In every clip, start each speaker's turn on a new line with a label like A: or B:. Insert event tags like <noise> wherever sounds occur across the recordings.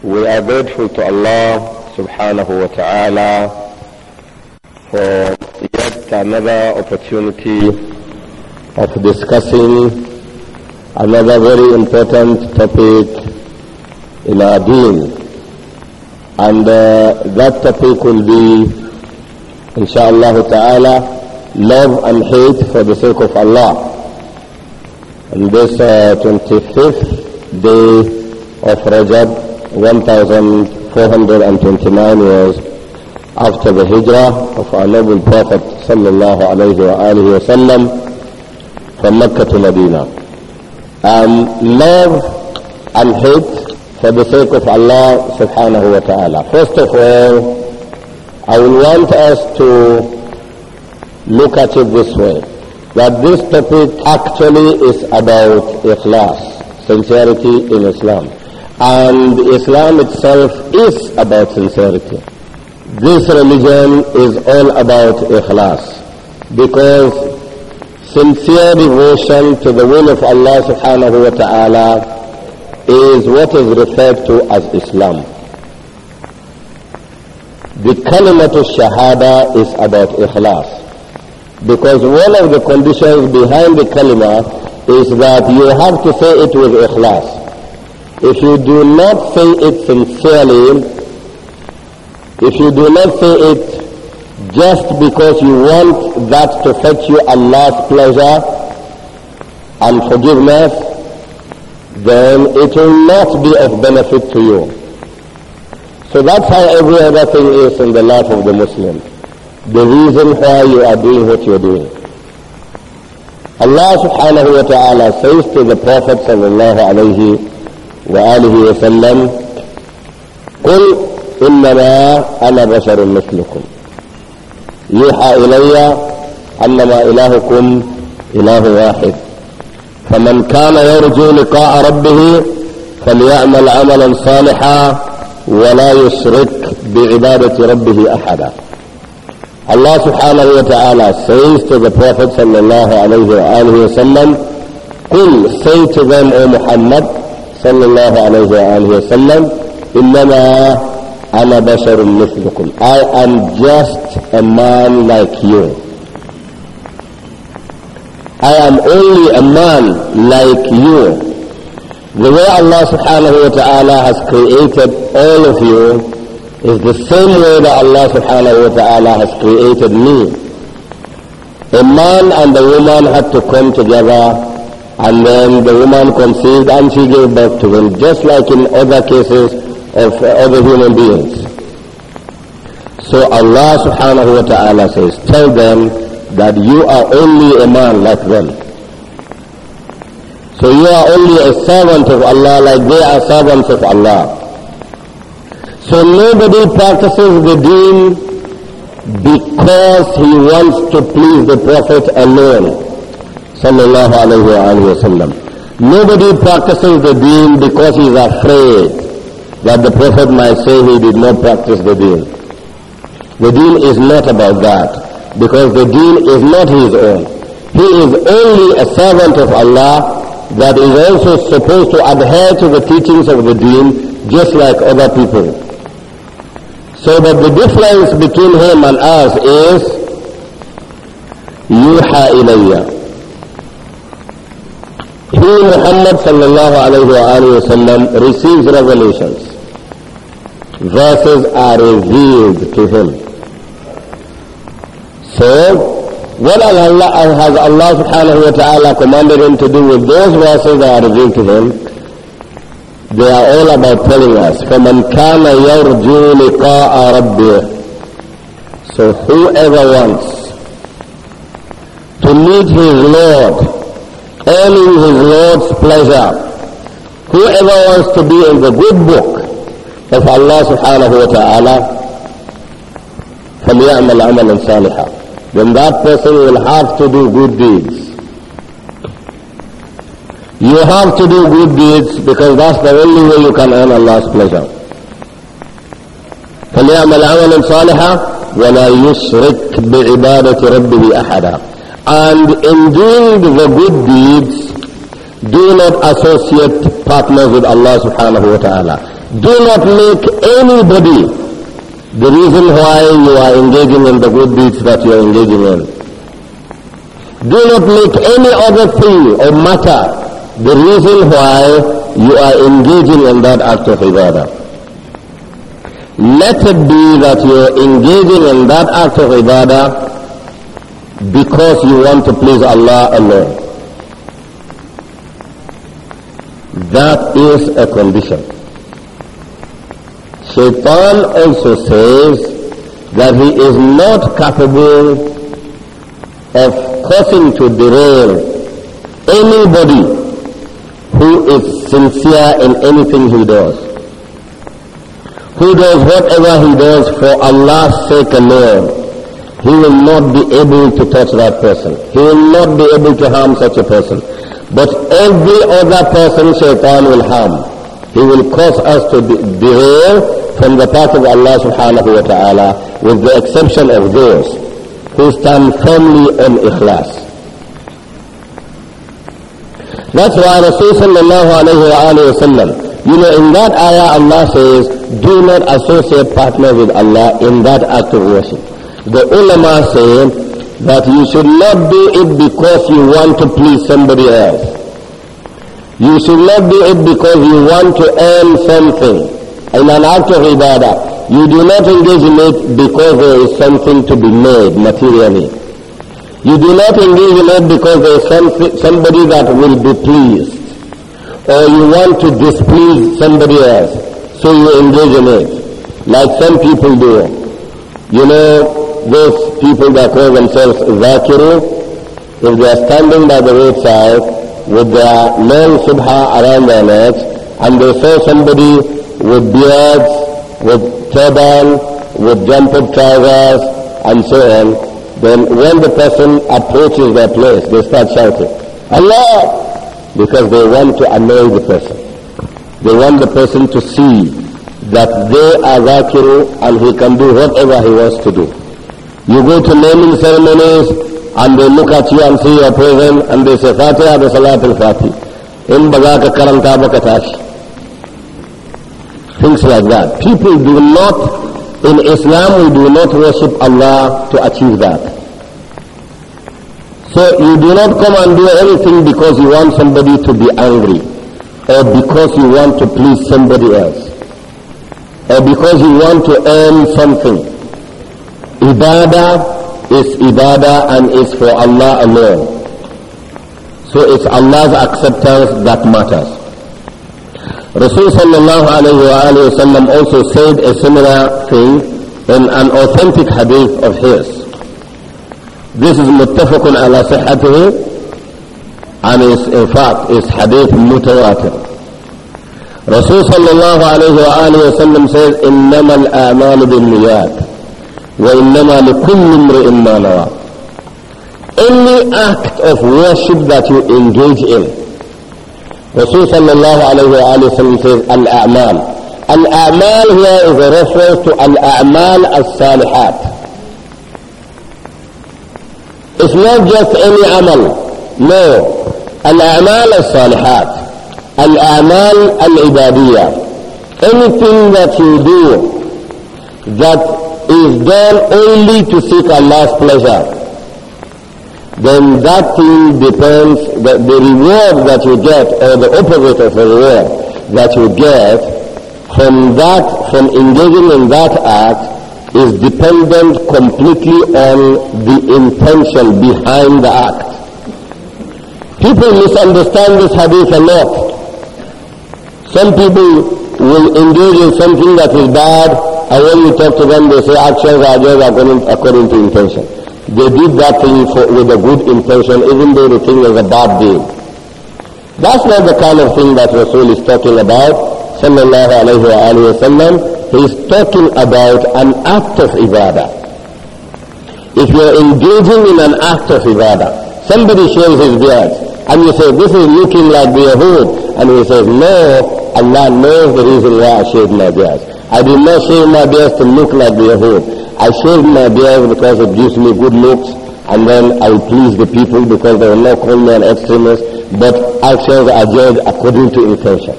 A: We are grateful to Allah subhanahu wa ta'ala for yet another opportunity of discussing another very important topic in our deen. And uh, that topic will be, inshallah ta'ala, love and hate for the sake of Allah. On this uh, 25th day of Rajab 1429 years after the hijrah of our noble Prophet sallallahu alayhi wa alihi wasallam from Mecca to Medina. Um, love and hate for the sake of Allah subhanahu wa ta'ala. First of all, I will want us to look at it this way, that this topic actually is about ikhlas, sincerity in Islam. And Islam itself is about sincerity. This religion is all about ikhlas. Because sincere devotion to the will of Allah subhanahu wa ta'ala is what is referred to as Islam. The to shahada is about ikhlas. Because one of the conditions behind the kalima is that you have to say it with ikhlas. If you do not say it sincerely, if you do not say it just because you want that to fetch you Allah's pleasure and forgiveness, then it will not be of benefit to you. So that's how every other thing is in the life of the Muslim. The reason why you are doing what you're doing. Allah subhanahu wa ta'ala says to the Prophet sallallahu alayhi وآله وسلم قل إنما أنا بشر مثلكم يوحى إلي أنما إلهكم إله واحد فمن كان يرجو لقاء ربه فليعمل عملا صالحا ولا يشرك بعبادة ربه أحدا الله سبحانه وتعالى ta'ala says to the Prophet الله عليه وآله وسلم قل say to them, O Muhammad, صلى الله عليه وآله وسلم إنما أنا بشر مثلكم I am just a man like you I am only a man like you the way Allah subhanahu wa ta'ala has created all of you is the same way that Allah subhanahu wa ta'ala has created me. A man and a woman had to come together and then the woman conceived and she gave birth to him, just like in other cases of uh, other human beings. So Allah subhanahu wa ta'ala says, tell them that you are only a man like them. So you are only a servant of Allah like they are servants of Allah. So nobody practices the deen because he wants to please the Prophet alone sallallahu alayhi wa sallam. Nobody practices the deen because he is afraid that the Prophet might say he did not practice the deen. The deen is not about that because the deen is not his own. He is only a servant of Allah that is also supposed to adhere to the teachings of the deen just like other people. So that the difference between him and us is يُوحَى إِلَيَّ he, Muhammad sallallahu alayhi wa sallam, receives revelations. Verses are revealed to him. So, what Allah, has Allah subhanahu wa ta'ala commanded him to do with those verses that are revealed to him? They are all about telling us, فَمَنْ كَانَ يَرْجُو لِقَاءَ رَبِّهِ So whoever wants to meet his Lord in his Lord's pleasure. Whoever wants to be in the good book of Allah subhanahu wa ta'ala, فَلْيَعْمَلْ عَمَلًا صَالِحًا Then that person will have to do good deeds. You have to do good deeds because that's the only way you can earn Allah's pleasure. فَلْيَعْمَلْ عَمَلًا صَالِحًا وَلَا يُشْرِكْ بِعِبَادَةِ رَبِّهِ أَحَدًا and in doing the good deeds, do not associate partners with Allah subhanahu wa ta'ala. Do not make anybody the reason why you are engaging in the good deeds that you are engaging in. Do not make any other thing or matter the reason why you are engaging in that act of ibadah. Let it be that you are engaging in that act of ibadah because you want to please Allah alone. That is a condition. Shaitan also says that he is not capable of causing to derail anybody who is sincere in anything he does, who does whatever he does for Allah's sake alone he will not be able to touch that person. He will not be able to harm such a person. But every other person shaitan will harm. He will cause us to derail from the path of Allah subhanahu wa ta'ala with the exception of those who stand firmly on ikhlas. That's why Rasul sallallahu alayhi wa sallam, you know, in that ayah Allah says, do not associate partner with Allah in that act of worship. The ulama say that you should not do it because you want to please somebody else. You should not do it because you want to earn something. In an act of ibadah, you do not engage in it because there is something to be made materially. You do not engage in it because there is some, somebody that will be pleased. Or you want to displease somebody else. So you engage in it. Like some people do. You know, those people that call themselves Zakiru, if they are standing by the roadside with their long subha around their necks and they saw somebody with beards, with turban, with jumper trousers and so on, then when the person approaches their place, they start shouting, Allah! Because they want to annoy the person. They want the person to see that they are Zakiru and he can do whatever he wants to do. You go to naming ceremonies and they look at you and see your present and they say, Fatiha da Salatul In ba karanta ba Things like that. People do not, in Islam we do not worship Allah to achieve that. So you do not come and do anything because you want somebody to be angry or because you want to please somebody else or because you want to earn something. Ibadah is ibadah and is for Allah alone. So it's Allah's acceptance that matters. Rasul sallallahu alayhi wa sallam also said a similar thing in an authentic hadith of his. This is muttafaqun ala sihatihi and is in fact is hadith mutawatir. Rasul sallallahu alayhi wa sallam says, إِنَّمَا الْآمَالُ بِالنِّيَاتِ وَإِنَّمَا لِكُلِّ امْرِئٍ مَّا Any act of worship that you engage in, Rasul sallallahu alayhi wa alayhi says, Al-A'mal. Al-A'mal here is a reference to Al-A'mal as-Salihat. It's not just any amal. No. Al-A'mal as-Salihat. Al-A'mal al-Ibadiyah. Anything that you do that is done only to seek Allah's pleasure, then that thing depends, that the reward that you get, or the opposite of the reward that you get from that, from engaging in that act, is dependent completely on the intention behind the act. People misunderstand this hadith a lot. Some people will engage in something that is bad and when you talk to them, they say actions are just according, according to intention. They did that thing for, with a good intention, even though the thing was a bad deed. That's not the kind of thing that Rasul is talking about, sallallahu alayhi wa alayhi wa sallam. He is talking about an act of ibadah. If you're engaging in an act of ibadah, somebody shows his beard, and you say, this is looking like the Yahud, and he says, no, Allah knows the reason why I shaved my beard. I did not shave my beard to look like the Jew. I shaved my beard because it gives me good looks and then I will please the people because they will not call me an extremist. But actions are judged according to intention.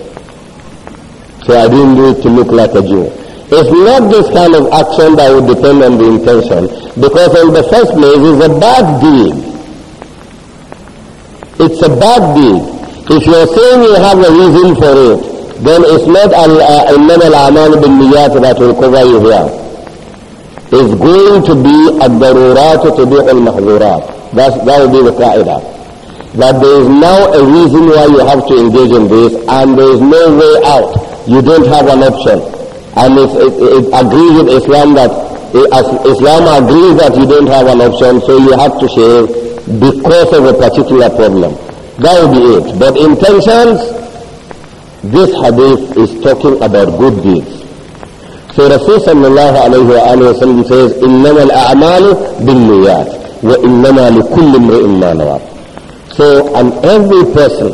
A: So I didn't do it to look like a Jew. It's not this kind of action that would depend on the intention because in the first place it's a bad deed. It's a bad deed. If you're saying you have a reason for it, then it's not إنما الأعمال بالنيات that will cover you here. It's going to be to تبيع al That's, that will be the qaida. That there is now a reason why you have to engage in this and there is no way out. You don't have an option. And it, it, it agrees with Islam that Islam agrees that you don't have an option, so you have to shave because of a particular problem. That will be it. But intentions, this hadith is talking about good deeds. So Rasul sallallahu alayhi wa alayhi wa sallam says, إِنَّمَا الْأَعْمَالُ بِالنِّيَّاتِ وَإِنَّمَا لِكُلِّ امْرِئٍ مَّا نَوَى So, and every person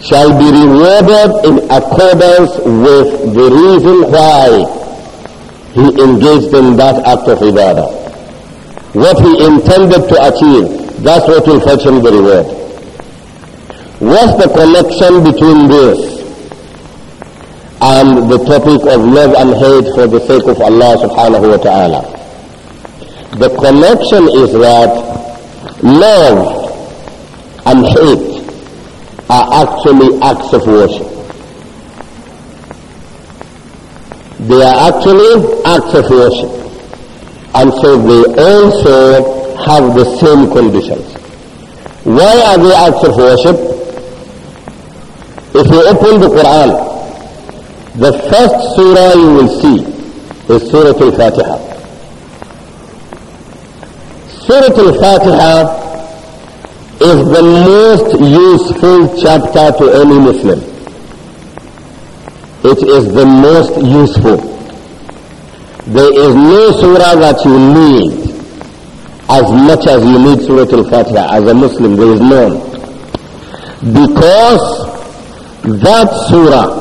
A: shall be rewarded in accordance with the reason why he engaged in that act of ibadah. What he intended to achieve, that's what will fetch him the reward. What's the connection between this and the topic of love and hate for the sake of Allah subhanahu wa ta'ala? The connection is that love and hate are actually acts of worship. They are actually acts of worship. And so they also have the same conditions. Why are they acts of worship? If you open the Quran, the first surah you will see is Surah Al-Fatiha. Surah Al-Fatiha is the most useful chapter to any Muslim. It is the most useful. There is no surah that you need as much as you need Surah Al-Fatiha as a Muslim. There is none. Because that surah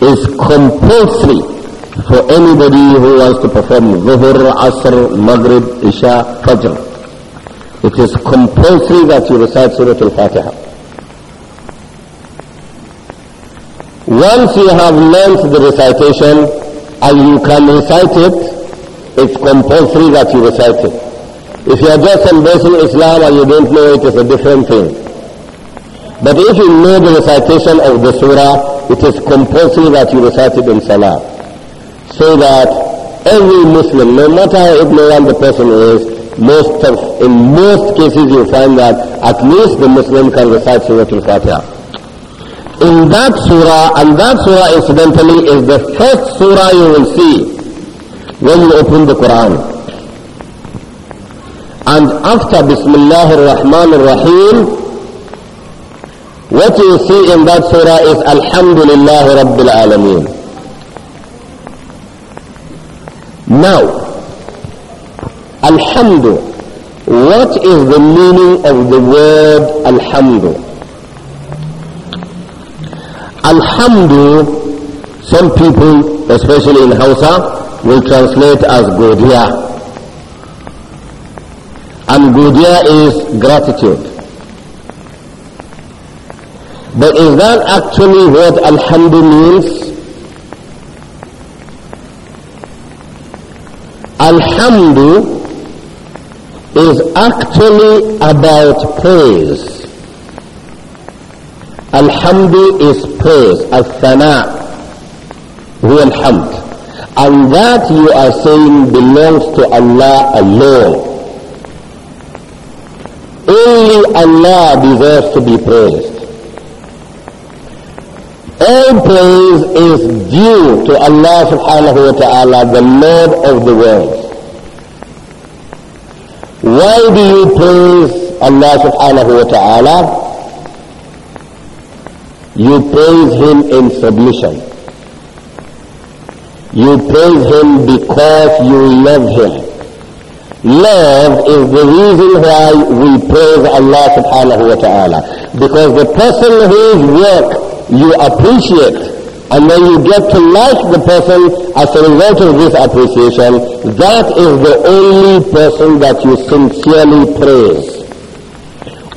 A: is compulsory for anybody who wants to perform Zuhur, Asr, Maghrib, Isha, Fajr. It is compulsory that you recite Surah Al-Fatiha. Once you have learnt the recitation and you can recite it, it's compulsory that you recite it. If you are just embracing Islam and you don't know it, it's a different thing. But if you know the recitation of the surah, it is compulsory that you recite it in salah. So that every Muslim, no matter how ignorant the person is, most of, in most cases you find that at least the Muslim can recite Surah Al-Fatiha in that surah, and that surah incidentally is the first surah you will see when you open the Quran. And after Bismillah ar-Rahman ar-Rahim, what you see in that surah is Alhamdulillah Rabbil Alameen. Now, Alhamdu. What is the meaning of the word Alhamdu? Alhamdu, some people, especially in Hausa, will translate as Godiya. And Godiya is gratitude. But is that actually what Alhamdu means? Alhamdu is actually about praise. Alhamdu is praise. Al-Thana. Huwa al-Hamd. And that you are saying belongs to Allah alone. Only Allah deserves to be praised. All praise is due to Allah subhanahu wa ta'ala, the Lord of the world. Why do you praise Allah subhanahu wa ta'ala? You praise Him in submission. You praise Him because you love Him. Love is the reason why we praise Allah subhanahu wa ta'ala. Because the person whose work you appreciate and then you get to like the person as a result of this appreciation, that is the only person that you sincerely praise.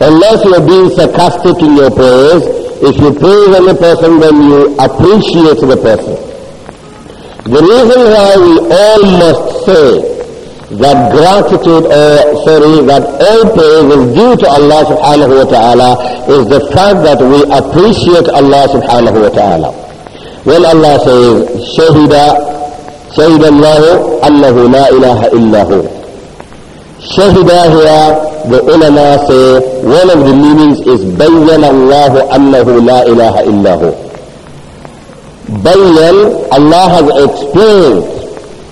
A: Unless you're being sarcastic in your praise, if you praise any person, then you appreciate the person. The reason why we all must say that gratitude, or sorry, that all praise is due to Allah subhanahu wa ta'ala is the fact that we appreciate Allah subhanahu wa ta'ala. When Allah says, Shahida, Shahida Allahu, Allahu la ilaha illahu. Shahida here, the ulama say, one of the meanings is Bayyan Allahu Allahu la ilaha illahu. Bayyan, Allah has explained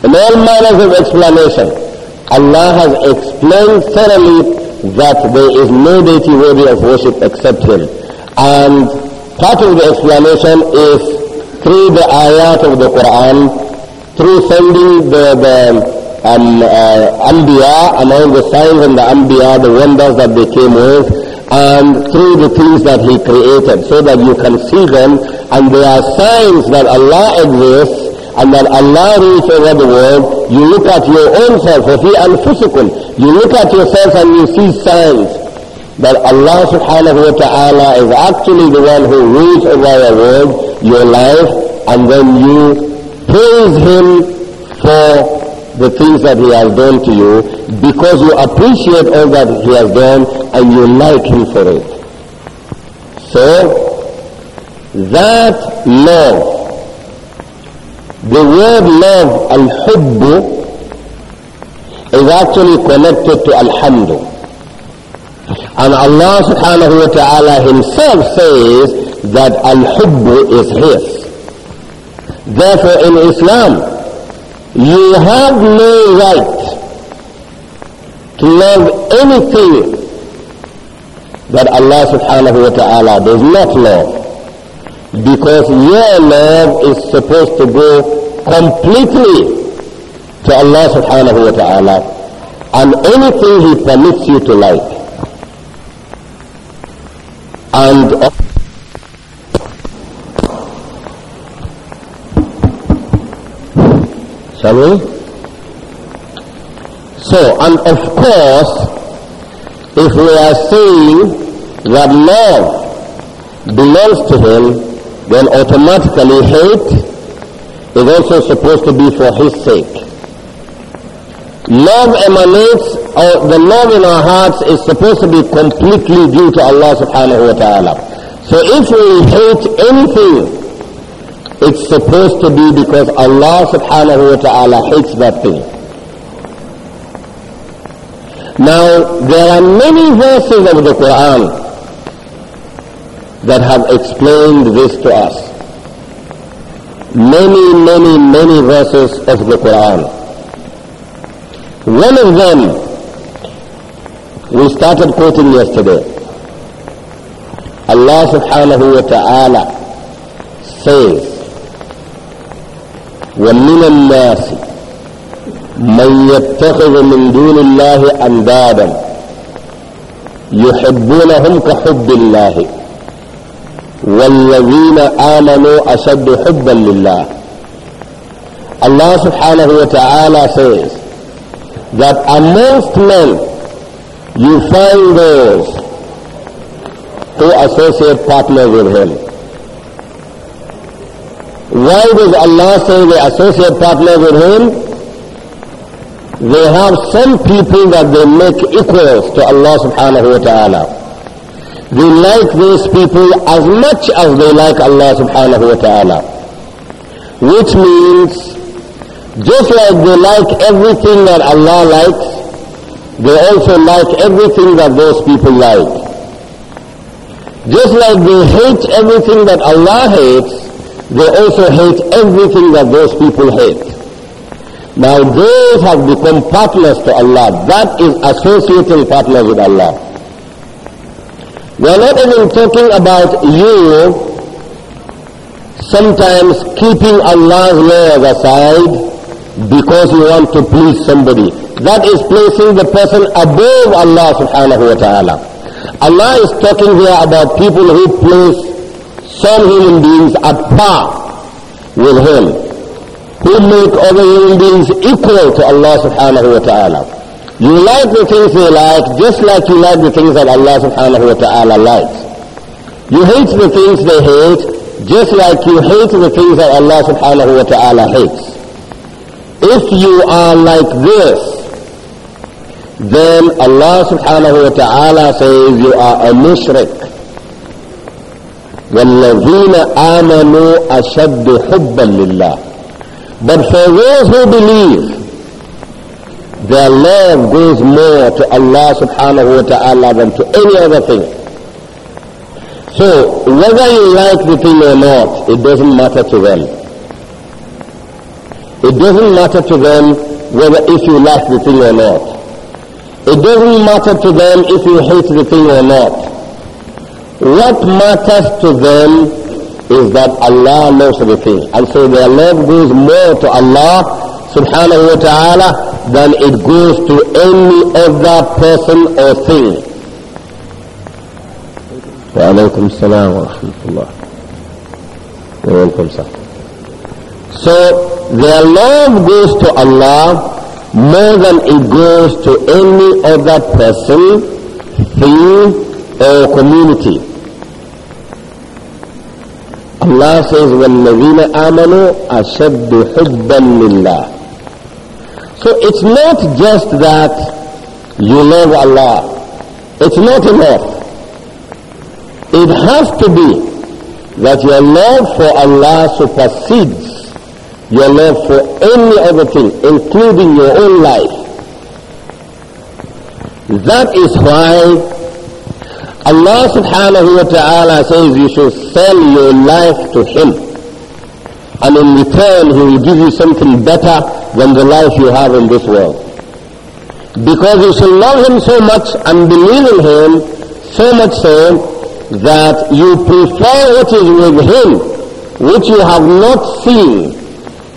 A: in all manners of explanation Allah has explained thoroughly that there is no deity worthy of worship except Him. And part of the explanation is through the ayat of the Quran, through sending the, the um, uh, Anbiya, among the signs and the Anbiya, the wonders that they came with, and through the things that He created, so that you can see them, and there are signs that Allah exists, and that Allah rules over the world, you look at your own self, وَفِي physical. You look at yourself and you see signs that Allah subhanahu wa ta'ala is actually the one who rules over your world, your life, and then you praise Him for the things that he has done to you because you appreciate all that he has done and you like him for it. So, that love the word love, al-hubbu, is actually connected to al alhamdu. And Allah subhanahu wa ta'ala himself says that al-hubbu is his. Therefore in Islam, you have no right to love anything that Allah subhanahu wa ta'ala does not love because your love is supposed to go completely to Allah subhanahu wa ta'ala and anything He permits you to like. And shall we? So, and of course, if we are saying that love belongs to Him, then automatically hate is also supposed to be for His sake. Love emanates, or the love in our hearts is supposed to be completely due to Allah subhanahu wa ta'ala. So if we hate anything, it's supposed to be because Allah subhanahu wa ta'ala hates that thing. Now, there are many verses of the Quran that have explained this to us many, many, many verses of the Quran. One of them we started quoting yesterday. Allah subhanahu wa ta'ala says, ومن الناس من يتخذ من دون الله أندادا يحبونهم كحب الله والذين آمنوا أشد حبا لله Allah subhanahu wa ta'ala says that amongst men you find those who associate partners with him. Why does Allah say they associate partners with him? They have some people that they make equals to Allah subhanahu wa ta'ala. They like those people as much as they like Allah subhanahu wa ta'ala. Which means, just like they like everything that Allah likes, they also like everything that those people like. Just like they hate everything that Allah hates, they also hate everything that those people hate. Now those have become partners to Allah. That is associating partners with Allah. We are not even talking about you sometimes keeping Allah's laws aside because you want to please somebody. That is placing the person above Allah subhanahu wa ta'ala. Allah is talking here about people who place some human beings at par with Him, who make other human beings equal to Allah subhanahu wa ta'ala. You like the things they like just like you like the things that Allah subhanahu wa ta'ala likes. You hate the things they hate just like you hate the things that Allah subhanahu wa ta'ala hates. If you are like this, then Allah subhanahu wa ta'ala says you are a mushrik. وَالَّذِينَ آمَنُوا أَشَدُّ حُبًّا لِلَّهِ But for those who believe, their love goes more to Allah subhanahu wa ta'ala than to any other thing. So whether you like the thing or not, it doesn't matter to them. It doesn't matter to them whether if you like the thing or not. It doesn't matter to them if you hate the thing or not. What matters to them is that Allah loves the thing. And so their love goes more to Allah subhanahu wa ta'ala than it goes to any other person or thing. وعليكم السلام wa rahmatullah. وعليكم السلام So their love goes to Allah more than it goes to any other person, thing or community. Allah says, وَالَّذِينَ آمَنُوا أَشَدُّ حُبًّا لِلَّهِ so it's not just that you love Allah. It's not enough. It has to be that your love for Allah supersedes your love for any other thing, including your own life. That is why Allah subhanahu wa ta'ala says you should sell your life to Him. And in return He will give you something better than the life you have in this world. Because you shall love him so much and believe in him so much so that you prefer what is with him, which you have not seen,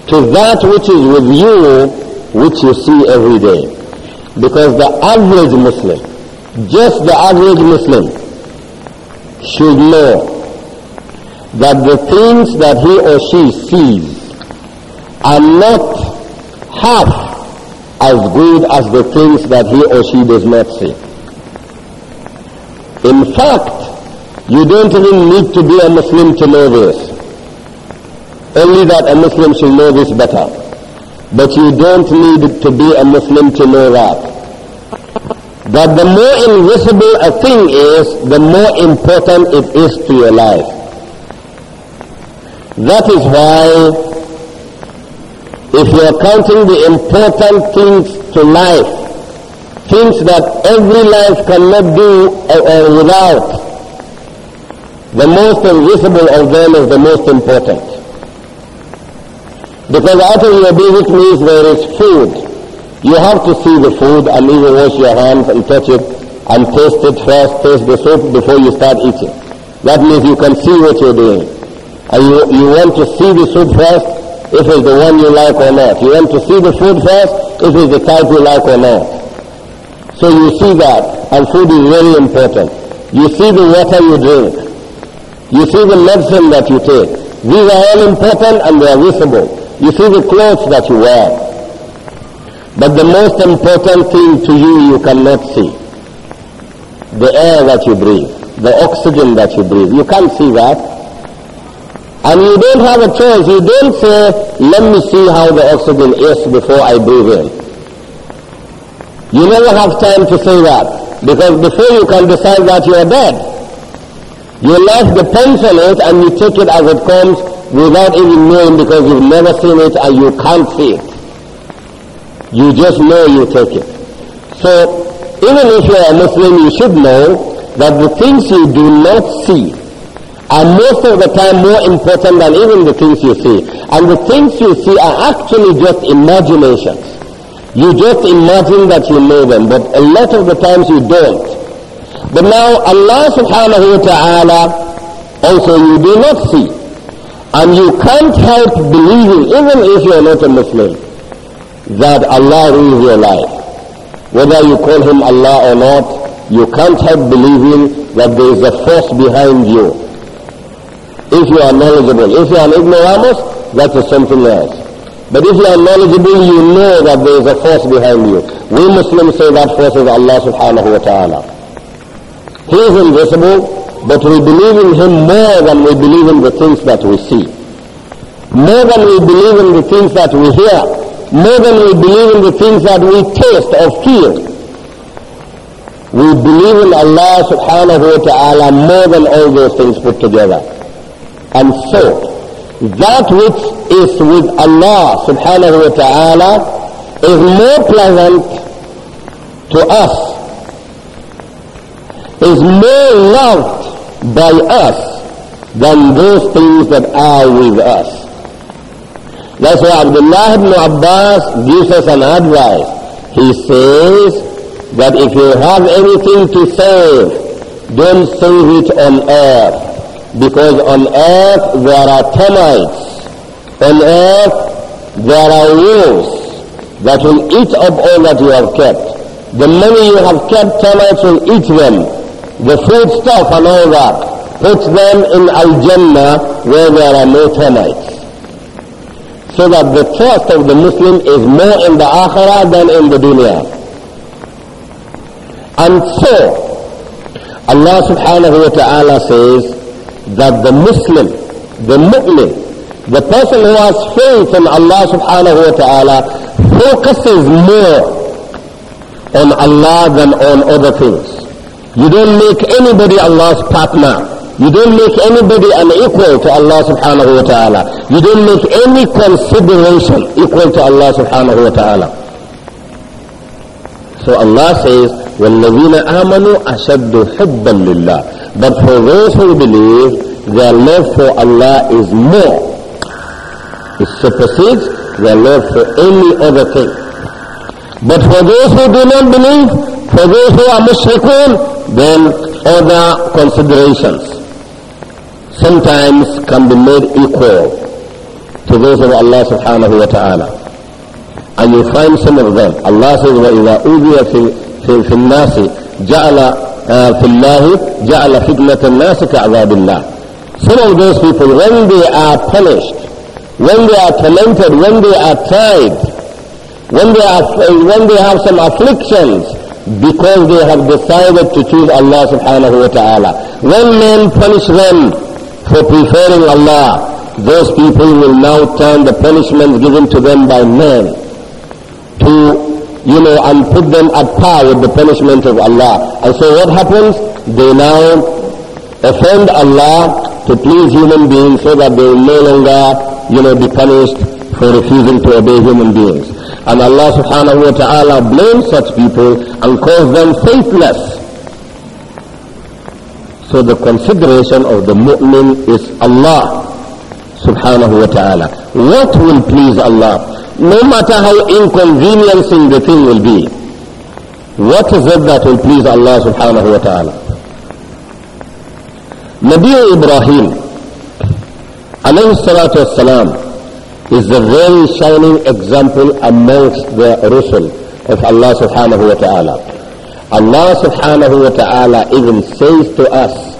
A: to that which is with you, which you see every day. Because the average Muslim, just the average Muslim, should know that the things that he or she sees are not half as good as the things that he or she does not see. In fact, you don't even need to be a Muslim to know this. Only that a Muslim should know this better. But you don't need to be a Muslim to know that. That the more invisible a thing is, the more important it is to your life. That is why if you are counting the important things to life, things that every life cannot do or, without, the most invisible of them is the most important. Because out of your basic needs there is food. You have to see the food and even wash your hands and touch it and taste it first, taste the soup before you start eating. That means you can see what you're doing. And you, you want to see the soup first if it's the one you like or not. You want to see the food first, if it's the type you like or not. So you see that, and food is very important. You see the water you drink. You see the medicine that you take. These are all important and they are visible. You see the clothes that you wear. But the most important thing to you, you cannot see. The air that you breathe, the oxygen that you breathe. You can't see that and you don't have a choice. You don't say, let me see how the oxygen is before I breathe in. You never have time to say that. Because before you can decide that you are dead. Your life depends on it and you take it as it comes without even knowing because you've never seen it and you can't see it. You just know you take it. So even if you are a Muslim, you should know that the things you do not see are most of the time more important than even the things you see. And the things you see are actually just imaginations. You just imagine that you know them, but a lot of the times you don't. But now Allah subhanahu wa ta'ala also you do not see. And you can't help believing, even if you are not a Muslim, that Allah rules your life. Whether you call him Allah or not, you can't help believing that there is a force behind you if you are knowledgeable. If you are ignoramus, that is something else. But if you are knowledgeable, you know that there is a force behind you. We Muslims say that force is Allah subhanahu wa ta'ala. He is invisible, but we believe in Him more than we believe in the things that we see. More than we believe in the things that we hear. More than we believe in the things that we taste or feel. We believe in Allah subhanahu wa ta'ala more than all those things put together. And so, that which is with Allah subhanahu wa ta'ala is more pleasant to us, is more loved by us than those things that are with us. That's why Abdullah ibn Abbas gives us an advice. He says that if you have anything to save, don't save it on earth. Because on earth there are termites. On earth there are wolves that will eat up all that you have kept. The money you have kept, termites will eat them. The food stuff and all that. Put them in Al-Jannah where there are no termites. So that the trust of the Muslim is more in the Akhirah than in the dunya. And so, Allah subhanahu wa ta'ala says, that the Muslim, the mu'min, the person who has faith in Allah subhanahu wa ta'ala focuses more on Allah than on other things. You don't make anybody Allah's partner. You don't make anybody an equal to Allah subhanahu wa ta'ala. You don't make any consideration equal to Allah subhanahu wa ta'ala. So Allah says, وَالَّذِينَ آمَنُوا أَشَدُّ حُبًّا لِلَّهِ but for those who believe, their love for Allah is more. It supersedes their love for any other thing. But for those who do not believe, for those who are mushrikun, then other considerations sometimes can be made equal to those of Allah subhanahu wa ta'ala. And you find some of them. Allah says, وَإِذَا أُوذِيَ فِي, في, في النَّاسِ جَعَلَ في الله جعل فتنة الناس كعذاب الله some of those people when they are punished when they are tormented when they are tried when they are when they have some afflictions because they have decided to choose Allah subhanahu wa ta'ala when men punish them for preferring Allah those people will now turn the punishments given to them by men to you know, and put them at par with the punishment of Allah. And so what happens? They now offend Allah to please human beings so that they will no longer, you know, be punished for refusing to obey human beings. And Allah subhanahu wa ta'ala blames such people and calls them faithless. So the consideration of the mu'min is Allah subhanahu wa ta'ala. What will please Allah? no matter how inconveniencing the thing will be, what is it that will please Allah subhanahu wa ta'ala? Nabi Ibrahim alayhi salatu wasalam is the very shining example amongst the Rusul of Allah subhanahu wa ta'ala. Allah subhanahu wa ta'ala even says to us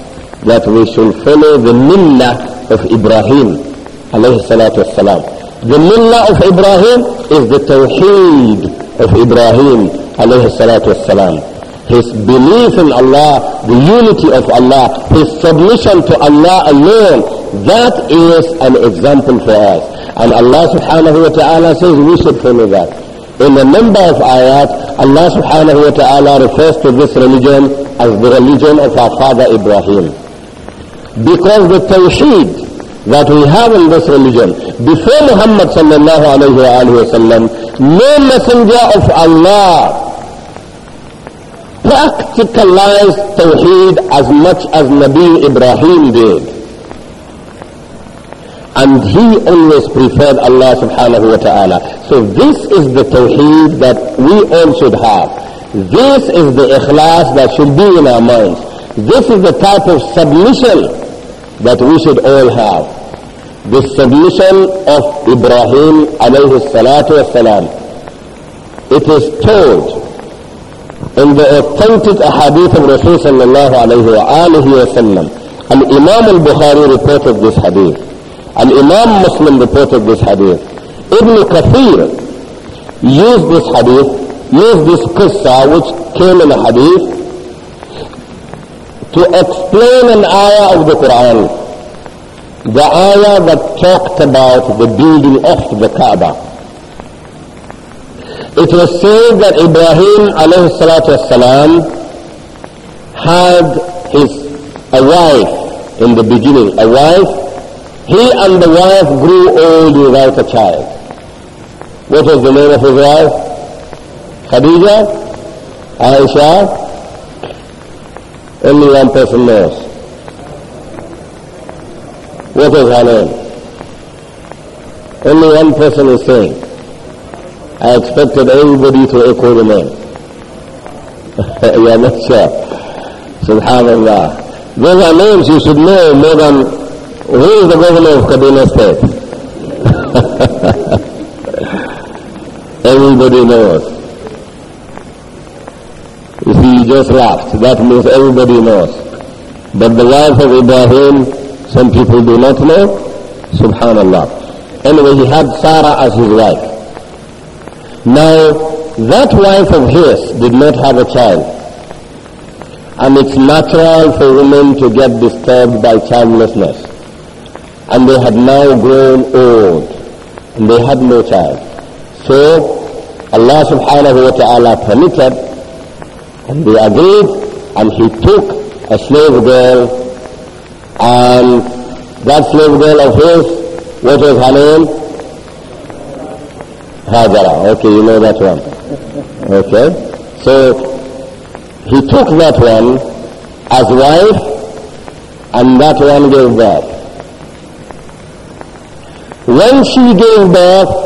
A: that we should follow the millah of Ibrahim alayhi salatu wasalam. The millah of Ibrahim is the tawheed of Ibrahim alayhi salatu His belief in Allah, the unity of Allah, his submission to Allah alone, that is an example for us. And Allah subhanahu wa ta'ala says we should follow that. In a number of ayat, Allah subhanahu wa ta'ala refers to this religion as the religion of our father Ibrahim. Because the tawheed that we have in this religion. Before Muhammad sallallahu alayhi wa alayhi wasallam, no messenger of Allah practicalized Tawheed as much as Nabi Ibrahim did. And he always preferred Allah subhanahu wa ta'ala. So this is the Tawheed that we all should have. This is the ikhlas that should be in our minds. This is the type of submission that we should all have the submission of Ibrahim alayhi salatu wasalam. It is told in the authentic hadith of Rasul sallallahu alayhi wa alihi And Imam al-Bukhari reported this hadith. And Imam Muslim reported this hadith. Ibn Kathir used this hadith, used this qissa which came in a hadith to explain an ayah of the Quran. The ayah that talked about the building of the Kaaba. It was said that Ibrahim alayhi salatu wasalam had his a wife in the beginning, a wife. He and the wife grew old without a child. What was the name of his wife? Khadija? Aisha? Only one person knows. What is her name? Only one person is saying, I expected everybody to echo the name. <laughs> you are not sure. Subhanallah. Those are names you should know more than who is the governor of Kaduna State. <laughs> everybody knows. You see, you just laughed. That means everybody knows. But the wife of Ibrahim some people do not know. Subhanallah. Anyway, he had Sarah as his wife. Now, that wife of his did not have a child. And it's natural for women to get disturbed by childlessness. And they had now grown old. And they had no child. So, Allah subhanahu wa ta'ala permitted, and they agreed, and he took a slave girl and that slave girl of his, what was her name? Hajara. Okay, you know that one. Okay. So he took that one as wife and that one gave birth. When she gave birth,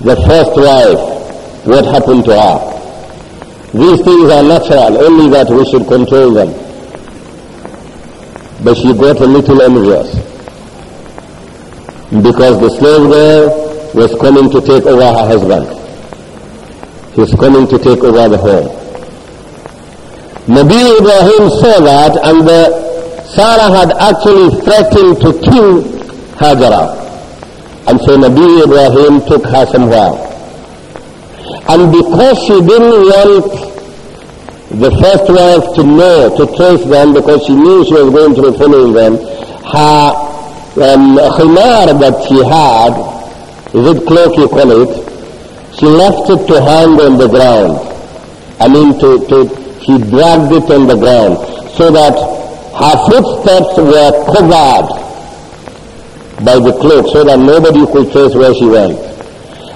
A: the first wife, what happened to her? These things are natural, only that we should control them but she got a little envious because the slave girl was coming to take over her husband. He's coming to take over the home. Nabi Ibrahim saw that and uh, Sarah had actually threatened to kill Hajar. And so Nabi Ibrahim took her somewhere. And because she didn't want the first wife to know, to trace them, because she knew she was going to be following them, her um, khimar that she had, is it cloak you call it, she left it to hang on the ground. I mean, to, to, she dragged it on the ground so that her footsteps were covered by the cloak so that nobody could trace where she went.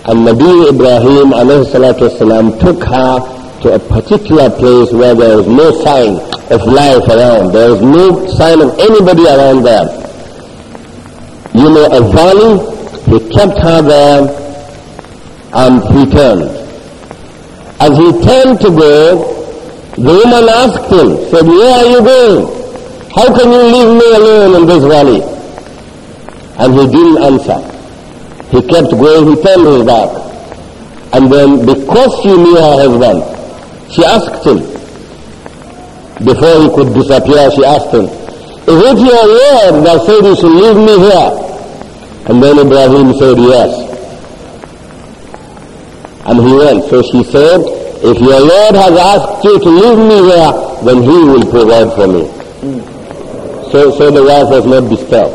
A: And Nabi Ibrahim والسلام, took her to a particular place where there is no sign of life around, there is no sign of anybody around there. You know, a valley, he kept her there and he turned. As he turned to go, the woman asked him, said, where are you going? How can you leave me alone in this valley? And he didn't answer. He kept going, he turned his back. And then because she knew her husband, she asked him, before he could disappear, she asked him, Is it your Lord that said you should leave me here? And then Ibrahim said, Yes. And he went. So she said, If your Lord has asked you to leave me here, then he will provide for me. So, so the wife was not disturbed.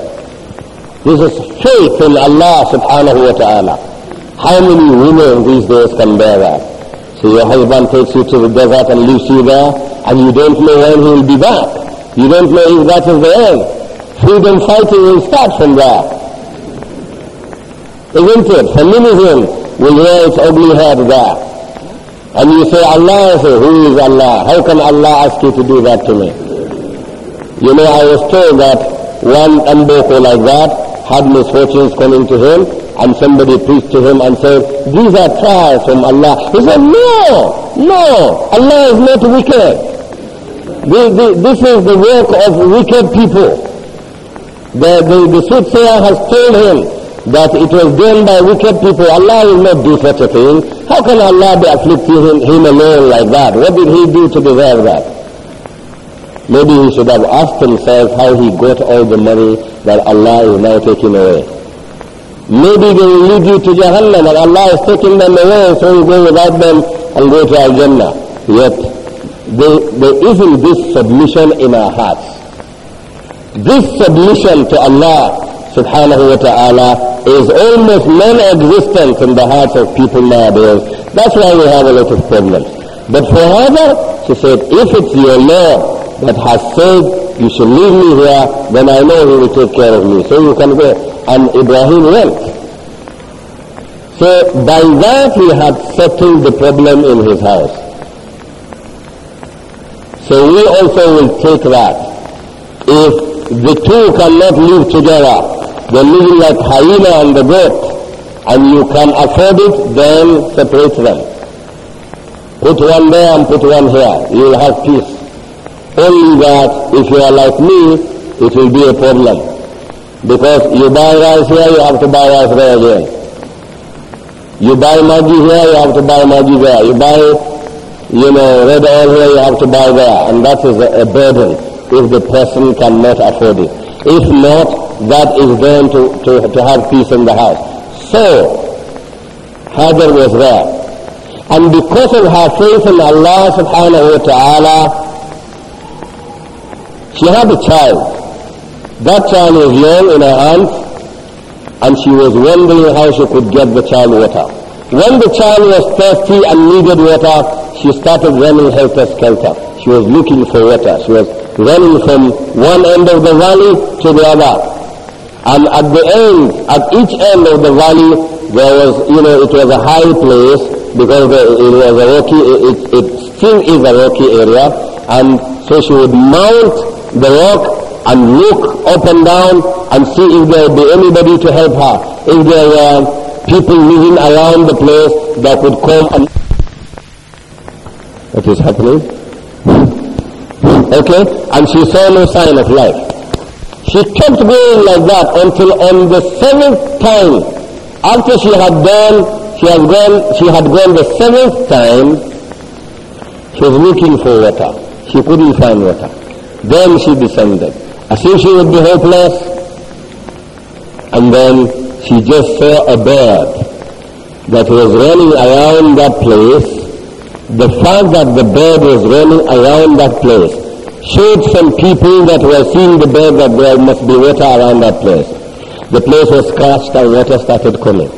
A: This is faith in Allah subhanahu wa ta'ala. How many women these days can bear that? So your husband takes you to the desert and leaves you there, and you don't know when he will be back. You don't know if that is the end. Freedom fighting will start from there. Isn't it? Feminism will wear its ugly head there. And you say, Allah, I say, who is Allah? How can Allah ask you to do that to me? You know, I was told that one Mboko like that had misfortunes coming to him, and somebody preached to him and said, these are trials from Allah. He said, no, no, Allah is not wicked. The, the, this is the work of wicked people. The, the, the soothsayer has told him that it was done by wicked people. Allah will not do such a thing. How can Allah be afflicting him, him alone like that? What did he do to deserve that? Maybe he should have asked himself how he got all the money that Allah is now taking away. Maybe they will lead you to Jahannam and Allah is taking them away so you go without them and go to Al-Jannah. Yet there isn't this submission in our hearts. This submission to Allah subhanahu wa ta'ala is almost non-existent in the hearts of people nowadays. That's why we have a lot of problems. But for she said, if it's your Lord that has said, you should leave me here, then I know he will take care of me. So you can go and Ibrahim went. So by that he had settled the problem in his house. So we also will take that. If the two cannot live together, they live like hyena and the goat, and you can afford it, then separate them. Put one there and put one here. You will have peace. Only that if you are like me, it will be a problem. Because you buy rice here, you have to buy rice there again. You buy maggi here, you have to buy maggi there. You buy, you know, red oil here, you have to buy there. And that is a, a burden if the person cannot afford it. If not, that is going to, to, to have peace in the house. So, Hajar was there. And because of her faith in Allah subhanahu wa ta'ala, she had a child. That child was young in her arms, and she was wondering how she could get the child water. When the child was thirsty and needed water, she started running helter-skelter. She was looking for water. She was running from one end of the valley to the other. And at the end, at each end of the valley, there was, you know, it was a high place because it was a rocky, it, it still is a rocky area. And so she would mount the rock and look up and down and see if there will be anybody to help her. If there were people living around the place that would come and... What is happening? okay? And she saw no sign of life. She kept going like that until on the seventh time, after she had gone, she had gone, she had gone the seventh time, she was looking for water. She couldn't find water. Then she descended. I think she would be hopeless. And then she just saw a bird that was running around that place. The fact that the bird was running around that place showed some people that were seeing the bird that there must be water around that place. The place was scratched and water started coming.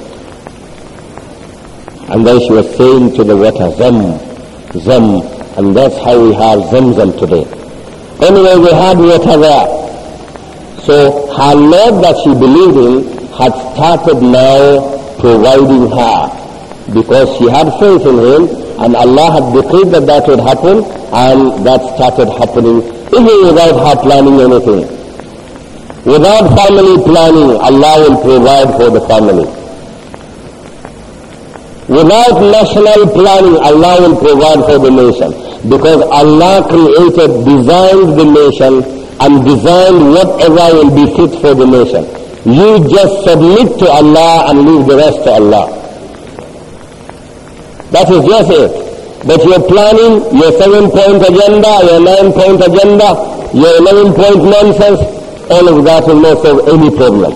A: And then she was saying to the water, Zam, Zam. And that's how we have Zamzam today. Anyway, we had water there. So her Lord that she believed in had started now providing her because she had faith in him and Allah had decreed that that would happen and that started happening even without her planning anything. Without family planning, Allah will provide for the family. Without national planning, Allah will provide for the nation because Allah created, designed the nation and design whatever will be fit for the nation. You just submit to Allah and leave the rest to Allah. That is just it. But your planning, your seven-point agenda, your nine-point agenda, your eleven-point nonsense, all of that will not solve any problem.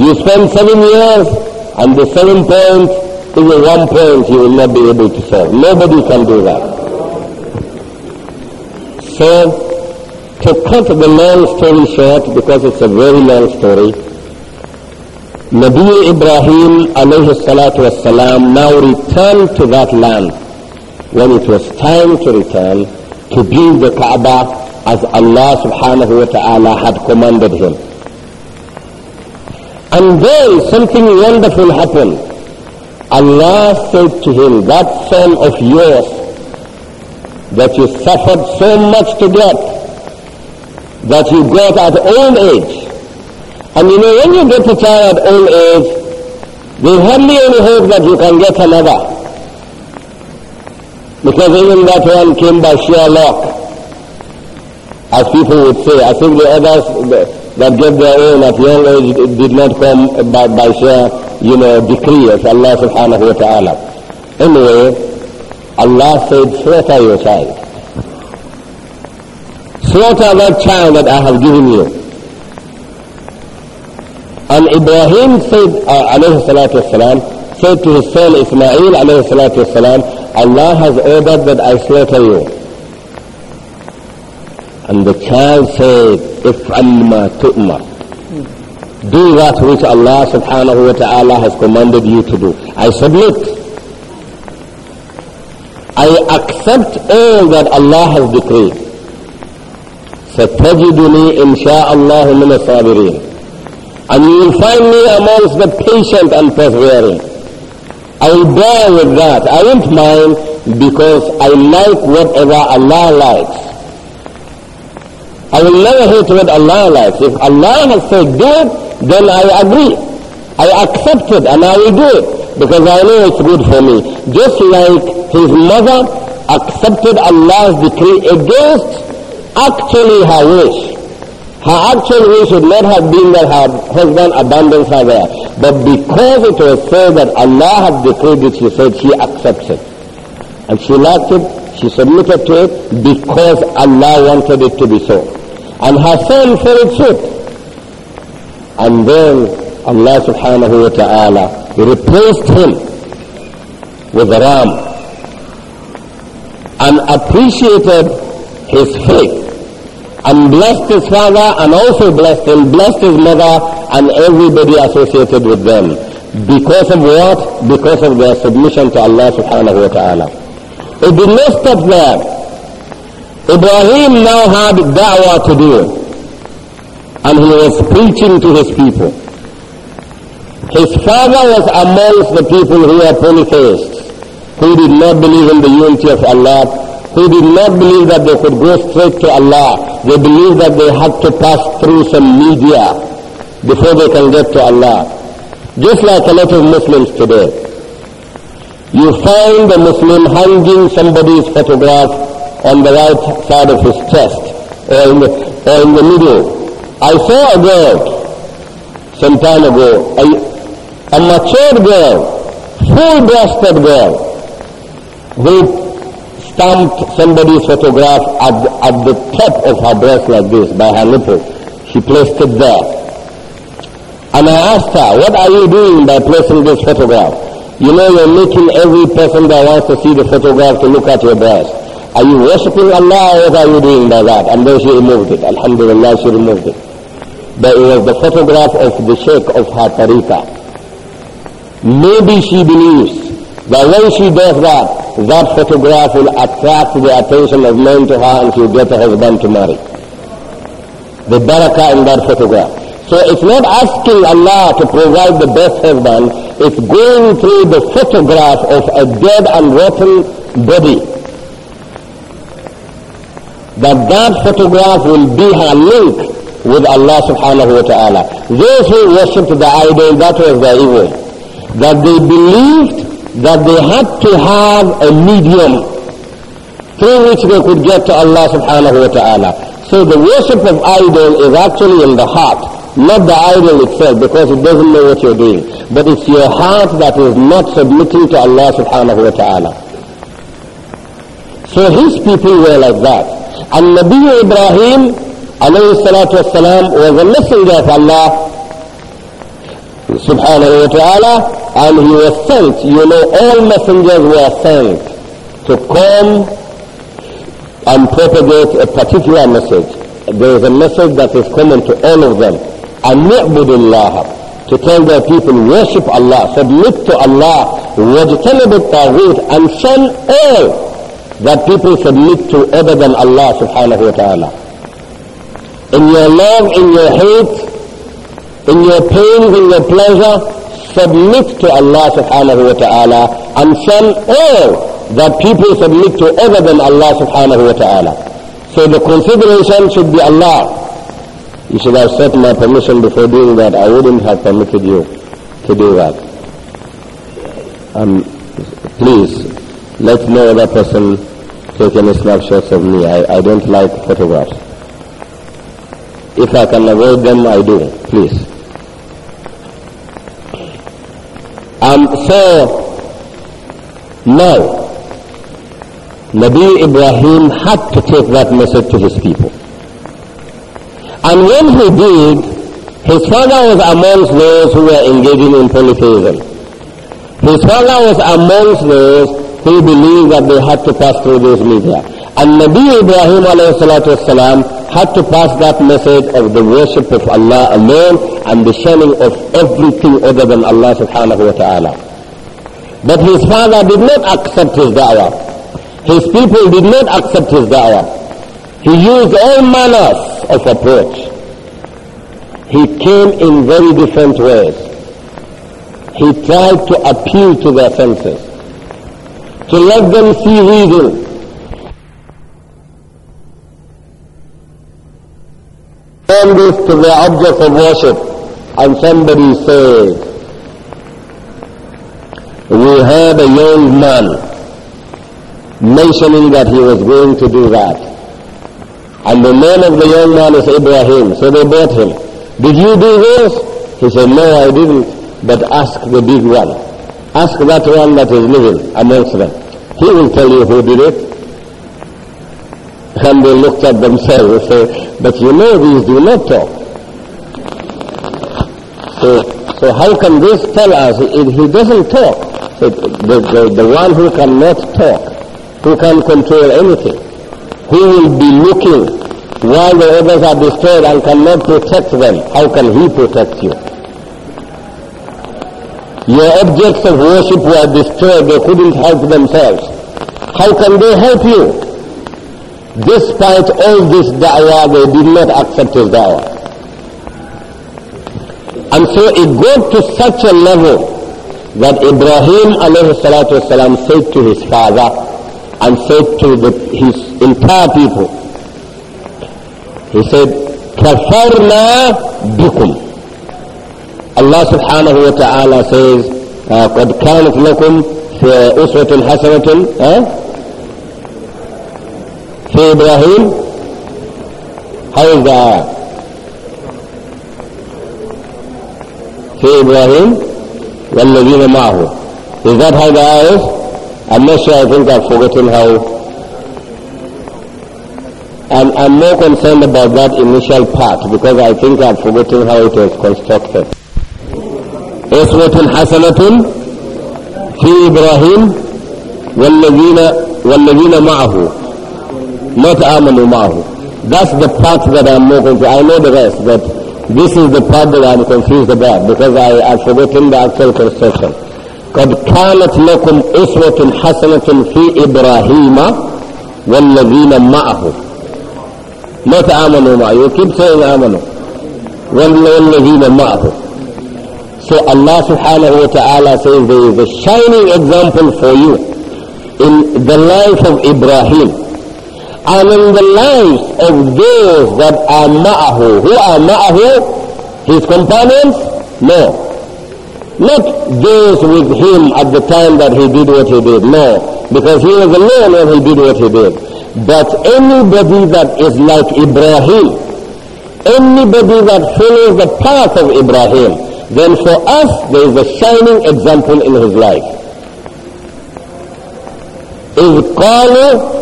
A: You spend seven years and the seven points is a one point you will not be able to solve. Nobody can do that. So to cut the long story short, because it's a very long story, Nabi Ibrahim alayhi salatu wasalam now returned to that land when it was time to return to build the Kaaba as Allah subhanahu wa ta'ala had commanded him. And then something wonderful happened. Allah said to him, that son of yours that you suffered so much to get, that you get at old age. And you know, when you get a child at old age, there's hardly any hope that you can get another. Because even that one came by sheer luck, as people would say. I think the others that get their own at young age did not come by, by sheer, you know, decree of Allah subhanahu wa ta'ala. Anyway, Allah said, slaughter your child. Slaughter that child that I have given you. And Ibrahim said, uh, alayhi said to his son Ismail alayhi Allah has ordered that I slaughter you. And the child said, If'al ma tu'mar. Do that which Allah subhanahu wa ta'ala has commanded you to do. I submit. I accept all that Allah has decreed. ستجدني إن شاء الله من الصابرين and you will find me amongst the patient and persevering I will bear with that I won't mind because I like whatever Allah likes I will never hate what Allah likes if Allah has said do it then I agree I accept it and I will do it because I know it's good for me just like his mother accepted Allah's decree against actually her wish. Her actual wish would not have been that her husband abandons her there. But because it was said that Allah had decreed it, she said she accepts it. And she liked it, she submitted to it because Allah wanted it to be so. And her son followed suit. And then Allah subhanahu wa ta'ala replaced him with a ram and appreciated his faith and blessed his father and also blessed him, blessed his mother and everybody associated with them. Because of what? Because of their submission to Allah subhanahu wa ta'ala. It did not stop there. Ibrahim now had da'wah to do. And he was preaching to his people. His father was amongst the people who were polytheists, who did not believe in the unity of Allah who did not believe that they could go straight to Allah. They believed that they had to pass through some media before they can get to Allah. Just like a lot of Muslims today. You find a Muslim hanging somebody's photograph on the right side of his chest or in the, or in the middle. I saw a girl some time ago, a, a matured girl, full-breasted girl, who stamped somebody's photograph at, at the top of her breast like this by her nipple. She placed it there. And I asked her, what are you doing by placing this photograph? You know you're making every person that wants to see the photograph to look at your breast. Are you worshipping Allah what are you doing by that? And then she removed it. Alhamdulillah, she removed it. But it was the photograph of the sheikh of her tariqah. Maybe she believes but when she does that, that photograph will attract the attention of men to her and she'll get a husband to marry. The barakah in that photograph. So it's not asking Allah to provide the best husband, it's going through the photograph of a dead and rotten body. That that photograph will be her link with Allah subhanahu wa ta'ala. Those who worshipped the idol, that was their evil. That they believed that they had to have a medium through which they could get to Allah subhanahu wa ta'ala. So the worship of idol is actually in the heart, not the idol itself because it doesn't know what you're doing. But it's your heart that is not submitting to Allah subhanahu wa ta'ala. So his people were like that. And Nabi Ibrahim alayhi salatu was a messenger of Allah subhanahu wa ta'ala, and he was sent. You know, all messengers were sent to come and propagate a particular message. There is a message that is common to all of them. and Allah. To tell their people, worship Allah, submit to Allah, واجتنب الطاغوت, and shun all that people submit to other than Allah subhanahu wa ta'ala. In your love, in your hate, in your pains, in your pleasure, submit to Allah subhanahu wa ta'ala and shun all that people submit to other than Allah subhanahu wa ta'ala. So the consideration should be Allah. You should have sought my permission before doing that. I wouldn't have permitted you to do that. Um, please, let no other person take any snapshots of me. I, I don't like photographs. If I can avoid them, I do. Please. And so, now, Nabi Ibrahim had to take that message to his people. And when he did, his father was amongst those who were engaging in polytheism. His father was amongst those who believed that they had to pass through those media. And Nabi Ibrahim والسلام, had to pass that message of the worship of Allah alone and the shunning of everything other than Allah subhanahu wa ta'ala. But his father did not accept his da'wah. His people did not accept his da'wah. He used all manners of approach. He came in very different ways. He tried to appeal to their senses, to let them see reason. and this to their objects of worship and somebody said, we heard a young man mentioning that he was going to do that. And the name of the young man is Ibrahim, so they brought him. Did you do this? He said, no, I didn't, but ask the big one. Ask that one that is living amongst them. He will tell you who did it. And they looked at themselves and said, but you know these do not talk so how can this tell us he doesn't talk? It, the, the, the one who cannot talk, who can control anything, who will be looking while the others are destroyed and cannot protect them, how can he protect you? Your objects of worship were destroyed, they couldn't help themselves. How can they help you? Despite all this da'wah, they did not accept his da'wah. And so it got to such a level that Ibrahim والسلام, said to his father and said to his entire people, he said, Kafarna bikum. Allah subhanahu wa ta'ala says, قد كانت لكم في أسوة حسنة في إبراهيم هذا في إبراهيم معه. Is that how the ayah is? I'm not sure. I think I've forgotten how. I'm, I'm more concerned about that initial part because I think I've forgotten how it was constructed. أسوة حسنة في إبراهيم والذين والذين معه not آمنوا معه. That's the part that I'm more concerned. I know the rest, but this is the part that I'm confused about because I have forgotten the actual construction. قد كانت لكم أسوة حسنة في إبراهيم والذين معه not amanu معه you keep saying آمنوا والذين معه so Allah subhanahu wa ta'ala says there is a shining example for you in the life of Ibrahim and in the lives of those that are ma'ahu. Who are ma'ahu? His companions? No. Not those with him at the time that he did what he did. No. Because he was alone when he did what he did. But anybody that is like Ibrahim, anybody that follows the path of Ibrahim, then for us there is a shining example in his life. إذ قالوا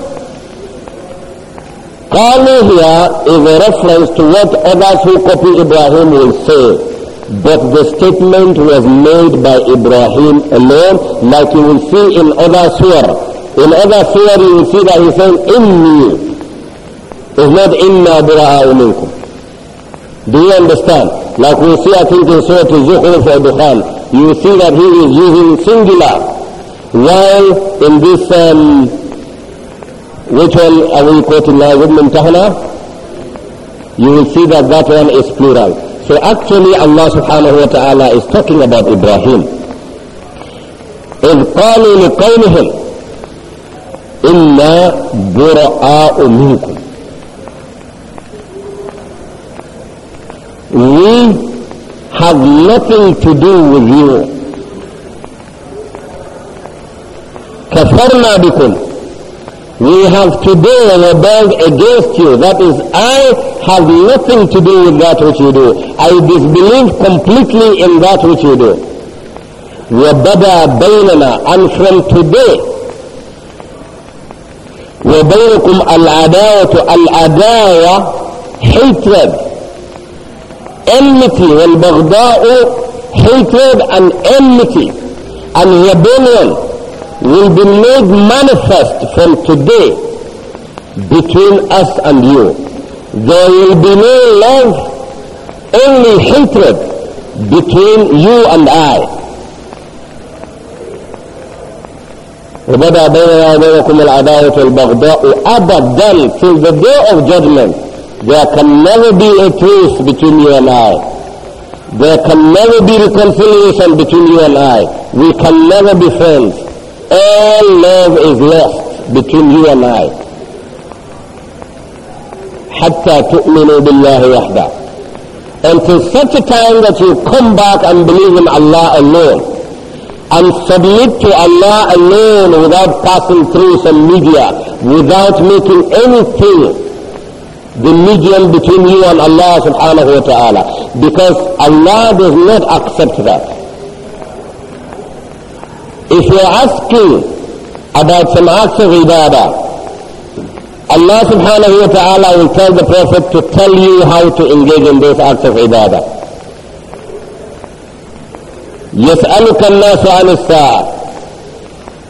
A: Kali here is a reference to what others who copy Ibrahim will say. But the statement was made by Ibrahim alone, like you will see in other surah. In other surah you will see that he says, Inni. It's not Inna bura'a Do you understand? Like we see, I think in Surah Zukhruf or Dukhan, you see that he is using singular. While in this um, which one are we quoting now? Ibn Mumtahana? You will see that that one is plural. So actually Allah subhanahu wa ta'ala is talking about Ibrahim. إذ قالوا لقومهم إنا براء منكم We have nothing to do with you. كفرنا بكم we have today rebelled against you. That is, I have nothing to do with that which you do. I disbelieve completely in that which you do. وَبَدَى بَيْنَنَا And from today, وَبَيْنَكُمْ الْعَدَاوَةُ الْعَدَاوَةُ Hatred enmity والبغضاء hatred and enmity and rebellion will be made manifest from today between us and you. There will be no love, only hatred between you and I. وبدا بيننا وبينكم العداوة والبغضاء أبدا till the day of judgment there can never be a truce between you and I there can never be reconciliation between you and I we can never be friends all love is lost between you and I. حتى تؤمنوا بالله وحده until such a time that you come back and believe in Allah alone and submit to Allah alone without passing through some media, without making anything the medium between you and Allah subhanahu wa ta'ala because Allah does not accept that. If you're asking about some acts of ibadah, Allah subhanahu wa ta'ala will tell the Prophet to tell you how to engage in those acts of ibadah. يسألك الناس عن الساعة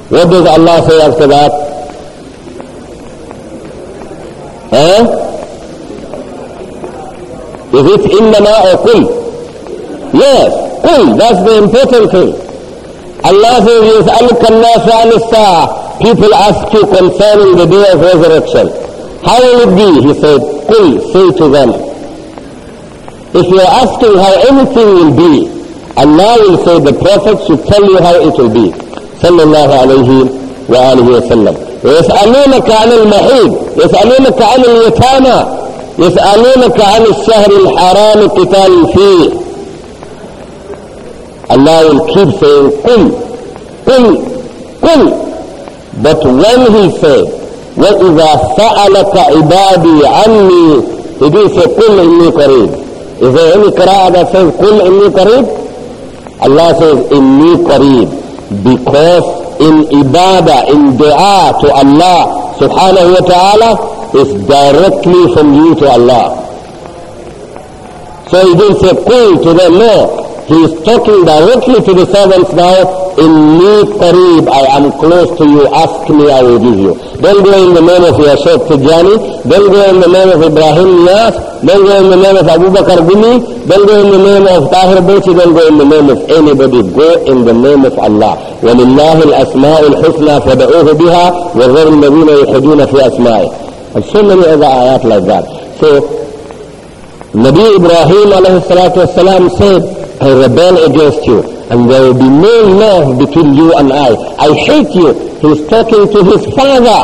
A: What does Allah say after that? Huh? in it إنما or قل? Yes, قل, that's the important thing. Allah says, يَسْأَلُكَ النَّاسُ عَنِ السَّاعَةِ People ask you concerning the day of resurrection. How will it be? He said, قُلْ Say to them. If you are asking how anything will be, Allah will say, the Prophet should tell you how it will be. صلى الله عليه وآله وسلم. ويسألونك عن المحيط يسألونك عن اليتامى يسألونك عن الشهر الحرام قتال فيه Allah will keep saying, Qul, Qul, Qul. But when he said, وَإِذَا سَأَلَكَ عِبَادِي عَنِّي He didn't say, "Qul إِنِّي قَرِيب. Is there any qira'ah that says, "Qul إِنِّي قَرِيب? Allah says, إِنِّي قَرِيب. Because in ibadah, in dua to Allah subhanahu wa ta'ala is directly from you to Allah. So he didn't say, "Qul" to them, no. He is talking directly to the servants now, in me qareeb, I am close to you, ask me, I will give you. Don't go in the name of Yashab Tijani, don't go in the name of Ibrahim Yas. don't go in the name of Abu Bakr Gumi, don't go in the name of Tahir Baiti, don't go in the name of anybody, go in the name of Allah. وَلِلَّهِ الْأَسْمَاءُ الْحُسْنَى فَدَعُوهُ بِهَا وَذَرُ الَّذِينَ يُلْحِدُونَ فِي أَسْمَاءِ And so many other ayat like that. So Nabi Ibrahim alayhi salatu wasalam said, I rebel against you, and there will be no love between you and I. I hate you. He is talking to his father.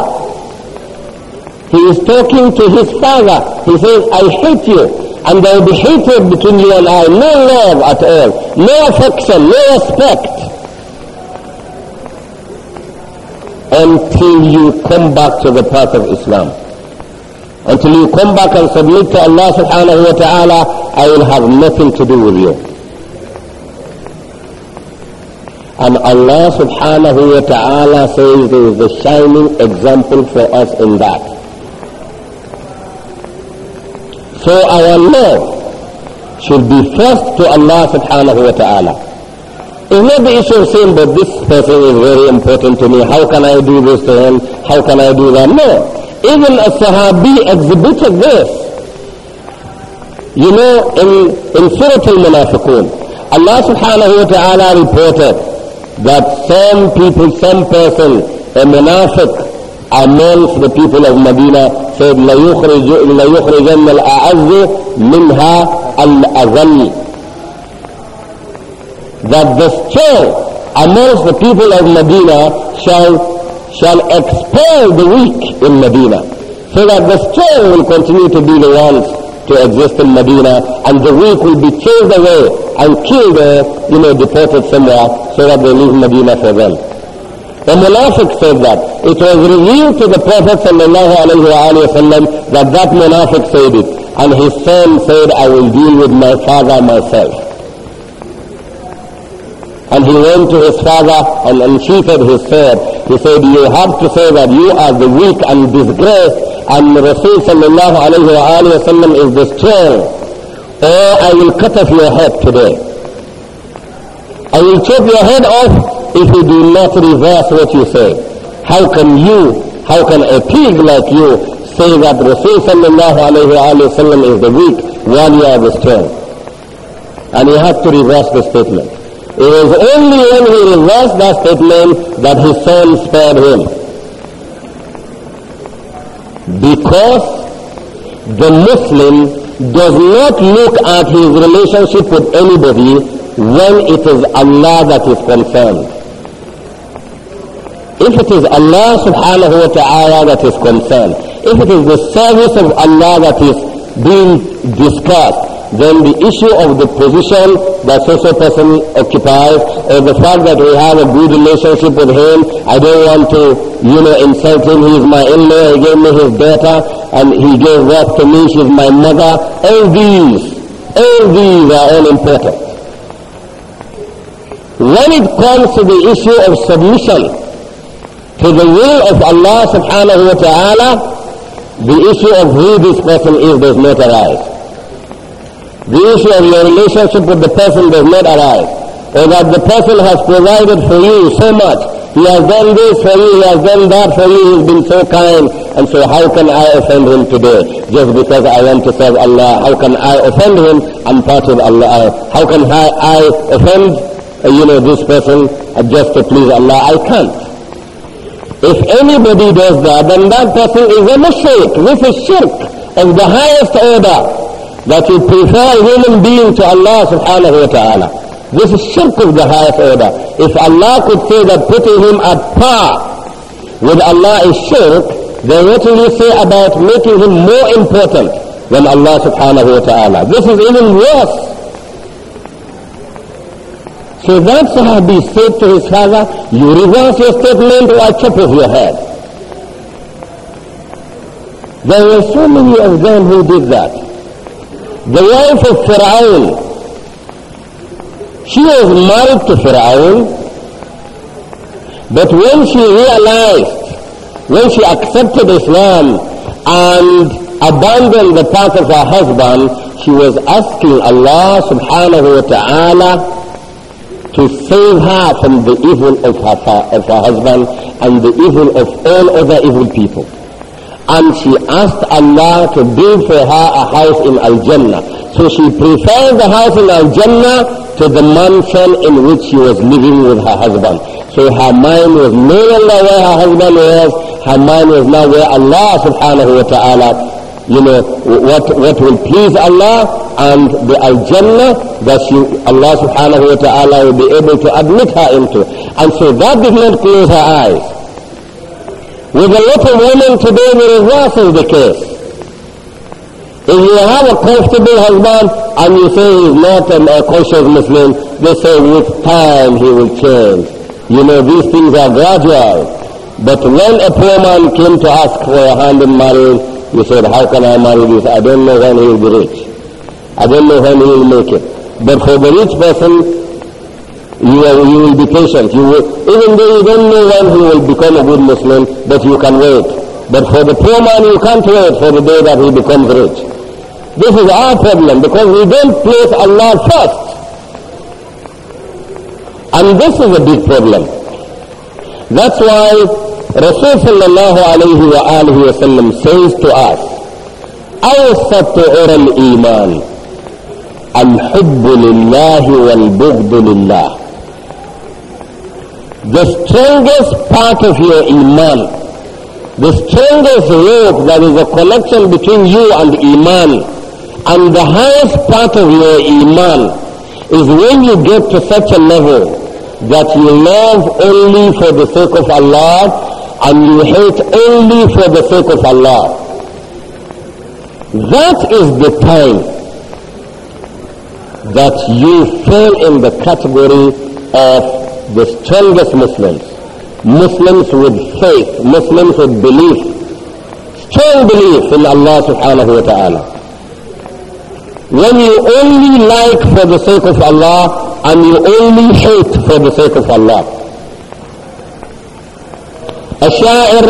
A: He is talking to his father. He says, I hate you. And there will be hatred between you and I. No love at all. No affection. No respect. Until you come back to the path of Islam. Until you come back and submit to Allah subhanahu wa ta'ala, I will have nothing to do with you. And Allah subhanahu wa ta'ala says there is a shining example for us in that. So our love should be first to Allah subhanahu wa ta'ala. It's not the issue of saying that this person is very important to me. How can I do this to him? How can I do that? No. Even a Sahabi exhibited this. You know, in, in Surah Al-Munafiqun, Allah subhanahu wa ta'ala reported that some people, some person, a munafiq, amongst the people of Medina said, al لَيُخْرِجَنَّ الْأَعَزُّ مِنْهَا الْأَذَلِّ That the strong amongst the people of Medina shall, shall expel the weak in Medina, so that the strong will continue to be the ones to exist in Medina, and the weak will be chased away and killed they, you know, deported somewhere so that they leave Medina for them. The Munafiq said that. It was revealed to the Prophet ﷺ that that Munafiq said it. And his son said, I will deal with my father myself. And he went to his father and entreated his sword. He said, you have to say that you are the weak and disgraced and Rasul sallallahu alayhi wa is the strong or uh, I will cut off your head today. I will chop your head off if you do not reverse what you say. How can you, how can a pig like you say that Rasul sallallahu alayhi wa sallam is the weak while you are the strong? And you have to reverse the statement. It was only when he reversed that statement that his son spared him. Because the Muslim does not look at his relationship with anybody when it is Allah that is concerned. If it is Allah subhanahu wa ta'ala that is concerned, if it is the service of Allah that is being discussed, then the issue of the position that such a person occupies and the fact that we have a good relationship with him, I don't want to, you know, insult him, he is my in-law, he gave me his daughter, and he gave birth to me, she is my mother. All these, all these are all important. When it comes to the issue of submission to the will of Allah subhanahu wa ta'ala, the issue of who this person is does not arise. The issue of your relationship with the person does not arise. Or that the person has provided for you so much. He has done this for you, he has done that for you, he's been so kind. And so how can I offend him today? Just because I want to serve Allah, how can I offend him? I'm part of Allah. How can I, I offend, uh, you know, this person uh, just to please Allah? I can't. If anybody does that, then that person is a mushrik. This is shirk of the highest order that you prefer a human being to Allah subhanahu wa ta'ala. This is shirk of the highest order. If Allah could say that putting him at par with Allah is shirk, then what will you say about making him more important than Allah subhanahu wa ta'ala? This is even worse. So that Sahabi said to his father, you reverse your statement or I chop off your head. There were so many of them who did that. The wife of Pharaoh, she was married to Pharaoh, but when she realized, when she accepted Islam and abandoned the path of her husband, she was asking Allah subhanahu wa ta'ala to save her from the evil of her, of her husband and the evil of all other evil people and she asked Allah to build for her a house in Al-Jannah. So she preferred the house in Al-Jannah to the mansion in which she was living with her husband. So her mind was no longer where her husband was, her mind was now where Allah subhanahu wa ta'ala, you know, what, what will please Allah and the Al-Jannah that she, Allah subhanahu wa ta'ala will be able to admit her into. And so that did not close her eyes. With a little woman today, there is nothing the case. If you have a comfortable husband and you say he's not a, a conscious Muslim, they say with time he will change. You know, these things are gradual. But when a poor man came to ask for a hand in marriage, he said, how can I marry this? I don't know when he will be rich. I don't know when he will make it. But for the rich person, you will, you will be patient. You will, even though you don't know when he will become a good Muslim, but you can wait. But for the poor man, you can't wait for the day that he becomes rich. This is our problem because we don't place Allah first. And this is a big problem. That's why Rasul sallallahu alayhi wa alihi wa sallam says to us, أَوْسَطُ عُرَى الْإِيمَانِ الْحُبُّ لِلَّهِ وَالْبُغْضُ لِلَّهِ the strongest part of your iman, the strongest rope that is a connection between you and iman, and the highest part of your iman is when you get to such a level that you love only for the sake of Allah and you hate only for the sake of Allah. That is the time that you fall in the category of the strongest Muslims, Muslims with faith, Muslims with belief, strong belief in Allah subhanahu wa ta'ala. When you only like for the sake of Allah and you only hate for the sake of Allah. الشاعر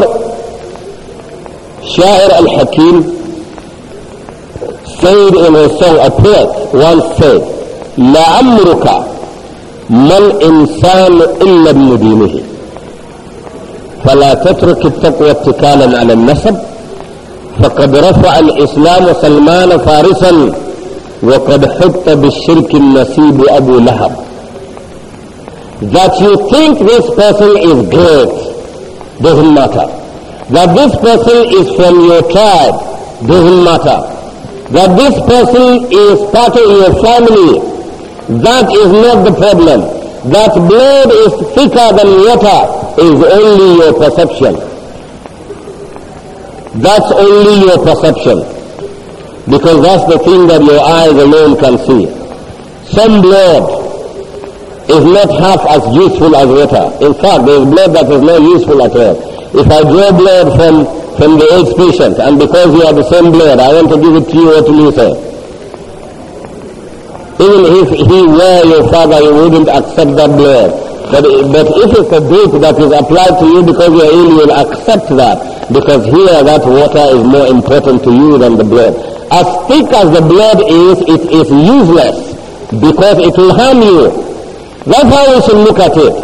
A: شاعر الحكيم said in his song a poet once said لعمرك ما الإنسان إلا ابن دينه فلا تترك التقوى اتكالا على النسب فقد رفع الإسلام سلمان فارسا وقد حط بالشرك النسيب أبو لهب That you think this person is great doesn't matter. That this person is from your tribe doesn't matter. That this person is part of your family That is not the problem. That blood is thicker than water is only your perception. That's only your perception. Because that's the thing that your eyes alone can see. Some blood is not half as useful as water. In fact, there is blood that is not useful at all. If I draw blood from, from the AIDS patient, and because you are the same blood, I want to give it to you, what will you say? even if he were your father, you wouldn't accept that blood. But, but if it's a drink that is applied to you because you're ill, you will accept that. Because here that water is more important to you than the blood. As thick as the blood is, it is useless because it will harm you. That's how we should look at it.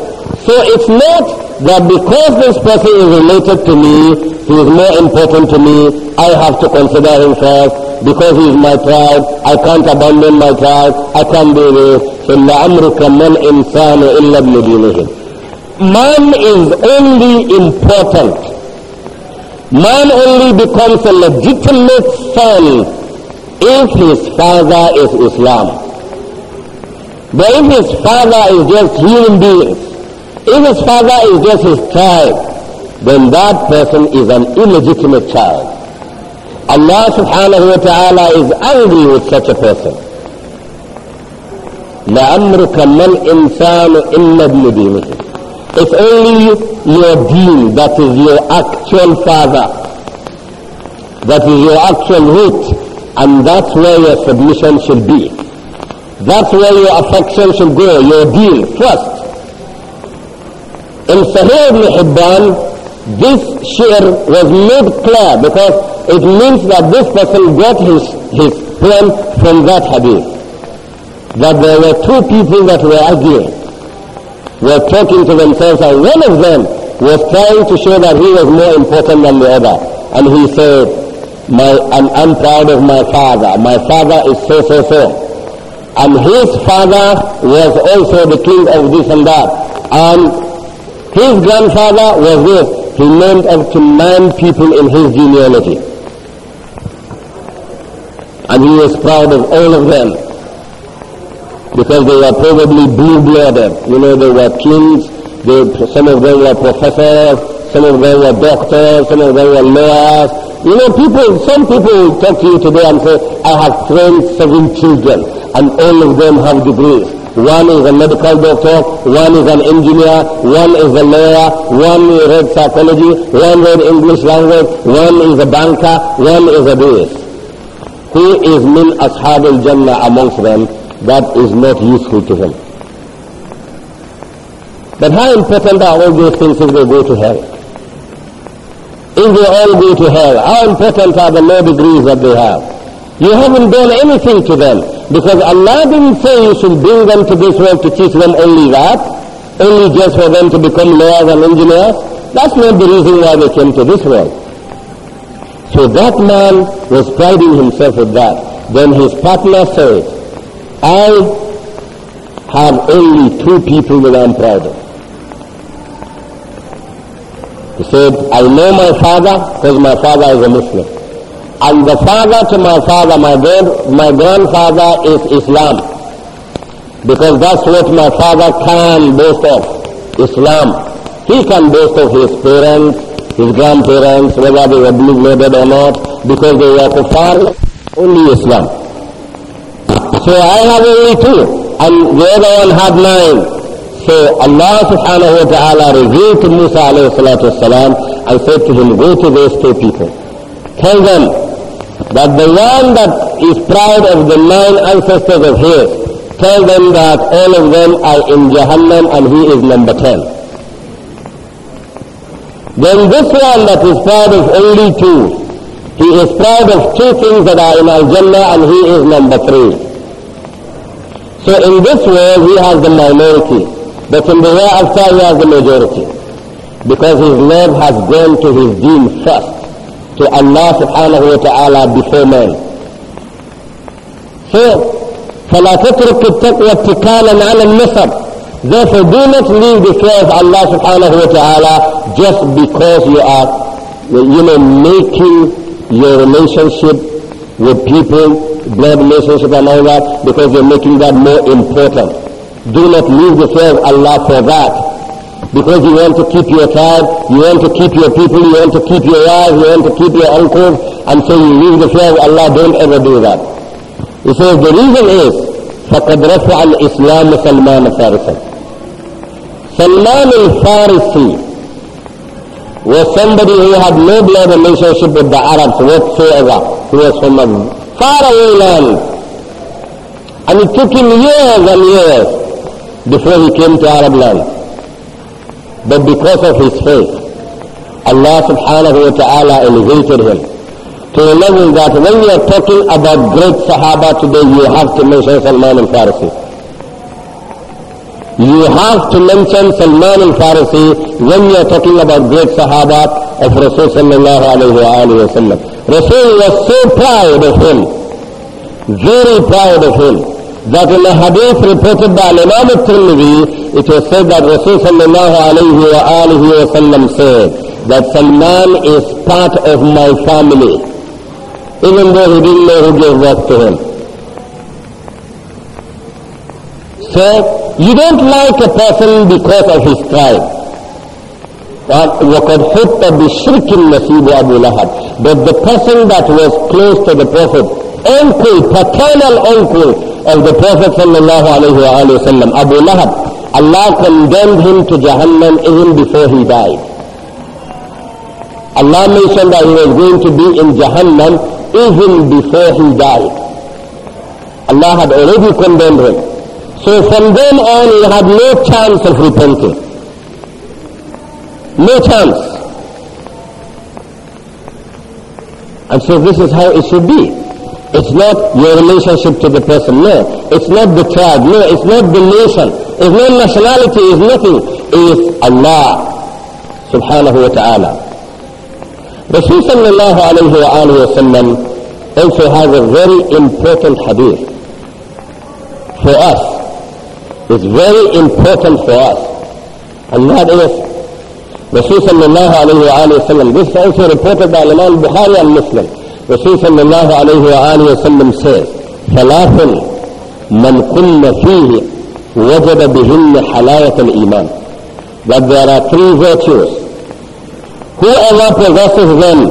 A: So it's not that because this person is related to me, he is more important to me, I have to consider him first because he is my child, I can't abandon my child. I can't do this. إِلَّا أَمْرُكَ مَنْ إِنسَانُ إِلَّا ابْنُ دِينِهِمْ Man is only important. Man only becomes a legitimate son if his father is Islam. But if his father is just human beings, if his father is just his child, then that person is an illegitimate child. Allah subhanahu wa ta'ala is angry with such a person. لَأَمْرُكَ مَا الْإِنسَانُ إِلَّا ابْنُ دِينِهِ It's only your deen that is your actual father, that is your actual root, and that's where your submission should be. That's where your affection should go, your deen first. In Sahih ibn Hibban, This share was made clear because it means that this person got his, his claim from that hadith. That there were two people that were arguing, were talking to themselves and one of them was trying to show that he was more important than the other. And he said, my, I'm, I'm proud of my father. My father is so, so, so and his father was also the king of this and that. And his grandfather was this, he named and to people in his genealogy. And he was proud of all of them because they were probably blue-blooded. You know, they were kings. They, some of them were professors. Some of them were doctors. Some of them were lawyers. You know, people, some people talk to you today and say, I have trained seven children and all of them have degrees. One is a medical doctor, one is an engineer, one is a lawyer, one read psychology, one read English language, one is a banker, one is a this. Who is min ashab al-jannah amongst them that is not useful to him? But how important are all those things if they go to hell? If they all go to hell, how important are the low degrees that they have? You haven't done anything to them. Because Allah didn't say you should bring them to this world to teach them only that, only just for them to become lawyers and engineers. That's not the reason why they came to this world. So that man was priding himself with that. Then his partner said, I have only two people that I'm proud of. He said, I know my father because my father is a Muslim. I'm the father to my father, my, grand, my grandfather is Islam. Because that's what my father can boast of, Islam. He can boast of his parents, his grandparents, whether they were blue-blooded or not, because they were kuffar, only Islam. So I have only two, and the other one had nine. So Allah subhanahu wa ta'ala revealed to Musa alayhi salatu and said to him, go to those two people. Tell them that the one that is proud of the nine ancestors of his, tell them that all of them are in Jahannam and he is number ten. Then this one that is proud of only two, he is proud of two things that are in Al-Jannah and he is number three. So in this way, he has the minority, but in the hereafter he has the majority. Because his love has gone to his deen first to Allah subhanahu wa ta'ala before man. So, فلا تترك التقوى اتكالا على النسب Therefore, do not leave the fear of Allah subhanahu wa ta'ala just because you are, you know, making your relationship with people, blood relationship and all that, because you're making that more important. Do not leave the fear of Allah for that because you want to keep your tribe, you want to keep your people, you want to keep your wife, you want to keep your uncles, and so you leave the fear of Allah. Don't ever do that. He says the reason is فَقَدْ رَفَعَ الْإِسْلَامُ سَلْمَانَ فَارِسًا Salman al-Farisi was somebody who had no blood relationship with the Arabs whatsoever. He was from a faraway land. And it took him years and years before he came to Arab land. But because of his faith, Allah subhanahu wa ta'ala elevated him to a level that when you are talking about great Sahaba today, you have to mention Salman al-Farisi. You have to mention Salman al-Farisi when you are talking about great Sahaba of Rasul sallallahu alayhi wa alayhi wa sallam. Rasul was so proud of him, very proud of him that in the hadith reported by Imam al-Tirmidhi, it was said that Rasul sallallahu alayhi wa alihi wa sallam said that Salman is part of my family, even though he didn't know who gave birth to him. So, you don't like a person because of his tribe. وقد حط بشرك النسيب أبو لهب but the person that was close to the Prophet uncle, paternal uncle of the Prophet sallallahu Abu Lahab, Allah condemned him to Jahannam even before he died. Allah mentioned that he was going to be in Jahannam even before he died. Allah had already condemned him. So from then on he had no chance of repenting. No chance. And so this is how it should be. It's not your relationship to the person. No. It's not the tribe. No. It's not the nation. It's not nationality. It's nothing. It's Allah subhanahu wa ta'ala. Rasul sallallahu alayhi wa alayhi wa sallam also has a very important hadith for us. It's very important for us. And that is Rasul sallallahu alayhi wa alayhi wa sallam. This is also reported by Imam Bukhari and Muslim. الرسول صلى الله عليه وآله وسلم سير ثلاث من قل فيه وجد بهن حلاوة الإيمان that there are three virtues whoever possesses them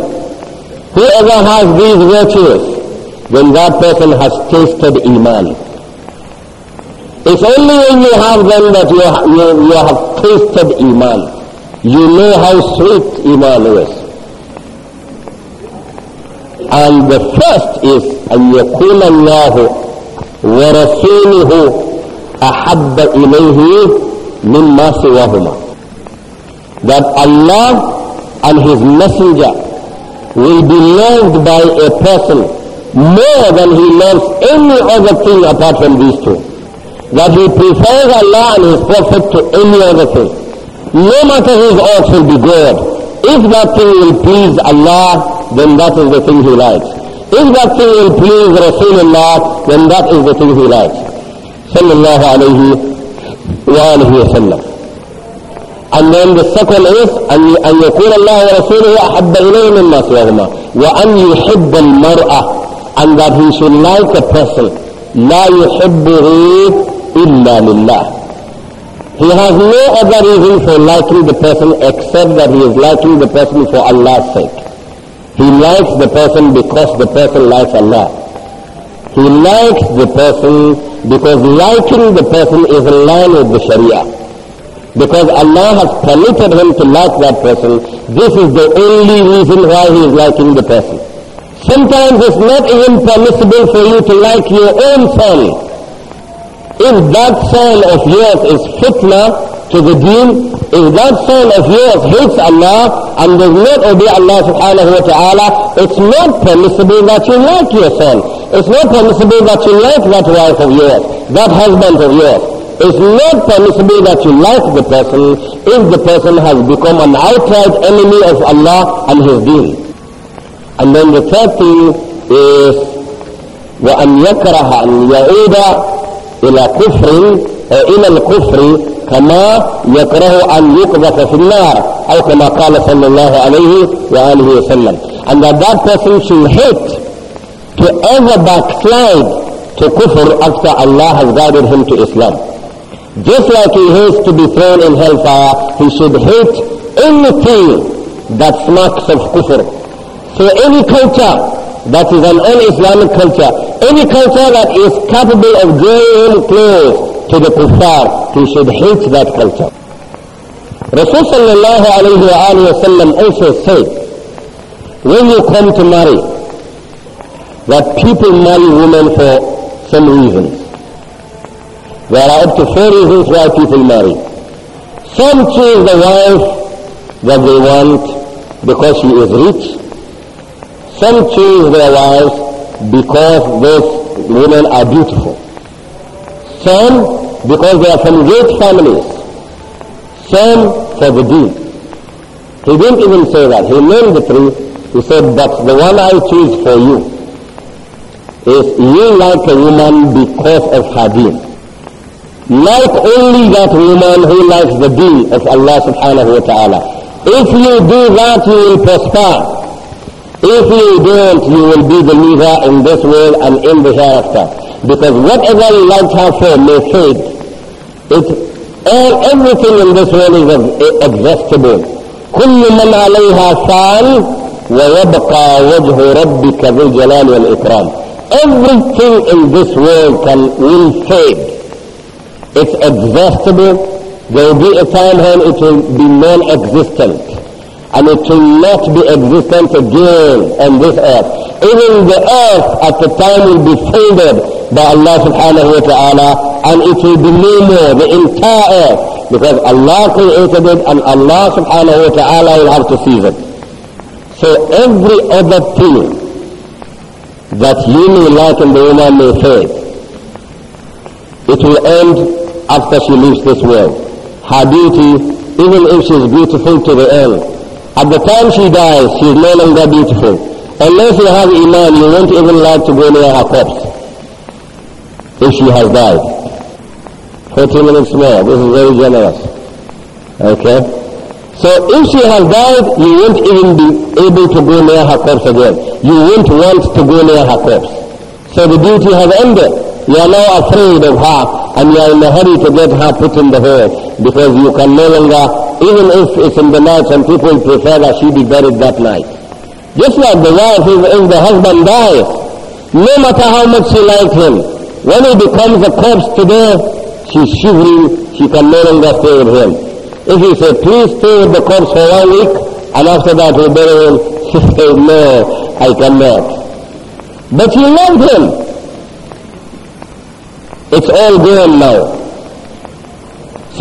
A: whoever has these virtues then that person has tasted Iman It's only when you have them that you, you, you have tasted Iman. You know how sweet Iman is. And the first is أن يكون الله ورسوله أحب إليه مما سواهما that Allah and His Messenger will be loved by a person more than he loves any other thing apart from these two. That he prefers Allah and His Prophet to any other thing. No matter his acts will be good. If that thing will please Allah then that is the thing he likes. If that thing will please Rasulullah, then that is the thing he likes. Sallallahu alayhi wa alayhi wa sallam. And then the second is, أن, أن يكون الله ورسوله أحب إليه مما سواهما. وأن يحب المرأة. And that he should like a person. لا يحبه إلا لله. He has no other reason for liking the person except that he is liking the person for Allah's sake. He likes the person because the person likes Allah. He likes the person because liking the person is in line with the Sharia. Because Allah has permitted him to like that person, this is the only reason why he is liking the person. Sometimes it's not even permissible for you to like your own son. If that son of yours is fitna to the deen, if that son of yours hates Allah and does not obey Allah subhanahu wa ta'ala, it's not permissible that you like your son. It's not permissible that you like that wife of yours, that husband of yours. It's not permissible that you like the person if the person has become an outright enemy of Allah and His deen. And then the third thing is وأن يكره أن يعود إلى كفر إلى الكفر كما يكره أن يقذف في النار أو كما قال صلى الله عليه وآله وسلم and that that person should hate to ever backslide to kufr after Allah has guided him to Islam just like he hates to be thrown in hellfire he should hate anything that smacks of kufr so any culture that is an un-Islamic culture any culture that is capable of drawing him close to the kuffar. He should hate that culture. Rasul sallallahu alayhi wa sallam also said, when you come to marry, that people marry women for some reasons. There are up to four reasons why people marry. Some choose the wife that they want because she is rich. Some choose their wives because those women are beautiful. Some because they are from great families. Same for the deed. He didn't even say that. He named the tree. He said, but the one I choose for you is you like a woman because of her deen. Like only that woman who likes the deen of Allah subhanahu wa ta'ala. If you do that, you will prosper. If you don't, you will be the loser in this world and in the hereafter. Because whatever lights has faith may fade, it, all, everything in this world is exhaustible. كل من عليها فان ويبقى وجه ربك ذو الجلال والإكرام. Everything in this world can will fade. It's exhaustible. There will be a time when it will be non-existent and it will not be existent again on this earth. Even the earth at the time will be folded by Allah subhanahu wa ta'ala and it will be no more, the entire earth, because Allah created it and Allah subhanahu wa ta'ala will have to seize it. So every other thing that you may like and the woman may fade, it will end after she leaves this world. Her beauty, even if she is beautiful to the end, at the time she dies, she is no longer beautiful. Unless you have iman, you won't even like to go near her corpse if she has died. 40 minutes more. This is very generous. Okay? So if she has died, you won't even be able to go near her corpse again. You won't want to go near her corpse. So the duty has ended. You are now afraid of her and you are in a hurry to get her put in the hole because you can no longer even if it's in the night some people prefer that she be buried that night. Just like the wife, if, if the husband dies, no matter how much she likes him, when he becomes a corpse today, she's shivering, she can no longer stay with him. If you say, please stay with the corpse for one week, and after that we bury him, she <laughs> says, no, I cannot. But you loved him. It's all gone now.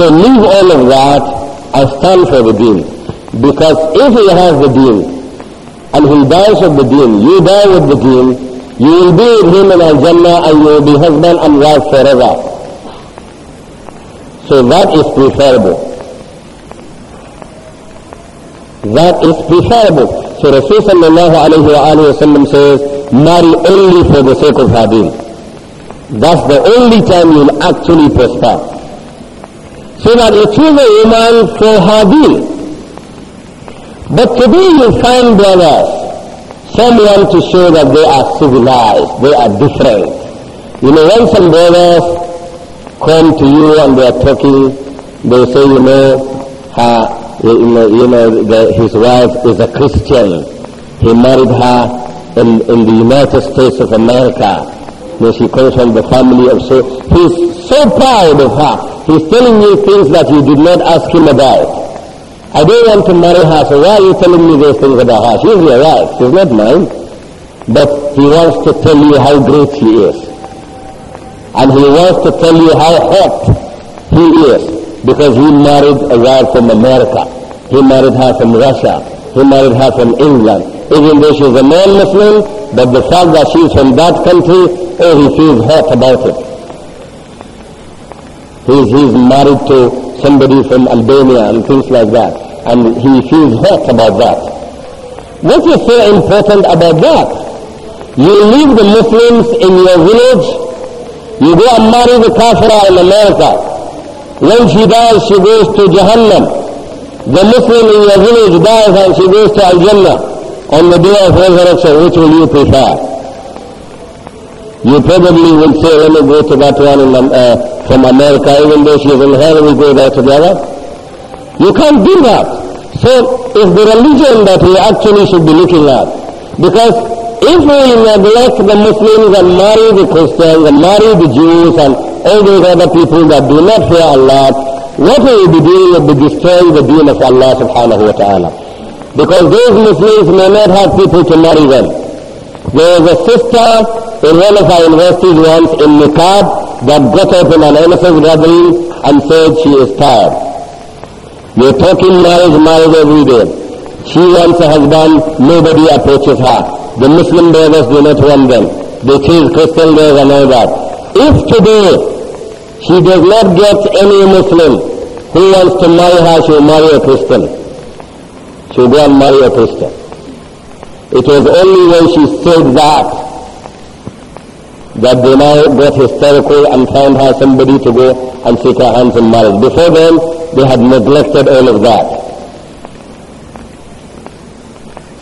A: So leave all of that I stand for the deen. Because if he has the deen, and he dies with the deen, you die with the deen, you will be with him in Al-Jannah and you will be husband and wife forever. So that is preferable. That is preferable. So Rasul sallallahu alayhi wa alayhi wa sallam says, marry only for the sake of her deen. That's the only time you'll actually prosper. So that refuse the iman for Habil. But today you find brothers, some want to show that they are civilized, they are different. You know, when some brothers come to you and they are talking, they say, you know, her, you know, you know the, his wife is a Christian. He married her in, in the United States of America. You know, she comes from the family of so. He's so proud of her. He's telling you things that you did not ask him about. I don't want to marry her, so why are you telling me those things about her? She's your wife, she's not mine. But he wants to tell you how great she is. And he wants to tell you how hot he is. Because he married a wife from America. He married her from Russia. He married her from England. Even though she's a non-Muslim, but the fact that she's from that country, oh, he feels hot about it. He's, he's married to somebody from Albania and things like that. And he feels hurt about that. What is so important about that? You leave the Muslims in your village, you go and marry the kafira in America. When she dies, she goes to Jahannam. The Muslim in your village dies and she goes to Al-Jannah on the day of resurrection. Which will you prefer? You probably will say, let me go to that one in, uh, from America, even though she is in hell, we go there together. You can't do that. So it's the religion that we actually should be looking at. Because if we neglect the Muslims and marry the Christians and marry the Jews and all those other people that do not fear Allah, what we will be doing will be destroying the deen of Allah subhanahu wa ta'ala. Because those Muslims may not have people to marry them. There was a sister in one of our universities once in Niqab that got up in an NSS gathering and said she is tired. they are talking marriage, marriage every day. She wants a husband, nobody approaches her. The Muslim brothers do not want them. They choose Christian girls and all that. If today she does not get any Muslim who wants to marry her, she will marry a Christian. She will go and marry a Christian. It was only when she said that that they now got hysterical and found her somebody to go and seek her hands in marriage. Before then, they had neglected all of that.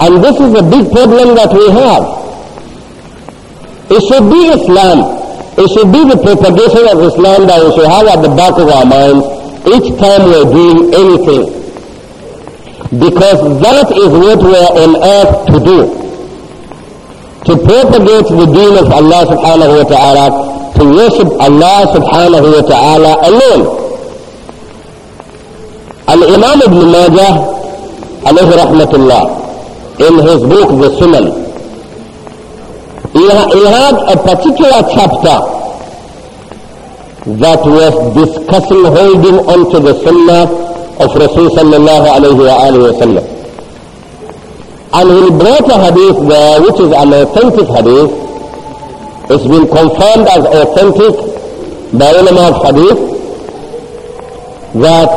A: And this is a big problem that we have. It should be Islam. It should be the propagation of Islam that we should have at the back of our minds each time we're doing anything. Because that is what we're on earth to do to propagate the deen of Allah subhanahu wa ta'ala, to worship Allah subhanahu wa ta'ala alone. Al-Imam ibn Majah, alayhi rahmatullah, in his book The Sunan, he, he had a particular chapter that was discussing holding on to the sunnah of Rasul sallallahu alayhi wa and he brought a hadith there which is an authentic hadith. It's been confirmed as authentic by ulama of hadith that,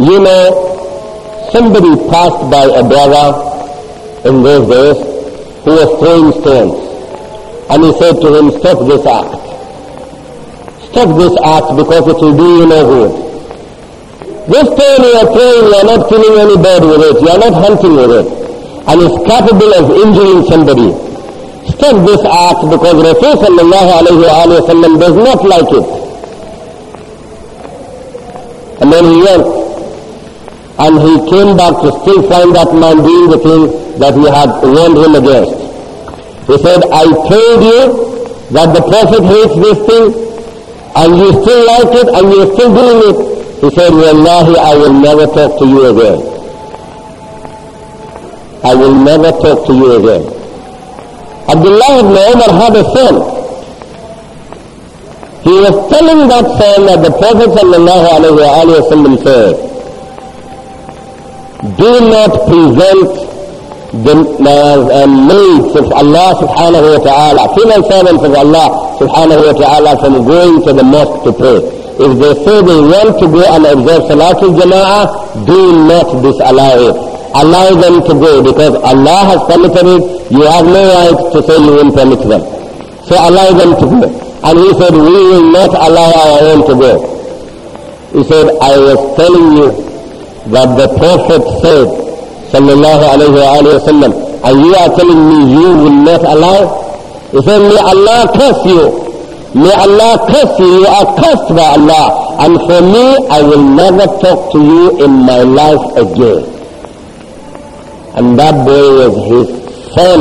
A: you know, somebody passed by a brother in those days who was throwing stones. And he said to him, stop this act. Stop this act because it will do you no good. This stone you are throwing, you are not killing any bird with it. You are not hunting with it and is capable of injuring somebody. Stop this act because Rasul sallallahu alayhi wa sallam does not like it. And then he went and he came back to still find that man doing the thing that he had warned him against. He said, I told you that the Prophet hates this thing and you still like it and you're still doing it. He said, Wallahi, I will never talk to you again. I will never talk to you again. Abdullah ibn Umar had a son. He was telling that son that the Prophet ﷺ said, Do not present the uh, maids of Allah subhanahu wa ta'ala, female servants of Allah subhanahu wa ta'ala from going to the mosque to pray. If they say they want to go and observe Salatul Jama'ah, do not disallow it allow them to go because Allah has permitted it. You have no right to say you will permit them. So allow them to go. And he said, we will not allow our own to go. He said, I was telling you that the Prophet said, sallallahu alayhi wa sallam, and you are telling me you will not allow? He said, may Allah curse you. May Allah curse you. You are cursed by Allah. And for me, I will never talk to you in my life again. And that boy was his son.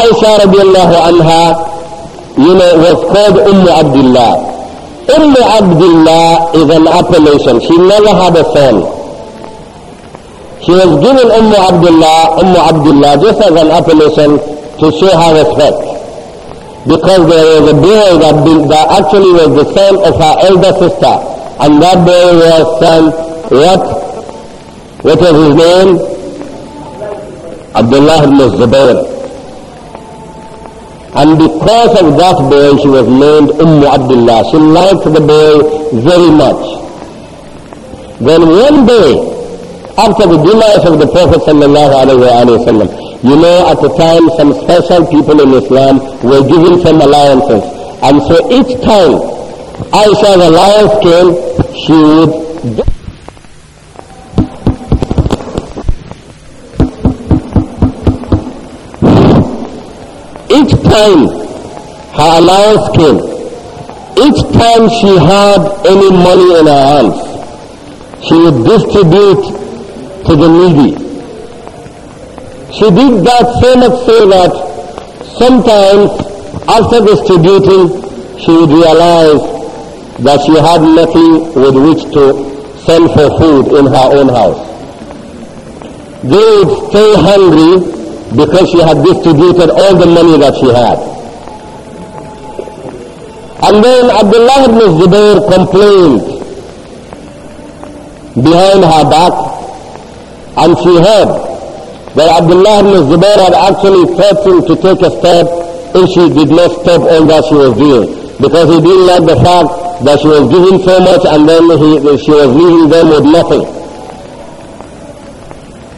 A: Aisha radiallahu anha, you know, was called Umm Abdullah. Umm Abdullah is an appellation. She never had a son. She was given Umm Abdullah, Umm Abdullah just as an appellation to show her respect. Because there was a boy that, that actually was the son of her elder sister. And that boy was son, what what was his name? Abdullah ibn Zubair. And because of that boy, she was named Umm Abdullah. She liked the boy very much. Then one day, after the demise of the Prophet sallallahu you know at the time some special people in Islam were given some alliances. And so each time Aisha's alliance came, she would... time her allowance came, each time she had any money in her hands, she would distribute to the needy. She did that so much so that sometimes after distributing, she would realize that she had nothing with which to send for food in her own house. They would stay hungry because she had distributed all the money that she had. And then Abdullah ibn Zubair complained behind her back and she heard that Abdullah ibn Zubair had actually threatened to take a step if she did not stop all that she was doing because he didn't like the fact that she was giving so much and then he, she was leaving them with nothing.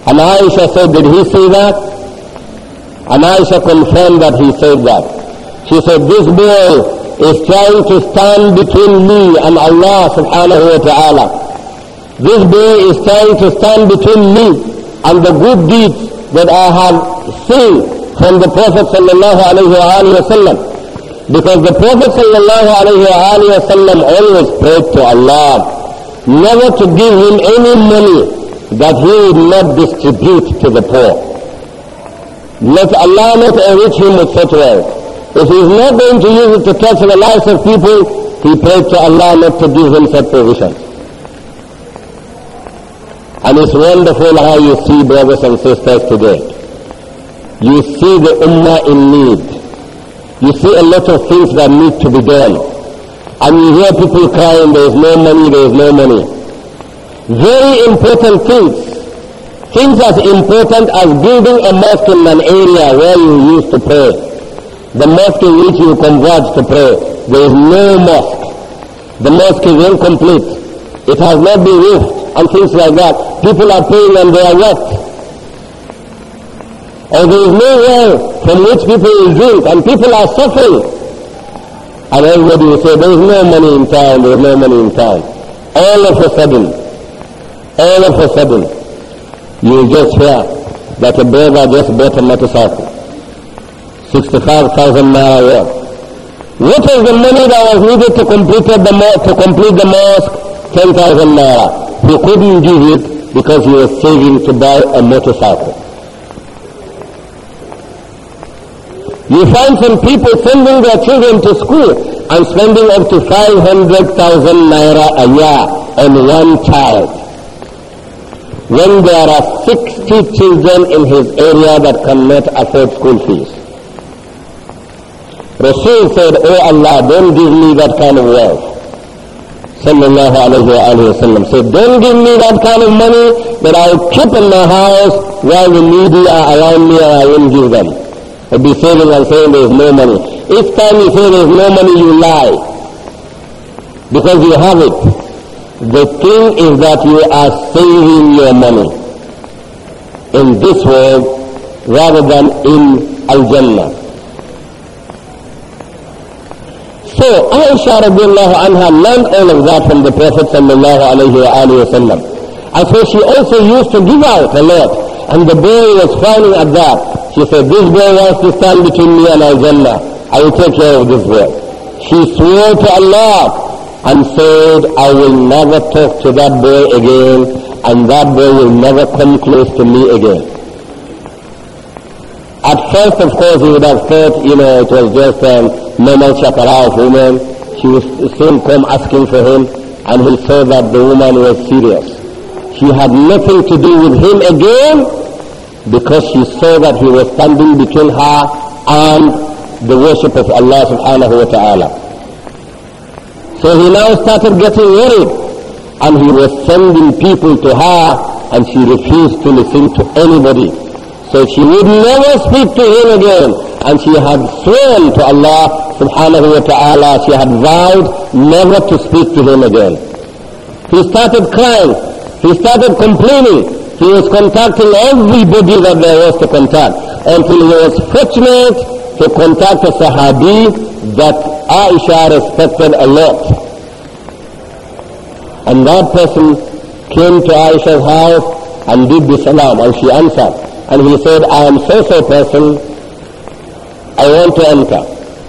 A: And Aisha said, did he say that? And Aisha confirmed that he said that. She said, this boy is trying to stand between me and Allah subhanahu wa ta'ala. This boy is trying to stand between me and the good deeds that I have seen from the Prophet sallallahu alayhi wa sallam. Because the Prophet sallallahu alayhi wa sallam always prayed to Allah never to give him any money that he would not distribute to the poor. Let Allah not enrich him with such wealth. If he is not going to use it to touch the lives of people, he prayed to Allah not to give him such provision. And it's wonderful how you see brothers and sisters today. You see the ummah in need. You see a lot of things that need to be done. And you hear people crying, there is no money, there is no money. Very important things Things as important as building a mosque in an area where you used to pray, the mosque in which you converge to pray, there is no mosque. The mosque is incomplete. It has not been roofed and things like that. People are praying and they are wet, and there is no well from which people will drink and people are suffering. And everybody will say, there is no money in town, there is no money in town. All of a sudden, all of a sudden, you just hear that a brother just bought a motorcycle, 65,000 naira worth. What is the money that was needed to complete the, to complete the mosque? 10,000 naira. He couldn't give it because he was saving to buy a motorcycle. You find some people sending their children to school and spending up to 500,000 naira a year on one child when there are 60 children in his area that cannot afford school fees. Rasul said, Oh Allah, don't give me that kind of wealth. Sallallahu alayhi wa sallam said, don't give me that kind of money that I will keep in my house while the needy are around me and I won't give them. i will be saving and saying there is no money. Each time you say there is no money, you lie. Because you have it. The thing is that you are saving your money in this world rather than in Al-Jannah. So Aisha radiallahu anha learned all of that from the Prophet sallallahu alayhi wa sallam. And so she also used to give out a lot. And the boy was frowning at that. She said, this boy wants to stand between me and Al-Jannah. I will take care of this boy. She swore to Allah and said, I will never talk to that boy again and that boy will never come close to me again. At first, of course, he would have thought, you know, it was just a normal chaparral woman. She would soon come asking for him and he saw that the woman was serious. She had nothing to do with him again because she saw that he was standing between her and the worship of Allah subhanahu wa ta'ala. So he now started getting worried and he was sending people to her and she refused to listen to anybody. So she would never speak to him again and she had sworn to Allah subhanahu wa ta'ala, she had vowed never to speak to him again. He started crying, he started complaining, he was contacting everybody that there was to contact until he was fortunate to contact a Sahabi that Aisha respected a lot. And that person came to Aisha's house and did the salam and she answered. And he said, I am so-so person, I want to enter.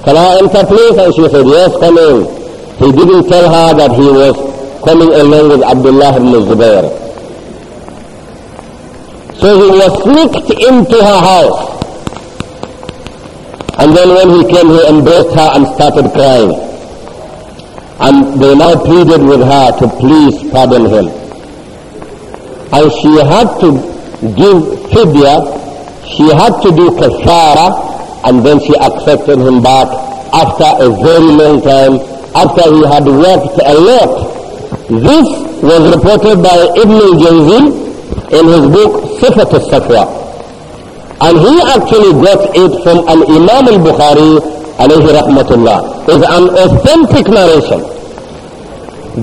A: Can I enter please? And she said, yes, come in. He didn't tell her that he was coming along with Abdullah ibn Zubair. So he was sneaked into her house and then when he came, he embraced her and started crying. And they now pleaded with her to please pardon him. And she had to give fidya, she had to do kafara, and then she accepted him back after a very long time, after he had worked a lot. This was reported by Ibn al in his book Sifat al-Safwa. And he actually got it from an imam al-Bukhari alayhi rahmatullah. It's an authentic narration.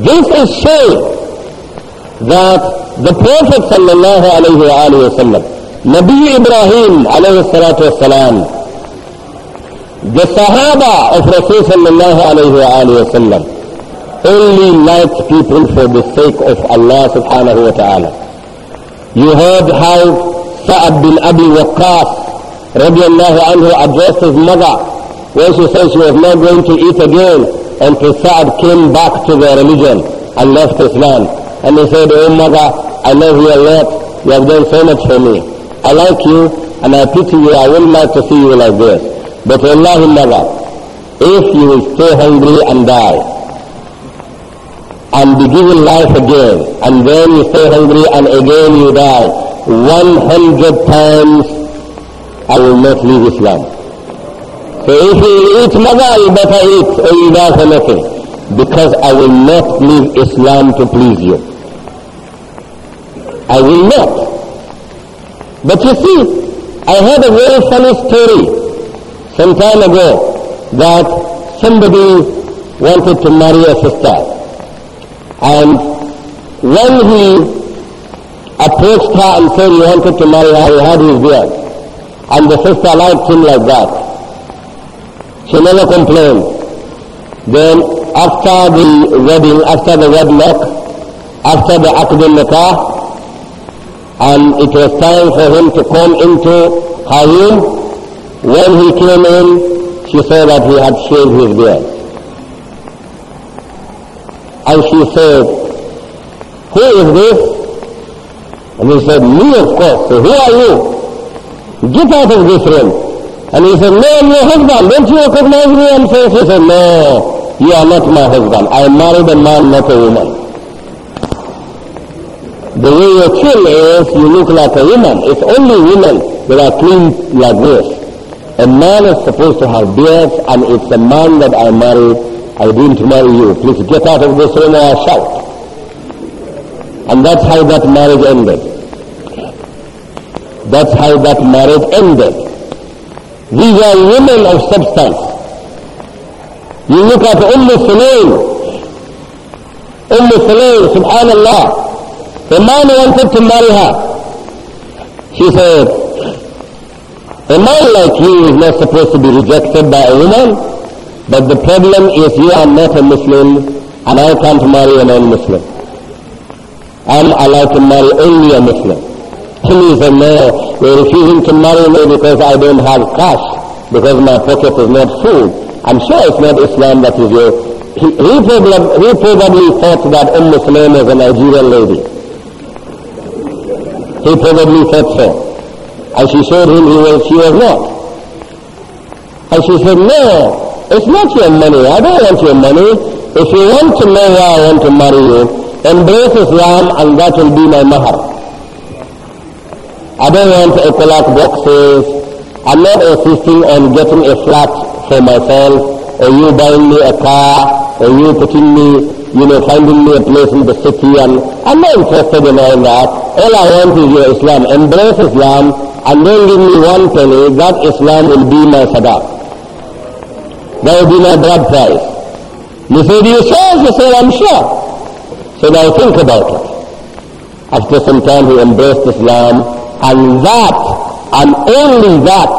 A: This is showing that the Prophet sallallahu alayhi wa alayhi wa sallam, Nabi Ibrahim alayhi salatu wasallam, the Sahaba of Rasul sallallahu alayhi wa alayhi wa sallam, only like people for the sake of Allah subhanahu wa ta'ala. You heard how Sa'ad bin Abi Waqqas radiallahu anhu addressed his mother when she said she was not going to eat again until Sa'ad came back to the religion and left Islam. And he said, Oh mother, I love you a lot. You have done so much for me. I like you and I pity you. I wouldn't like to see you like this. But Allah mother, if you will stay hungry and die and be given life again and then you stay hungry and again you die 100 times, I will not leave Islam. So if you eat maga, you better eat Eidah something, because I will not leave Islam to please you. I will not. But you see, I heard a very funny story some time ago that somebody wanted to marry a sister. And when he approached her and said he wanted to marry her. He had his beard. And the sister liked him like that. She never complained. Then after the wedding, after the wedlock, after the Aqd nikah and it was time for him to come into her room, when he came in, she saw that he had shaved his beard. And she said, who is this? And he said, me of course. So who are you? Get out of this room. And he said, no, I'm your husband. Don't you recognize me? And so she said, no, you are not my husband. I married a man, not a woman. The way you look is you look like a woman. It's only women that are clean like this. A man is supposed to have beards and it's a man that I married. I didn't marry you. Please get out of this room or I shout. And that's how that marriage ended. That's how that marriage ended. These are women of substance. You look at Umm Sulaim. Umm Sulaim, subhanallah. The man wanted to marry her. She said, a man like you is not supposed to be rejected by a woman, but the problem is you are not a Muslim and I can't marry a non-Muslim. I'm allowed to marry only a Muslim to me when they are refusing to marry me because I don't have cash, because my pocket is not full. I'm sure it's not Islam that is your... He, he, probably, he probably thought that Umm Muslim is a Nigerian lady. He probably thought so. And she showed him he was, she was not. And she said, no, it's not your money. I don't want your money. If you want to know why I want to marry you, embrace Islam and that will be my mahar. I don't want a collab box I'm not insisting on getting a flat for myself, or you buying me a car, or you putting me, you know, finding me a place in the city. And I'm not interested in all that. All I want is your Islam. Embrace Islam, and don't give me one penny. That Islam will be my sadaq. That will be my blood price. You say, do you saw He said, I'm sure. So now think about it. After some time he embraced Islam, and that and only that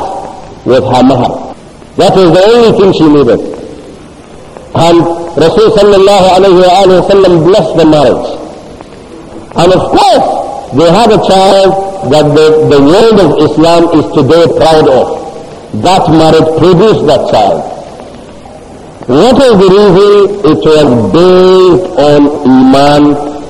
A: was her mahar. That was the only thing she needed. And Rasul sallallahu alayhi wa sallam blessed the marriage. And of course, they had a child that the, the world of Islam is today proud of. That marriage produced that child. What is the reason? It was based on Iman.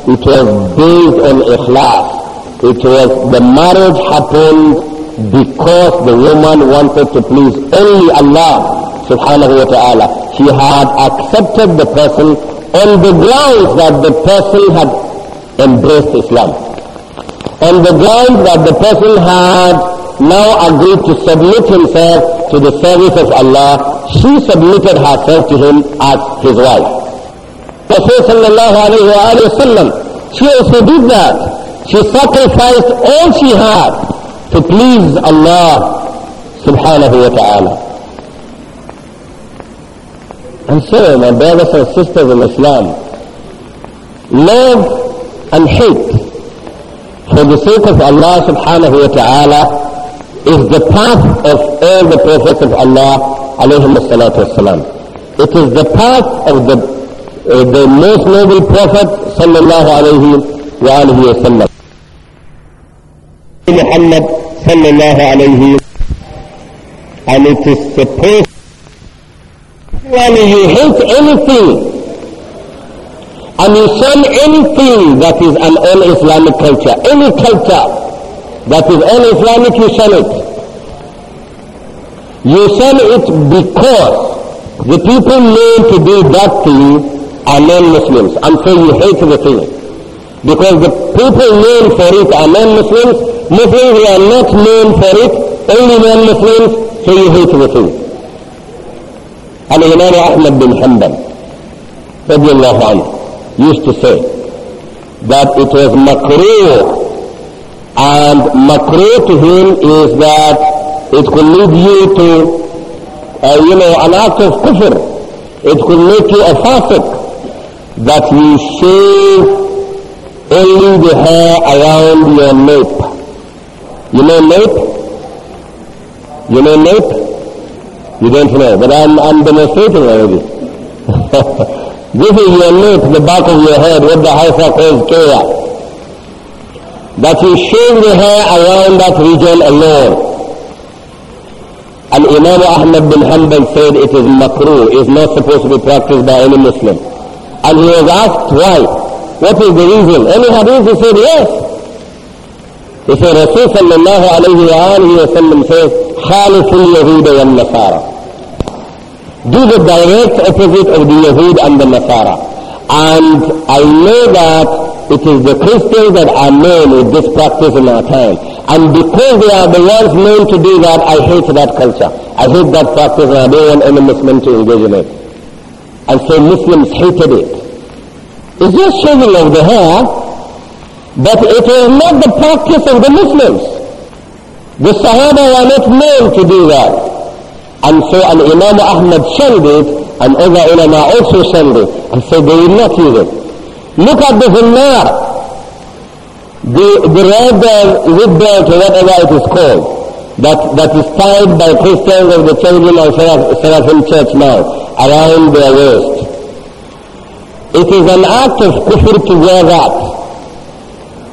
A: It was based on Ikhlas. It was the marriage happened because the woman wanted to please only Allah subhanahu wa ta'ala. She had accepted the person on the grounds that the person had embraced Islam. On the grounds that the person had now agreed to submit himself to the service of Allah, she submitted herself to him as his wife. Rasul sallallahu alayhi wa sallam, she also did that. She sacrificed all she had to please Allah subhanahu wa ta'ala. And so, my brothers and sisters in Islam, love and hate for the sake of Allah subhanahu wa ta'ala is the path of all the prophets of Allah alayhim salatu wasalam. It is the path of the, uh, the most noble prophet sallallahu alayhi wa alihi wa sallam. Muhammad sallallahu alayhi and it is supposed when you hate anything and you shun anything that is an un-Islamic culture, any culture that is un-Islamic, you shun it. You shun it because the people known to do that to you are non-Muslims and so you hate the thing. Because the people known for it are non-Muslims Muslims who are not known for it, only non-Muslims, so you hate Rasul. And Imam Ahmad bin Hanbal, radiallahu anhu, used to say that it was makruh and makruh to him is that it could lead you to, uh, you know, an act of kufr. It could make you a fasiq that you shave only the hair around your nape. You may nope. You may nope. You don't know. But I'm, I'm demonstrating already. <laughs> this is your nape, the back of your head, what the Haifa calls kaya. That you shave the hair around that region alone. And Imam Ahmad bin Hanbal said it is makruh, is not supposed to be practiced by any Muslim. And he was asked why. What is the reason? Any hadith? He said yes. If a Rasul sallallahu alayhi wa sallam says, Khaliful Yahud and Nasara. Do the direct opposite of the Yahud and the Nasara. And I know that it is the Christians that are known with this practice in our time. And because they are the ones known to do that, I hate that culture. I hate that practice and I don't want any Muslim to engage in it. And so Muslims hated it. It's just shaving of the hair but it is not the practice of the Muslims. The Sahaba were not known to do that. And so an Imam Ahmad sent it, and other ulama also sent it. And so they will not use it. Look at the Zimmar, the, the red ribbon, or whatever it is called that, that is tied by Christians of the Children of Seraphim Church now around their waist. It is an act of kufr to wear that.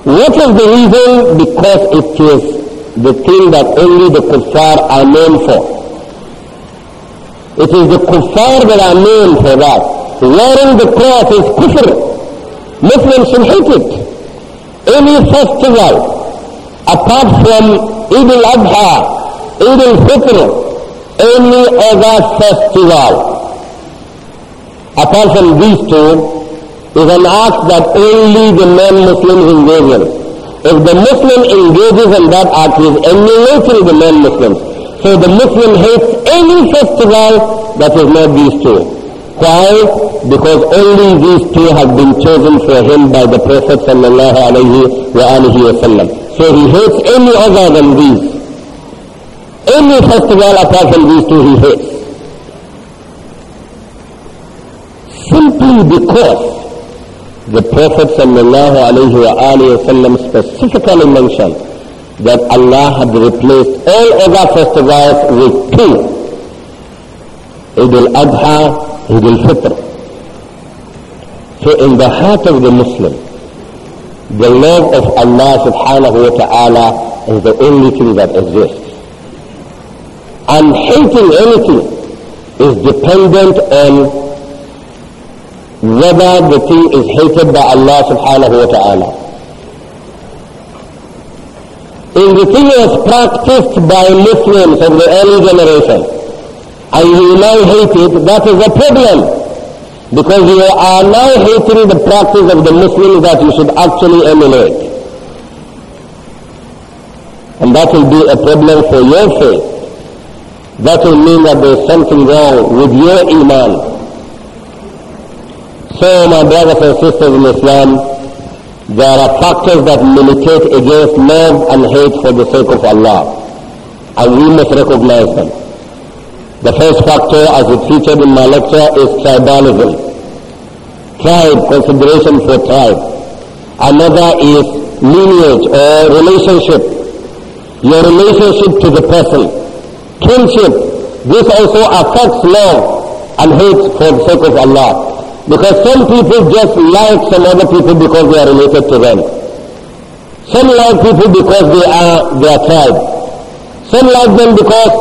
A: What is the reason? Because it is the thing that only the kuffar are known for. It is the kuffar that are known for that. Wearing the cross is kufr. Muslims should hate it. Any festival, apart from Eid al-Adha, Eid al-Fitr, any other festival, apart from these two, is an act that only the non-Muslim engage in. If the Muslim engages in that act, he is emulating the non-Muslims. So the Muslim hates any festival that is not these two. Why? Because only these two have been chosen for him by the Prophet sallallahu wa wasallam. So he hates any other than these. Any festival apart from these two he hates. Simply because the Prophet وسلم specifically mentioned that Allah had replaced all other festivals with two. Eid al-Adha, Eid al-Fitr. So in the heart of the Muslim, the love of Allah subhanahu wa ta'ala is the only thing that exists. And hating anything is dependent on whether the thing is hated by Allah subhanahu wa ta'ala. If the thing was practiced by Muslims of the early generation, and you now hate it, that is a problem. Because you are now hating the practice of the Muslims that you should actually emulate. And that will be a problem for your faith. That will mean that there is something wrong with your iman. So, my brothers and sisters in Islam, there are factors that militate against love and hate for the sake of Allah, and we must recognize them. The first factor, as it featured in my lecture, is tribalism. Tribe, consideration for tribe. Another is lineage or relationship. Your relationship to the person. Kinship. This also affects love and hate for the sake of Allah. Because some people just like some other people because they are related to them. Some like people because they are their tribe. Some like them because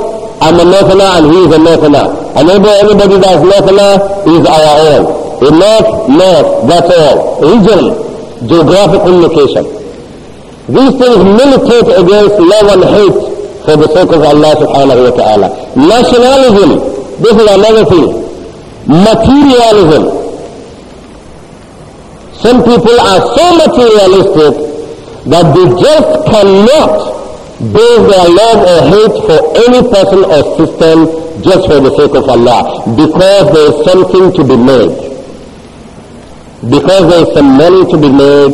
A: I'm a northerner and he is a northerner. And everybody that is northerner is our own. A north, north, that's all. Region, geographical location. These things militate against love and hate for the sake of Allah subhanahu wa ta'ala. Nationalism, this is another thing. Materialism, some people are so materialistic that they just cannot base their love or hate for any person or system just for the sake of Allah because there is something to be made. Because there is some money to be made,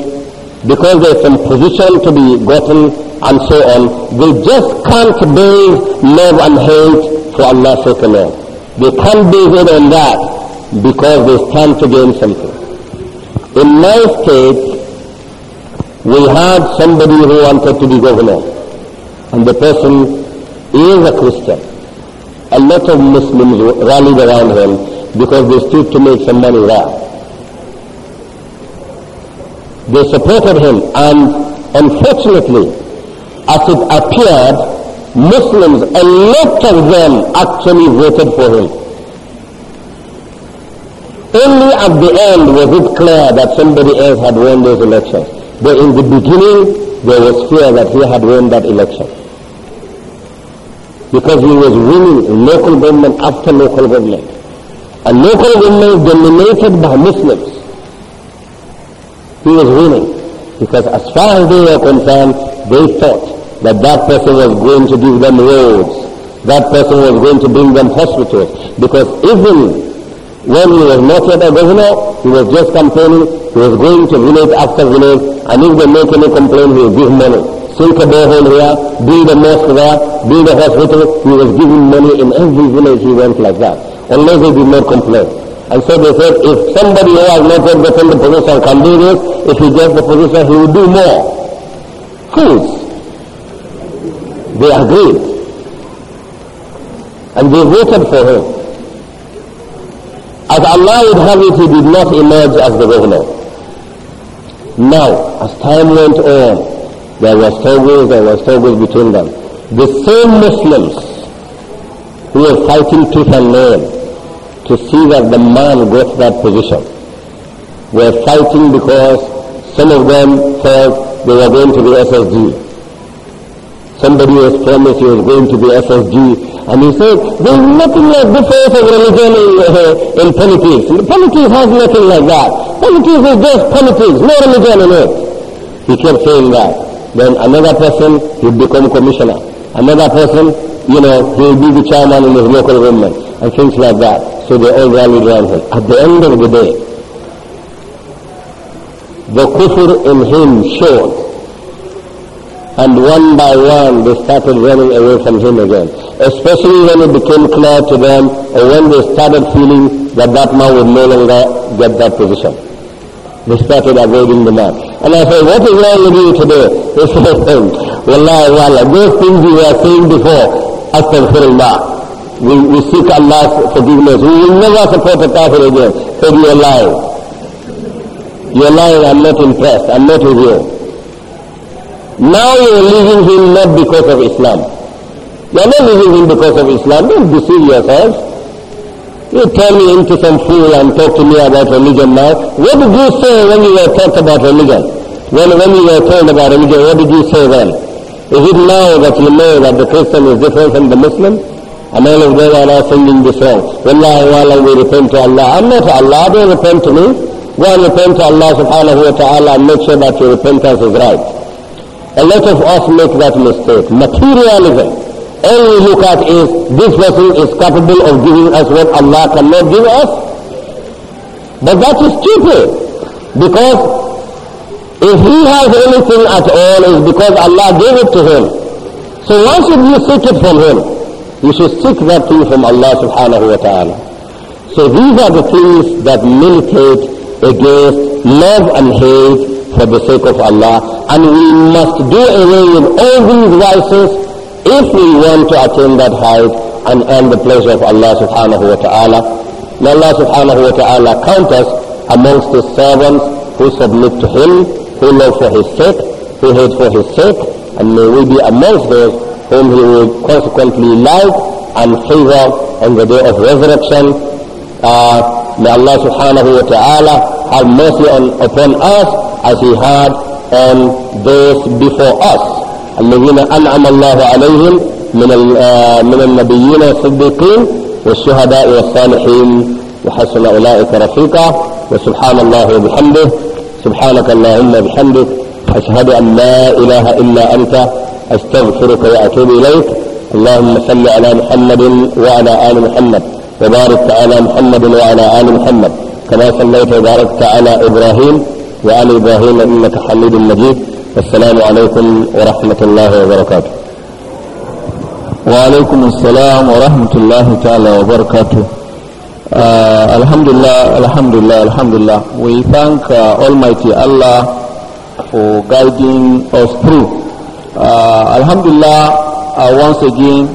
A: because there is some position to be gotten and so on, they just can't base love and hate for Allah's sake alone. They can't base it on that because they stand to gain something. In my state, we had somebody who wanted to be governor, and the person is a Christian. A lot of Muslims rallied around him because they stood to make some money there. They supported him, and unfortunately, as it appeared, Muslims, a lot of them actually voted for him. Only at the end was it clear that somebody else had won those elections. But in the beginning, there was fear that he had won that election. Because he was winning local government after local government. And local government dominated by Muslims. He was winning. Because as far as they were concerned, they thought that that person was going to give them roads. That person was going to bring them hospitals. Because even when he was not yet a governor, he was just complaining. He was going to village after village, and if they make any complaint, he would give money. Sink a borehole here, build a mosque there, build a hospital. He was giving money in every village he went like that, unless they did not complain. And so they said, if somebody who has not yet gotten the position can do this, if he gets the position, he will do more. Fools. They agreed. And they voted for him. As Allah would have it, he did not emerge as the governor. Now, as time went on, there were struggles, there were struggles between them. The same Muslims who were fighting tooth and nail to see that the man got that position were fighting because some of them felt they were going to be SSG Somebody was promised he was going to be SSG, and he said, there's nothing like the force of religion in, uh, in politics. politics has nothing like that. Politics is just politics, no religion in it. He kept saying that. Then another person, he'd become commissioner. Another person, you know, he'll be the chairman in his local government, and things like that. So they all rallied around him. At the end of the day, the kufr in him showed and one by one they started running away from him again. Especially when it became clear to them or when they started feeling that that man would no longer get that position. They started avoiding the man. And I said, what is wrong with you today? They <laughs> said, Wallahi, Wallah, those things you were saying before, Astaghfirullah. We, we seek Allah's forgiveness. We will never support a kafir again. So you're lying. You're lying. I'm not impressed. I'm not with you. Now you are leaving him not because of Islam. You are not leaving him because of Islam. Don't deceive yourself. You turn me into some fool and talk to me about religion now. What did you say when you were taught about religion? When, when you were told about religion, what did you say then? Is it now that you know that the Christian is different from the Muslim? And all of them are now singing this song. Wallahi wa'ala, we repent to Allah. I'm not Allah, they repent to me. Go and repent to Allah subhanahu wa ta'ala and make sure that your repentance is right. A lot of us make that mistake. Materialism. All we look at is this person is capable of giving us what Allah cannot give us. But that is stupid. Because if he has anything at all, it's because Allah gave it to him. So why should you seek it from him? You should seek that thing from Allah subhanahu wa ta'ala. So these are the things that militate against love and hate for the sake of Allah. And we must do away with all these vices if we want to attain that height and earn the pleasure of Allah subhanahu wa ta'ala. May Allah subhanahu wa ta'ala count us amongst his servants who submit to him, who love for his sake, who hate for his sake, and may we be amongst those whom he will consequently like and favor on the day of resurrection. Uh, may Allah subhanahu wa ta'ala have mercy on, upon us as he had on those before us الذين أنعم الله عليهم من آه، من النبيين الصديقين والشهداء والصالحين وحسن أولئك رفيقا وسبحان الله وبحمده سبحانك اللهم وبحمدك أشهد أن لا إله إلا أنت أستغفرك وأتوب إليك اللهم صل على محمد وعلى آل محمد وبارك على محمد وعلى آل محمد كما صليت وباركت على إبراهيم وعلى إبراهيم إنك حميد مجيد والسلام عليكم ورحمة الله وبركاته وعليكم السلام ورحمة الله تعالى وبركاته Uh, alhamdulillah, Alhamdulillah, Alhamdulillah. We thank uh, Almighty Allah for guiding us through. Uh, alhamdulillah, uh, once again,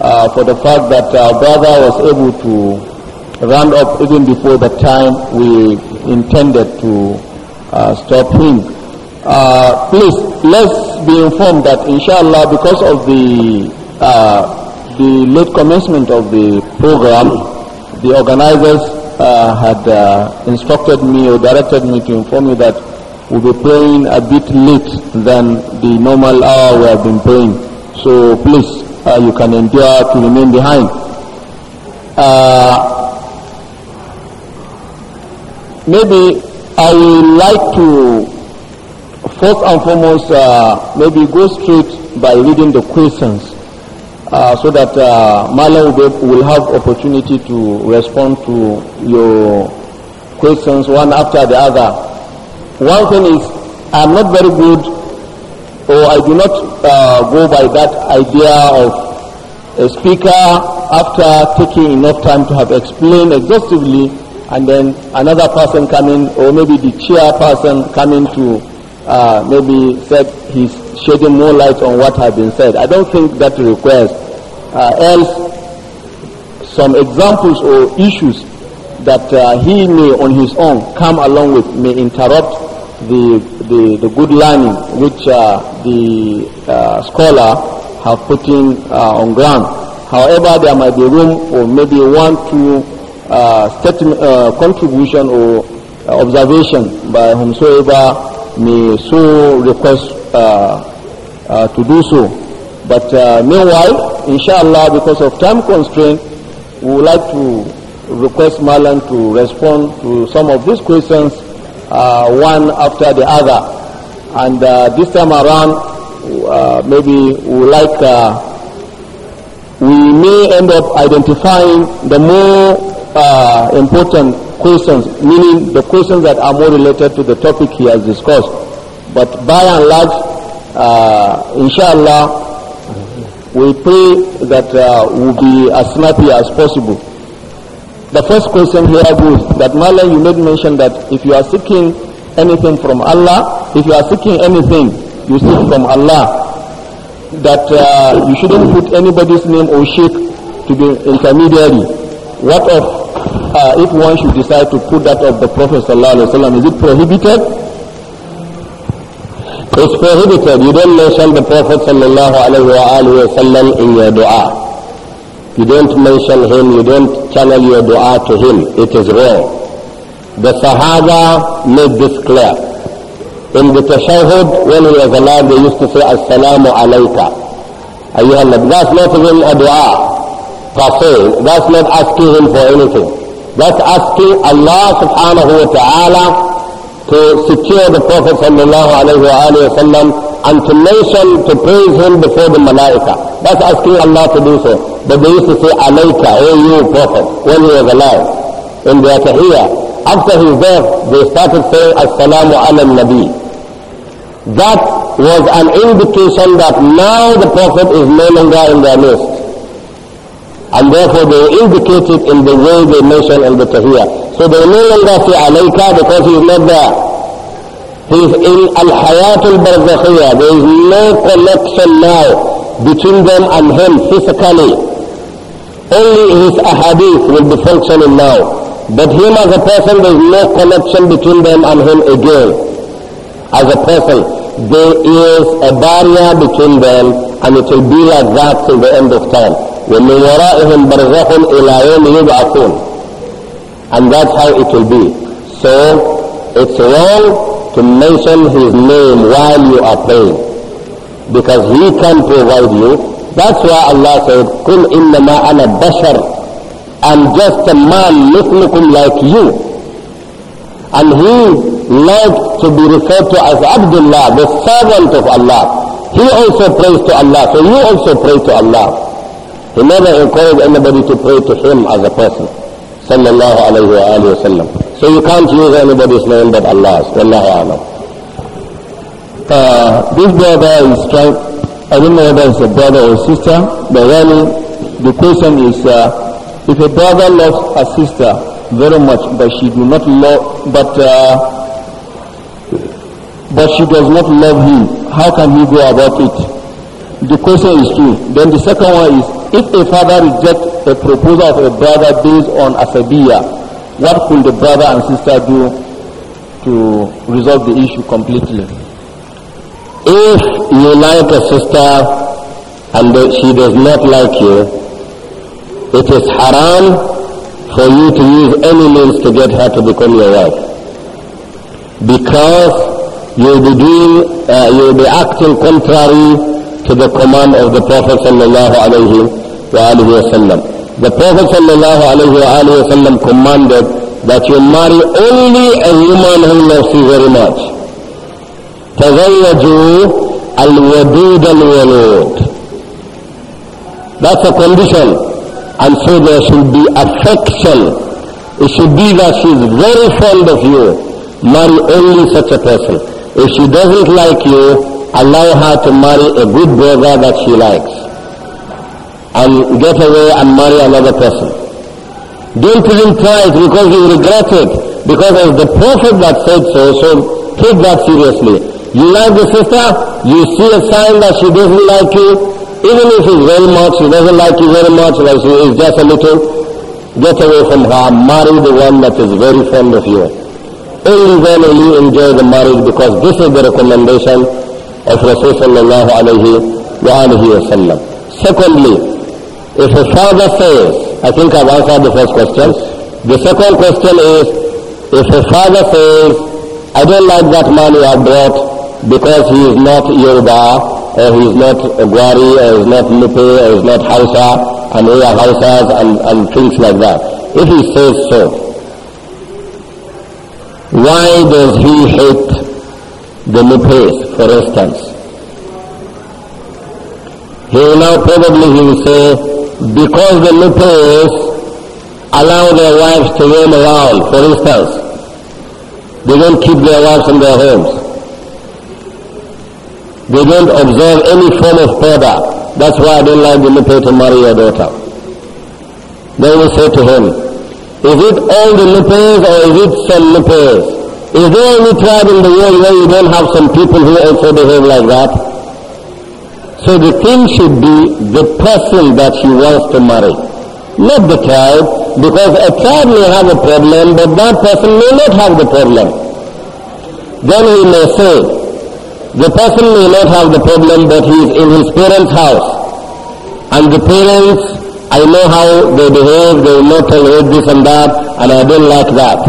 A: uh, for the fact that our brother was able to round up even before the time we intended to uh, stop him. Uh, please, let's be informed that inshallah because of the uh, the late commencement of the program, the organizers uh, had uh, instructed me or directed me to inform you that we'll be praying a bit late than the normal hour we have been praying. So please, uh, you can endure to remain behind. maybe I would like to first and foremost uh, maybe go straight by reading the questions uh, so that uh, will have opportunity to respond to your questions one after the other. One thing is I'm not very good or I do not uh, go by that idea of a speaker after taking enough time to have explained exhaustively and then another person coming, or maybe the chairperson coming to uh, maybe said he's shedding more light on what has been said. I don't think that requires. Uh, else, some examples or issues that uh, he may on his own come along with may interrupt the, the, the good learning which uh, the uh, scholar have put in uh, on ground. However, there might be room for maybe one, two, uh, uh, contribution or uh, observation by whomsoever may so request uh, to do so. But meanwhile, inshallah, because of time constraint, we would like to request Malan to respond to some of these questions one after the other. And this time around, maybe we like we may end up identifying the more uh, important questions, meaning the questions that are more related to the topic he has discussed. But by and large, uh, inshallah, we pray that uh, we'll be as snappy as possible. The first question here goes that Malam, you made mention that if you are seeking anything from Allah, if you are seeking anything, you seek from Allah. That uh, you shouldn't put anybody's name or sheikh to be intermediary. What of uh, if one should decide to put that of the Prophet sallallahu is it prohibited? It's prohibited. You don't mention the Prophet sallallahu alaihi wasallam in your dua. You don't mention him, you don't channel your dua to him. It is wrong. The Sahaba made this clear. In the Tashahud, when he was alive, they used to say, As-salamu alayka. Ayyuhan That's not even a dua. That's not asking him for anything. That's asking Allah subhanahu wa ta'ala to secure the Prophet sallallahu alayhi wa sallam and to mention, to praise him before the malaika. That's asking Allah to do so. But they used to say, alayka, O oh you Prophet, when he was alive, in their tahiyyah. After his death, they started saying, As-salamu ala nabi That was an indication that now the Prophet is no longer in their midst. And therefore they indicated in the way they mention in the So they no longer say alayka because he is not there. He is in al-hayat al-barzakhiyya. There is no connection now between them and him physically. Only his ahadith will be functioning now. But him as a person, there is no connection between them and him again. As a person, there is a barrier between them and it will be like that till the end of time. وَمِنْ وَرَائِهِمْ بَرْزَخٌ إِلَى يَوْمِ يُبْعَثُونَ And that's how it will be. So, it's wrong to mention his name while you are praying. Because he can provide you. That's why Allah said, قُلْ إِنَّمَا أَنَا بَشَرٌ I'm just a man, مثلكم like you. And he liked to be referred to as Abdullah, the servant of Allah. He also prays to Allah, so you also pray to Allah. He never encouraged anybody to pray to him as a person. Sallallahu alayhi wa alayhi wa sallam. So you can't use anybody's name but Allah's. Wallahu alam. Uh, this brother is trying, I don't know whether it's a brother or sister, but really the question is, uh, if a brother loves a sister very much, but she do not love, but uh, but she does not love him, how can he go about it? The question is two. Then the second one is, if a father rejects a proposal of a brother based on asabiya, what could the brother and sister do to resolve the issue completely? If you like a sister and she does not like you, it is haram for you to use any means to get her to become your wife. Because you'll be doing, uh, you'll be acting contrary to the command of the Prophet sallallahu alayhi wa The Prophet sallallahu alayhi wa commanded that you marry only a woman who loves you very much. تزوجوا الودود الولود That's a condition. And so there should be affection. It should be that she is very fond of you. Marry only such a person. If she doesn't like you, allow her to marry a good brother that she likes. And get away and marry another person. Don't even try it because you regret it. Because as the prophet that said so, so take that seriously. You like the sister, you see a sign that she doesn't like you, even if it's very much, she doesn't like you very much, like she is just a little, get away from her, marry the one that is very fond of you only then will you enjoy the marriage because this is the recommendation of Rasul sallallahu alayhi wa sallam. Secondly, if a father says, I think I've answered the first question. The second question is, if a father says, I don't like that man you have brought because he is not Yoruba, or he is not Gwari, or he is not Nupe, or he is not Hausa, and we are Hausas, and, and things like that. If he says so, why does he hate the Lupes, for instance? He will now probably he will say, because the Lupes allow their wives to roam around, for instance, they don't keep their wives in their homes. They don't observe any form of order. That's why I don't like the Lupe to marry your daughter. They will say to him, is it all the Lupers or is it some Lupers? Is there any tribe in the world where you don't have some people who also behave like that? So the thing should be the person that she wants to marry, not the tribe, because a tribe may have a problem, but that person may not have the problem. Then he may say, the person may not have the problem, but he is in his parents' house, and the parents I know how they behave, they will not tolerate this and that, and I don't like that.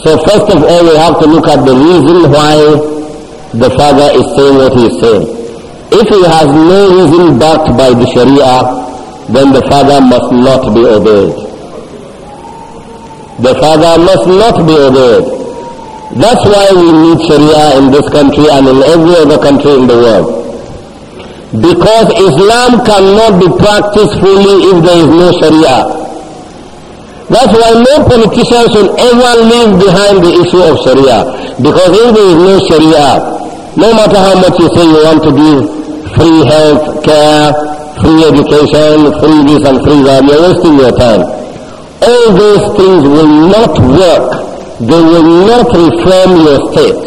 A: So first of all, we have to look at the reason why the father is saying what he is saying. If he has no reason backed by the Sharia, then the father must not be obeyed. The father must not be obeyed. That's why we need Sharia in this country and in every other country in the world. Because Islam cannot be practiced fully if there is no Sharia. That's why no politician should ever leave behind the issue of Sharia. Because if there is no Sharia, no matter how much you say you want to give free health care, free education, free this and free that, you're wasting your time. All those things will not work. They will not reform your state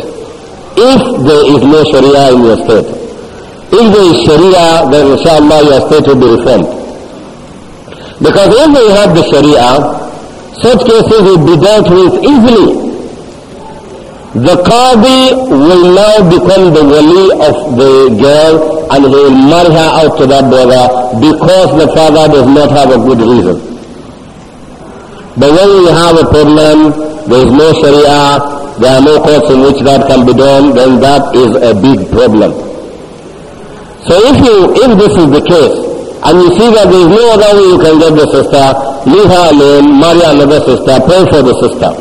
A: if there is no Sharia in your state. If there is Sharia, then inshallah your state will be reformed. Because if we have the Sharia, such cases will be dealt with easily. The Qadi will now become the wali of the girl and he will marry her out to that brother because the father does not have a good reason. But when you have a problem, there is no Sharia, there are no courts in which that can be done, then that is a big problem. So if you, if this is the case, and you see that there is no other way you can get the sister, leave her alone, marry another sister, pray for the sister.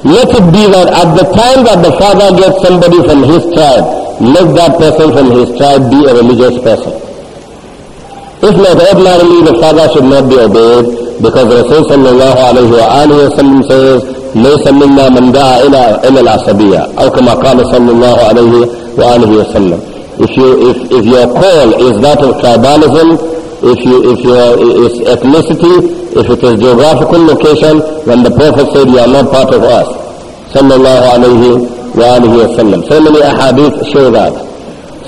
A: Let it be that at the time that the father gets somebody from his tribe, let that person from his tribe be a religious person. If not ordinarily, the father should not be obeyed because Rasul sallallahu alayhi wa alayhi wa sallam says, ليس منا من دعا إلى إلى العصبية أو كما قال صلى الله عليه وآله وسلم if, you, if, if your call is that of tribalism, if, you, if your is ethnicity, if it is geographical location, then the Prophet said, you are not part of us. Sallallahu alayhi wa alayhi wa sallam. So many ahadith show that.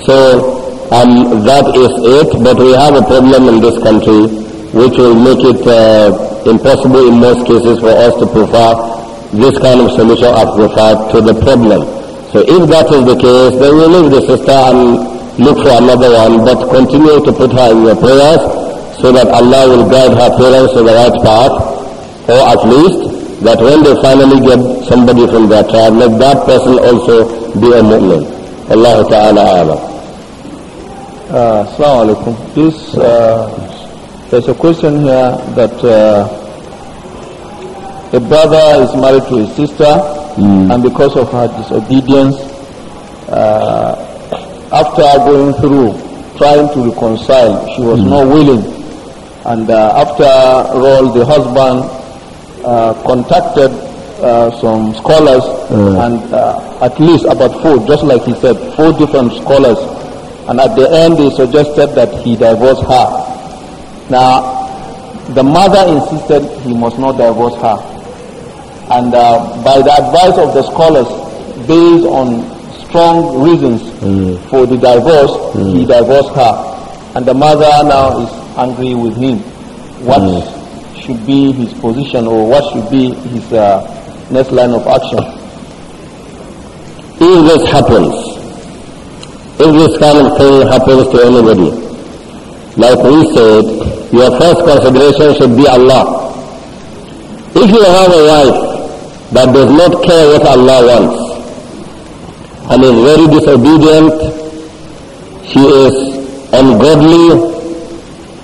A: So um, that is it, but we have a problem in this country which will make it uh, impossible in most cases for us to prefer this kind of solution of preferred to the problem. So if that is the case, then you leave the sister and look for another one, but continue to put her in your prayers so that Allah will guide her parents to the right path, or at least that when they finally get somebody from their tribe, let that person also be a mu'min. Allah Ta'ala ala. Uh, Assalamu alaikum. This, uh, there's a question here that uh, a brother is married to his sister Mm. And because of her disobedience, uh, after going through trying to reconcile, she was mm. not willing. And uh, after all, the husband uh, contacted uh, some scholars mm. and uh, at least about four, just like he said, four different scholars. And at the end, they suggested that he divorce her. Now, the mother insisted he must not divorce her and uh, by the advice of the scholars, based on strong reasons mm. for the divorce, mm. he divorced her. And the mother now is angry with him. What mm. should be his position or what should be his uh, next line of action? If this happens, if this kind of thing happens to anybody, like we said, your first consideration should be Allah. If you have a wife that does not care what Allah wants and is very disobedient. She is ungodly.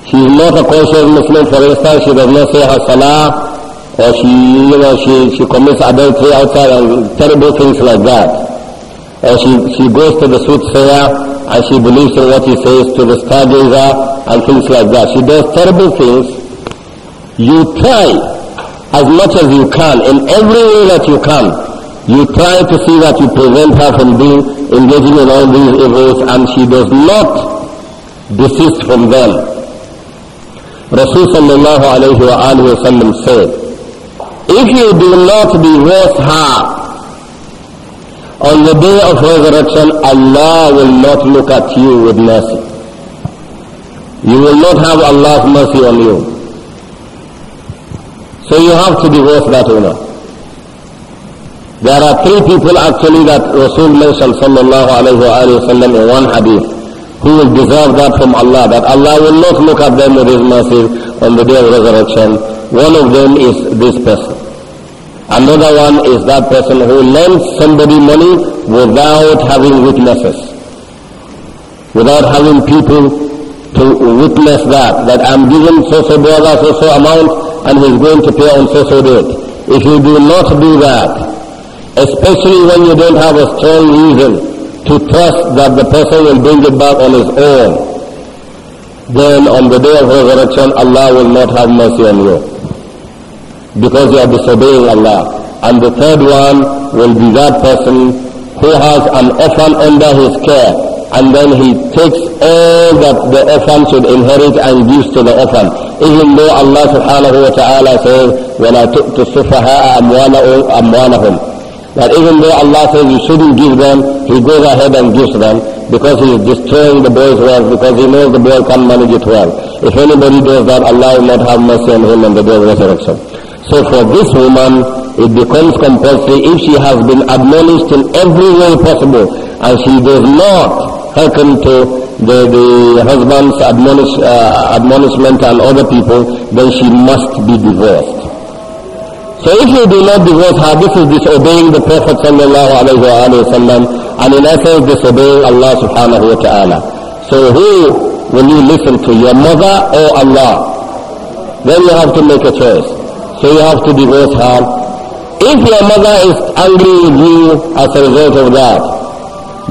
A: She is not a conscious Muslim, for instance. She does not say her salah or she, you know, she, she commits adultery outside and terrible things like that. Or she, she goes to the soothsayer and she believes in what he says to the stargazer and things like that. She does terrible things. You try as much as you can, in every way that you can, you try to see that you prevent her from being engaging in all these evils and she does not desist from them. Rasul sallallahu alayhi wa sallam said, If you do not divorce her on the day of resurrection, Allah will not look at you with mercy. You will not have Allah's mercy on you. So you have to divorce that owner. There are three people actually that Rasul mentioned sallallahu alayhi wa sallam in one hadith who will deserve that from Allah, that Allah will not look at them with His mercy on the day of resurrection. One of them is this person. Another one is that person who lends somebody money without having witnesses, without having people to witness that, that I'm giving so-so brother so-so amount, and he's going to pay on Fajr it. If you do not do that, especially when you don't have a strong reason to trust that the person will bring it back on his own, then on the day of resurrection, Allah will not have mercy on you because you are disobeying Allah. And the third one will be that person who has an orphan under his care and then he takes all that the orphan should inherit and gives to the orphan. Even though Allah subhanahu wa ta'ala says, وَلَا تُؤْتُ السُّفَهَاءَ أَمْوَانَهُمْ That even though Allah says you shouldn't give them, he goes ahead and gives them because he is destroying the boy's wealth because he knows the boy can't manage it well. If anybody does that, Allah will not have mercy on him on the day of resurrection. So for this woman, it becomes compulsory if she has been admonished in every way possible and she does not hearken to the, the husband's admonish, uh, admonishment and other people, then she must be divorced. So if you do not divorce her, this is disobeying the Prophet sallallahu alayhi and in essence disobeying Allah subhanahu wa ta'ala. So who will you listen to, your mother or Allah? Then you have to make a choice. So you have to divorce her. If your mother is angry with you as a result of that,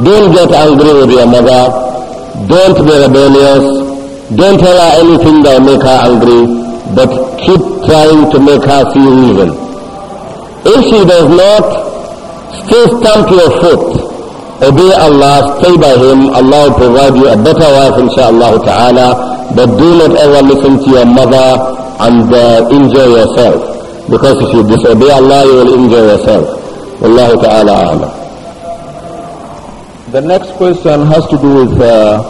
A: don't get angry with your mother. Don't be rebellious. Don't tell her anything that will make her angry, but keep trying to make her feel even. If she does not, still stamp your foot. Obey Allah, stay by Him. Allah will provide you a better wife, inshaAllah ta'ala. But do not ever listen to your mother and uh, injure yourself. Because if you disobey Allah, you will injure yourself. Wallahu ta'ala the next question has to do with uh,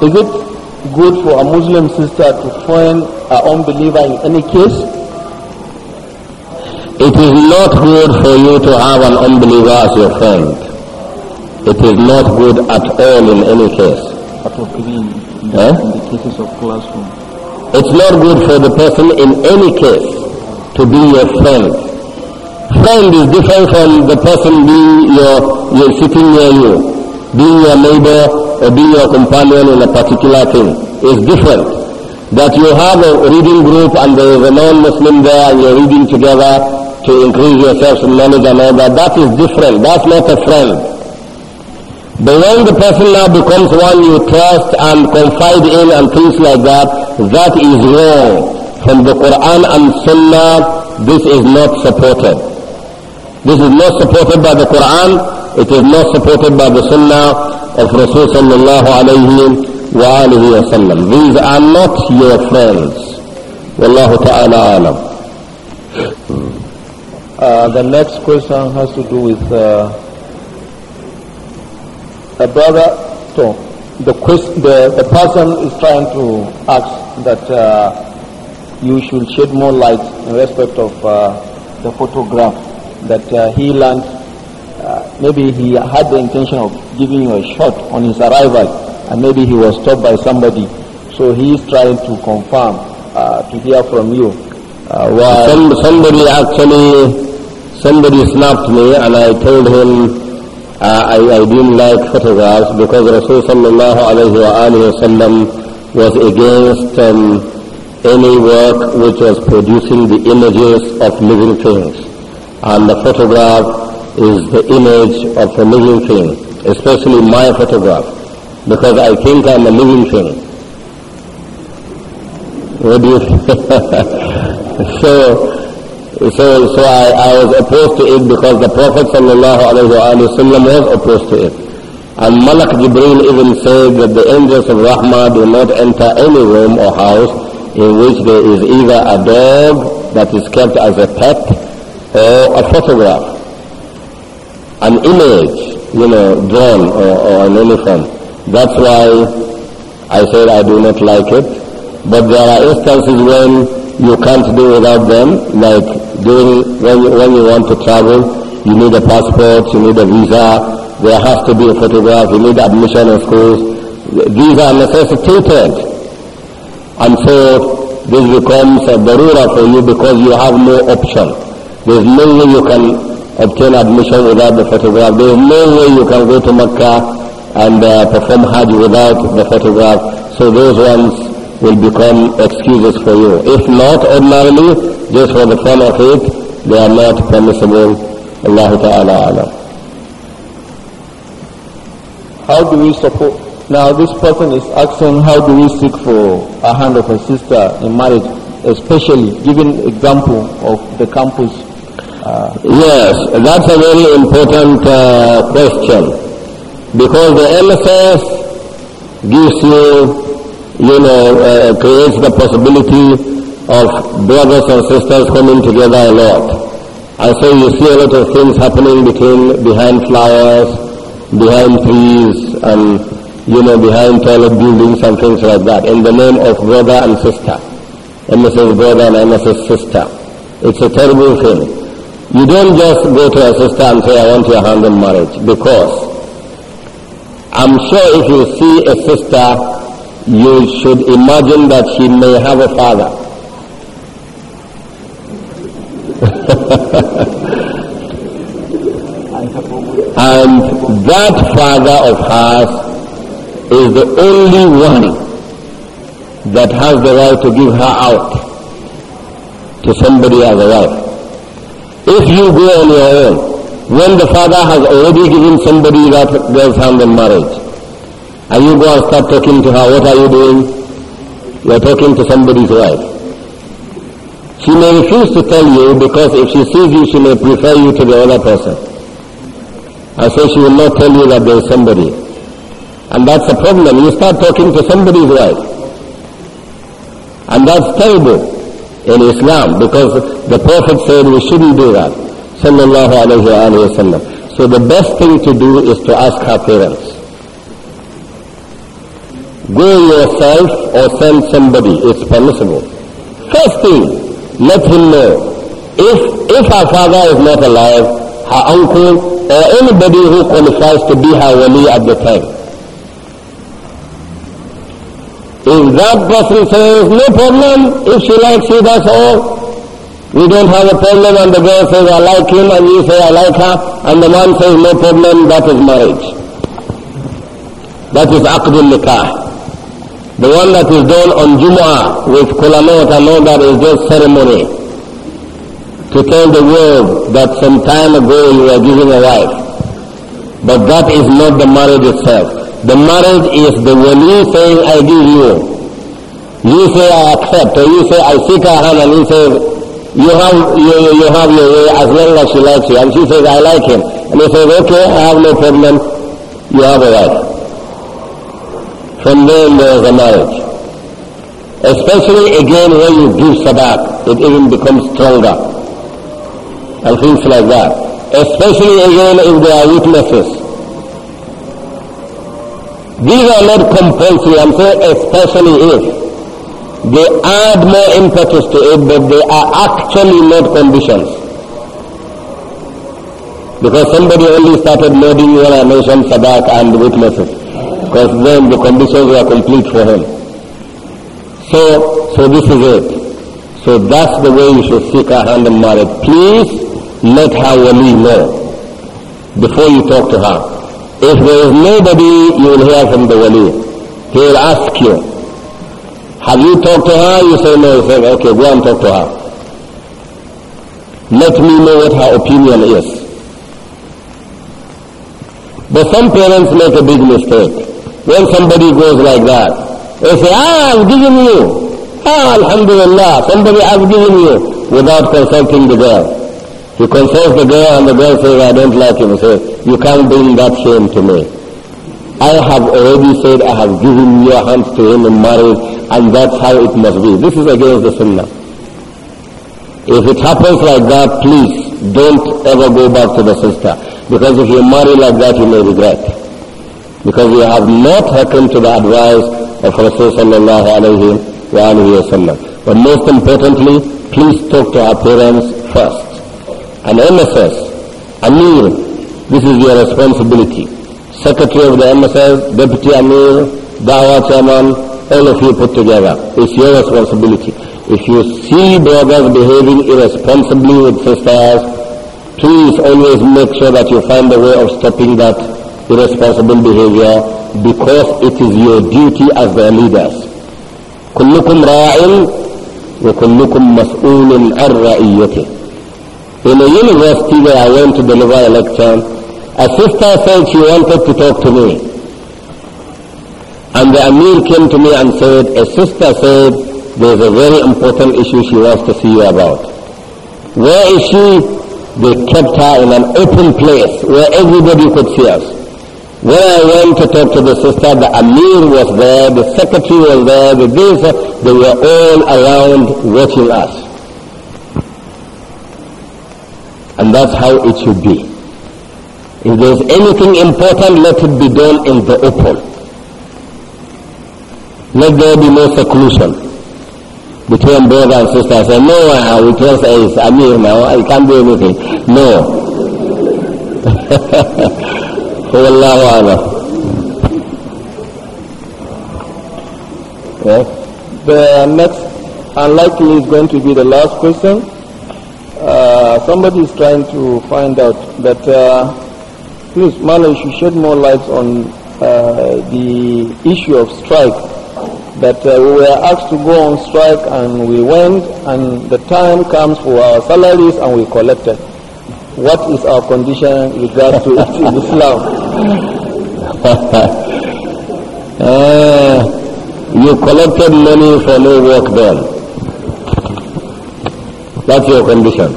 A: is it good for a Muslim sister to find an unbeliever in any case? It is not good for you to have an unbeliever as your friend. It is not good at all in any case. But in, the, eh? in the cases of classroom. It's not good for the person in any case to be your friend friend is different from the person being your, your sitting near you, being your neighbor or being your companion in a particular thing. It's different. That you have a reading group and there is a non-Muslim there and you're reading together to increase yourselves in knowledge and all that, that is different. That's not a friend. But when the person now becomes one you trust and confide in and things like that, that is wrong. From the Quran and Sunnah, this is not supported. This is not supported by the Quran. It is not supported by the Sunnah of Rasul sallallahu alayhi wa alihi wa sallam. These are not your friends. Wallahu ta'ala alam. Uh, the next question has to do with uh, a brother. So the, quest, the, the person is trying to ask that uh, you should shed more light in respect of uh, the photograph that uh, he learned, uh, maybe he had the intention of giving you a shot on his arrival, and maybe he was stopped by somebody. So he is trying to confirm, uh, to hear from you. Uh, Some, somebody actually, somebody snapped me, and I told him uh, I, I didn't like photographs because Rasulullah sallallahu alayhi wa alayhi wa was against um, any work which was producing the images of living things and the photograph is the image of a living thing, especially my photograph, because I think I'm a living thing. What do you <laughs> so, so, so I, I was opposed to it because the Prophet wasallam was opposed to it. And Malak Jibreel even said that the angels of Rahmah do not enter any room or house in which there is either a dog that is kept as a pet or a photograph, an image, you know, drawn or, or an uniform. That's why I said I do not like it. But there are instances when you can't do without them, like doing when, you, when you want to travel, you need a passport, you need a visa, there has to be a photograph, you need admission of course. These are necessitated. And so this becomes a barura for you because you have no option. There's no way you can obtain admission without the photograph. There's no way you can go to Mecca and uh, perform Hajj without the photograph. So those ones will become excuses for you. If not ordinarily, just for the fun of it, they are not permissible. Allah Ta'ala How do we support? Now this person is asking how do we seek for a hand of a sister in marriage, especially giving example of the campus uh, yes, that's a very important uh, question because the LSS gives you, you know, uh, creates the possibility of brothers and sisters coming together a lot. And so you see a lot of things happening between, behind flowers, behind trees, and, you know, behind toilet buildings and things like that in the name of brother and sister. MSS brother and MSS sister. It's a terrible thing. You don't just go to a sister and say, I want your hand in marriage, because I'm sure if you see a sister, you should imagine that she may have a father. <laughs> and that father of hers is the only one that has the right to give her out to somebody as a wife. If you go on your own, when the father has already given somebody that girl's hand in marriage, and you go and start talking to her, what are you doing? You're talking to somebody's wife. She may refuse to tell you because if she sees you, she may prefer you to the other person. And so she will not tell you that there is somebody. And that's a problem. You start talking to somebody's wife. And that's terrible in Islam because the Prophet said we shouldn't do that. Sallallahu So the best thing to do is to ask her parents. Go yourself or send somebody. It's permissible. First thing, let him know. If, if her father is not alive, her uncle or anybody who qualifies to be her wali at the time, If that person says, no problem, if she likes you, that's all. We don't have a problem and the girl says, I like him and you say, I like her and the man says, no problem, that is marriage. That is aqdul nikah. The one that is done on Jumu'ah with kulamot and all that is just ceremony. To tell the world that some time ago you were giving a wife. But that is not the marriage itself. The marriage is the you say I give you. You say, I accept. Or you say, I seek her hand. And he says, you have, you, you have your way as long as she likes you. And she says, I like him. And he says, okay, I have no problem. You have a right. From then there is a marriage. Especially again when you give sabak, it even becomes stronger. And things like that. Especially again if there are witnesses. These are not compulsory, I'm saying especially if. They add more impetus to it, but they are actually not conditions. Because somebody only started loading your I mentioned Sadak and witnesses. Because then the conditions were complete for him. So, so this is it. So that's the way you should seek a hand in marriage. Please let her wali know before you talk to her. If there is nobody, you will hear from the wali. He will ask you, have you talked to her? You say no. He say, okay, go and talk to her. Let me know what her opinion is. But some parents make a big mistake. When somebody goes like that, they say, ah, I've given you. Ah, alhamdulillah, somebody has given you without consulting the girl. He confess the girl and the girl says, I don't like him. He say, you can't bring that shame to me. I have already said I have given your hands to him in marriage and that's how it must be. This is against the sunnah. If it happens like that, please don't ever go back to the sister. Because if you marry like that, you may regret. Because you have not hearkened to the advice of Rasulullah sallallahu alayhi wa alayhi wa sallam. But most importantly, please talk to our parents first an MSS, Amir, this is your responsibility. Secretary of the MSS, Deputy Amir, Dawah Chairman, all of you put together. It's your responsibility. If you see brothers behaving irresponsibly with sisters, please always make sure that you find a way of stopping that irresponsible behavior because it is your duty as their leaders. كلكم راع وكلكم مسؤول عن رعيته in a university where I went to deliver a lecture, a sister said she wanted to talk to me. And the Amir came to me and said, a sister said, there's a very important issue she wants to see you about. Where is she? They kept her in an open place where everybody could see us. When I went to talk to the sister, the Amir was there, the secretary was there, the this, they were all around watching us. And that's how it should be. If there's anything important, let it be done in the open. Let there be no seclusion between brother and sister. say, no, I will just say, it's Amir now, I can't do anything. No. <laughs> Wallahu Yes. The next unlikely is going to be the last question. Uh, somebody is trying to find out that uh, please, Malam, should shed more light on uh, the issue of strike. That uh, we were asked to go on strike and we went, and the time comes for our salaries and we collected. What is our condition with regard to it <laughs> in <laughs> ah, you collected money for no work done. That's your condition.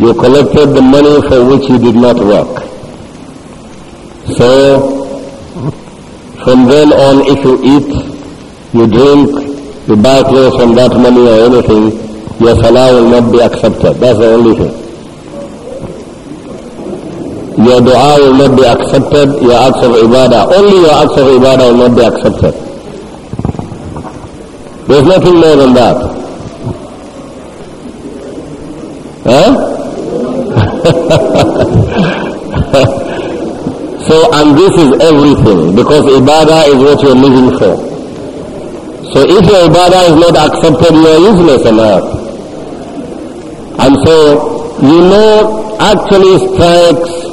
A: You collected the money for which you did not work. So, from then on, if you eat, you drink, you buy clothes from that money or anything, your salah will not be accepted. That's the only thing. Your dua will not be accepted, your acts of ibadah. Only your acts of ibadah will not be accepted. There's nothing more than that. Huh? <laughs> so, and this is everything because ibadah is what you're living for. So, if your ibadah is not accepted, you are useless on earth. And so, you know, actually strikes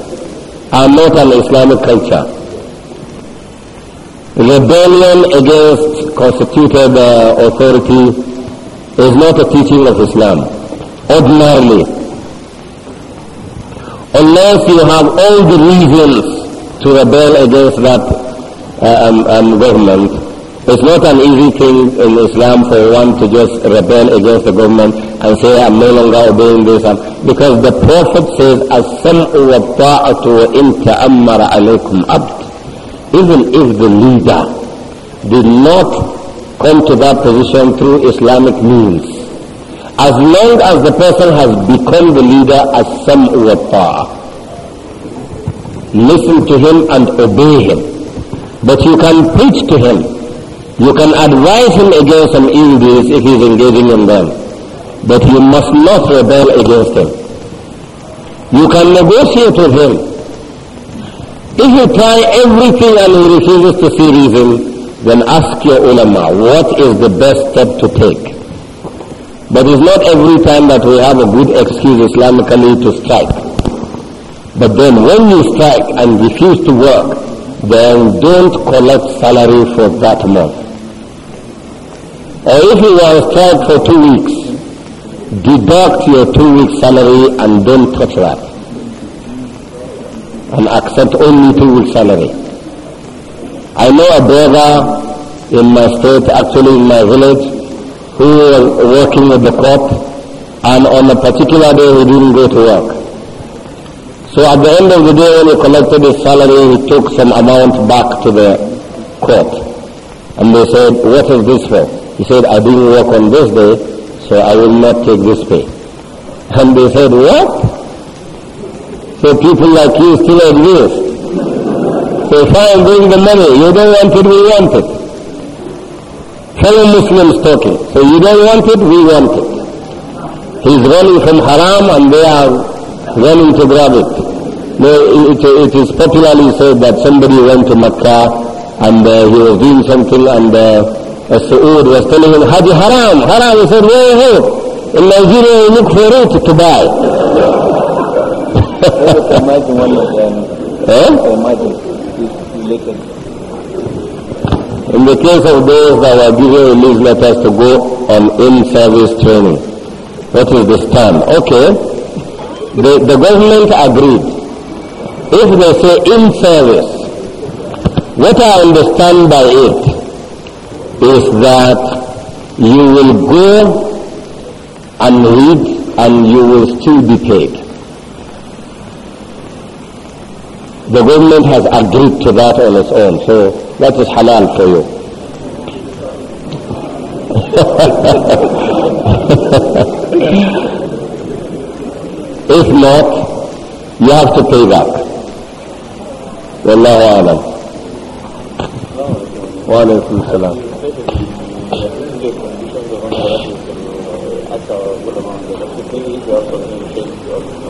A: are not an Islamic culture. Rebellion against constituted uh, authority is not a teaching of Islam ordinarily. Unless you have all the reasons to rebel against that uh, um, um, government, it's not an easy thing in Islam for one to just rebel against the government and say, I'm no longer obeying this. Because the Prophet says, السَّمْءُ وَالطَّاعَةُ وَإِن تَأَمَّرَ عَلَيْكُمْ عَبْدٌ Even if the leader did not come to that position through Islamic means, as long as the person has become the leader as some wa Listen to him and obey him. But you can preach to him. You can advise him against some evil deeds if he is engaging in them. But you must not rebel against him. You can negotiate with him. If you try everything and he refuses to see reason, then ask your ulama, what is the best step to take? But it's not every time that we have a good excuse Islamically to strike. But then when you strike and refuse to work, then don't collect salary for that month. Or if you are strike for two weeks, deduct your two week salary and don't touch that. And accept only two week salary. I know a brother in my state, actually in my village, who was working with the crop and on a particular day he didn't go to work. So at the end of the day when he collected his salary, he took some amount back to the court, And they said, what is this for? He said, I didn't work on this day, so I will not take this pay. <laughs> And they said, what? So people like you still exist. So fine, bring the money. You don't want it, we want it fellow Muslims talking. So you don't want it, we want it. He's running from haram and they are running to grab it. it, it is popularly said that somebody went to Makkah and uh, he was doing something and uh, a Saud was telling him, Haji haram, haram. He said, wait, wait. In Nigeria you look for it to buy. <laughs> Imagine Eh? In the case of those that were given release letters to go on in-service training, what is the stand? Okay, the, the government agreed. If they say in-service, what I understand by it is that you will go and read and you will still be paid. The government has agreed to that on its own, so that is halal for you. <laughs> if not, you have to pay back. Wallahu alam. Wa alaykum salam.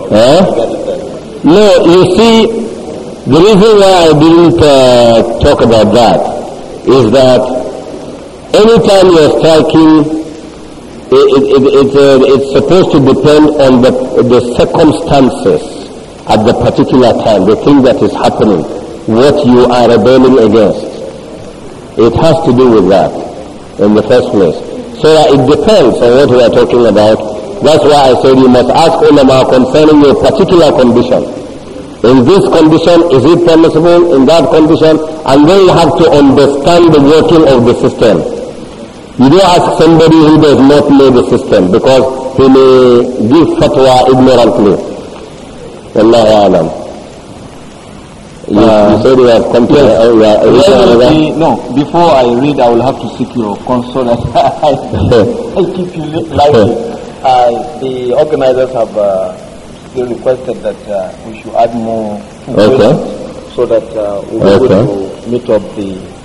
A: Huh? No, you see, the reason why I didn't uh, talk about that is that anytime you're striking, it, it, it, it uh, it's supposed to depend on the, the circumstances at the particular time, the thing that is happening, what you are rebelling against. It has to do with that in the first place. So uh, it depends on what we are talking about. That's why I said you must ask ulama concerning your particular condition in this condition, is it permissible, in that condition, and then you have to understand the working of the system. You don't ask somebody who does not know the system because he may give fatwa ignorantly. Wallahu alam. Uh, uh, are, no, before I read, I will have to seek your counsel. <laughs> I, I keep you lively. <laughs> uh, the organizers have uh, they requested that uh, we should add more okay. so that uh, we'll be okay. able to meet up the.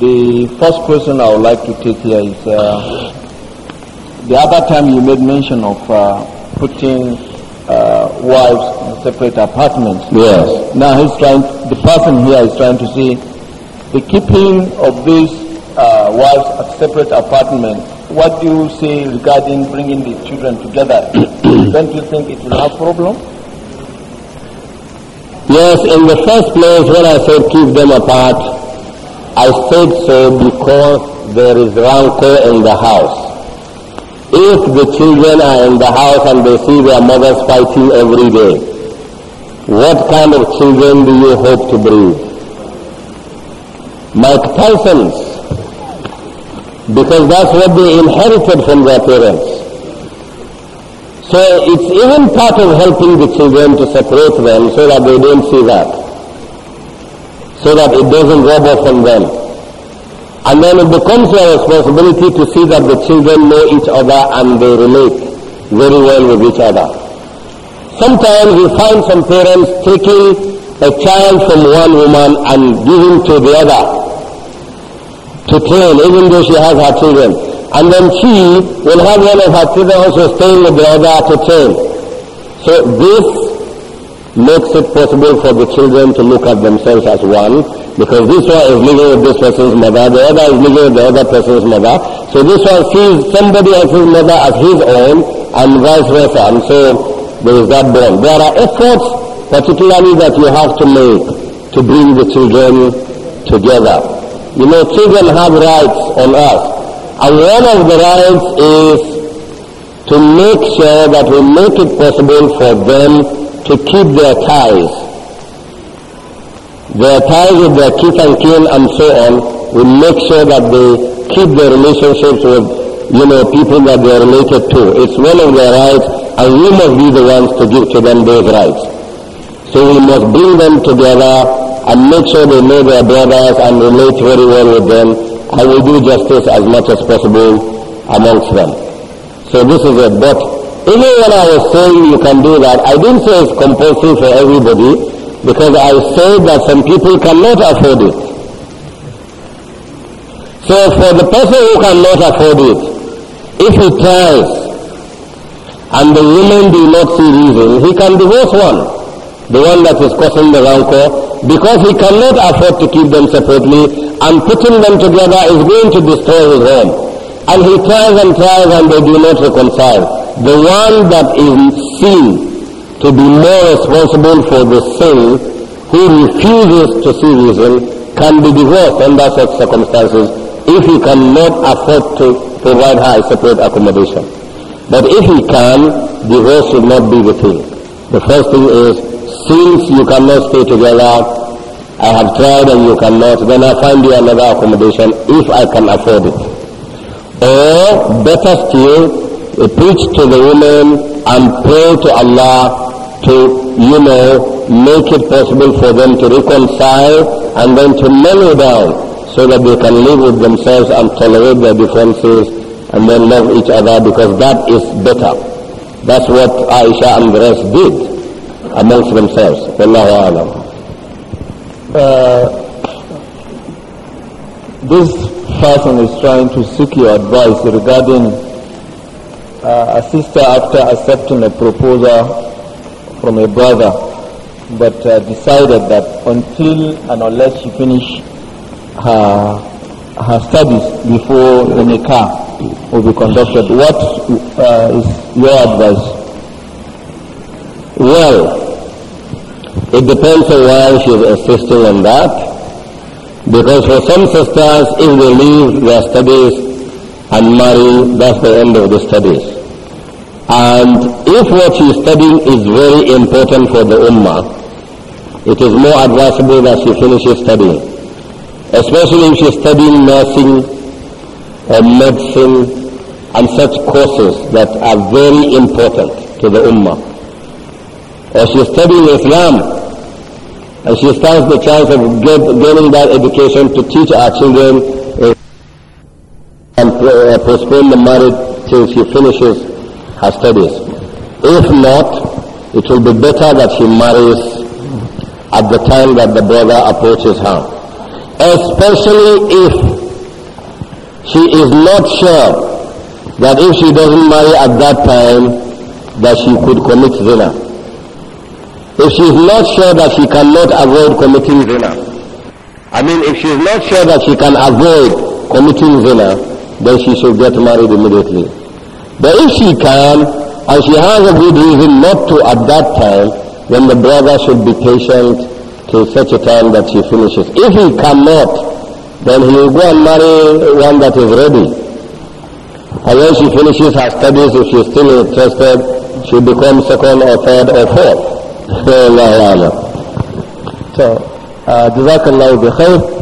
A: The first question I would like to take here is uh, the other time you made mention of uh, putting uh, wives in separate apartments. Yes. Now he's trying. The person here is trying to say the keeping of these uh, wives at separate apartments what do you say regarding bringing the children together? <clears throat> Don't you think it will have problem? Yes, in the first place, when I said keep them apart, I said so because there is rancor in the house. If the children are in the house and they see their mothers fighting every day, what kind of children do you hope to breed? Mike Tyson's because that's what they inherited from their parents. So it's even part of helping the children to separate them so that they don't see that, so that it doesn't rub off on them. And then it becomes your responsibility to see that the children know each other and they relate very well with each other. Sometimes you find some parents taking a child from one woman and giving to the other to train even though she has her children. And then she will have one of her children also staying with the other to train. So this makes it possible for the children to look at themselves as one because this one is living with this person's mother, the other is living with the other person's mother. So this one sees somebody else's mother as his own and vice versa. And so there is that bond. There are efforts particularly that you have to make to bring the children together. You know, children have rights on earth. And one of the rights is to make sure that we make it possible for them to keep their ties. Their ties with their kith and kin and so on. We make sure that they keep their relationships with, you know, people that they are related to. It's one of their rights and we must be the ones to give to them those rights. So we must bring them together and make sure they know their brothers and relate very well with them and we do justice as much as possible amongst them. So this is it. But even when I was saying you can do that, I didn't say it's compulsory for everybody because I said that some people cannot afford it. So for the person who cannot afford it, if he tries and the woman do not see reason, he can divorce one, the one that is causing the rancor, because he cannot afford to keep them separately and putting them together is going to destroy his home. And he tries and tries and they do not reconcile. The one that is seen to be more responsible for the sin who refuses to see reason can be divorced under such circumstances if he cannot afford to provide her a separate accommodation. But if he can, divorce should not be the thing. The first thing is since you cannot stay together, I have tried and you cannot, then I find you another accommodation if I can afford it. Or better still, preach to the women and pray to Allah to, you know, make it possible for them to reconcile and then to mellow down so that they can live with themselves and tolerate their differences and then love each other because that is better. That's what Aisha and the rest did amongst themselves. Wallahu alam. Uh, this person is trying to seek your advice regarding uh, a sister after accepting a proposal from a brother, but uh, decided that until and unless she finish her her studies before the nikah will be conducted. What uh, is your advice? Well, it depends on why she is assisting on that. Because for some sisters, if they leave their studies and marry, that's the end of the studies. And if what she is studying is very important for the Ummah, it is more advisable that she finishes studying. Especially if she is studying nursing or medicine and such courses that are very important to the Ummah or she is studying Islam and she stands the chance of gaining that education to teach our children and uh, postpone the marriage till she finishes her studies. If not, it will be better that she marries at the time that the brother approaches her. Especially if she is not sure that if she doesn't marry at that time, that she could commit zina. If she is not sure that she cannot avoid committing zina, I mean, if she is not sure that she can avoid committing zina, then she should get married immediately. But if she can, and she has a good reason not to at that time, then the brother should be patient till such a time that she finishes. If he cannot, then he will go and marry one that is ready. And when she finishes her studies, if she is still interested, she becomes second or third or fourth. والله أعلم طيب، آه، جزاك الله بخير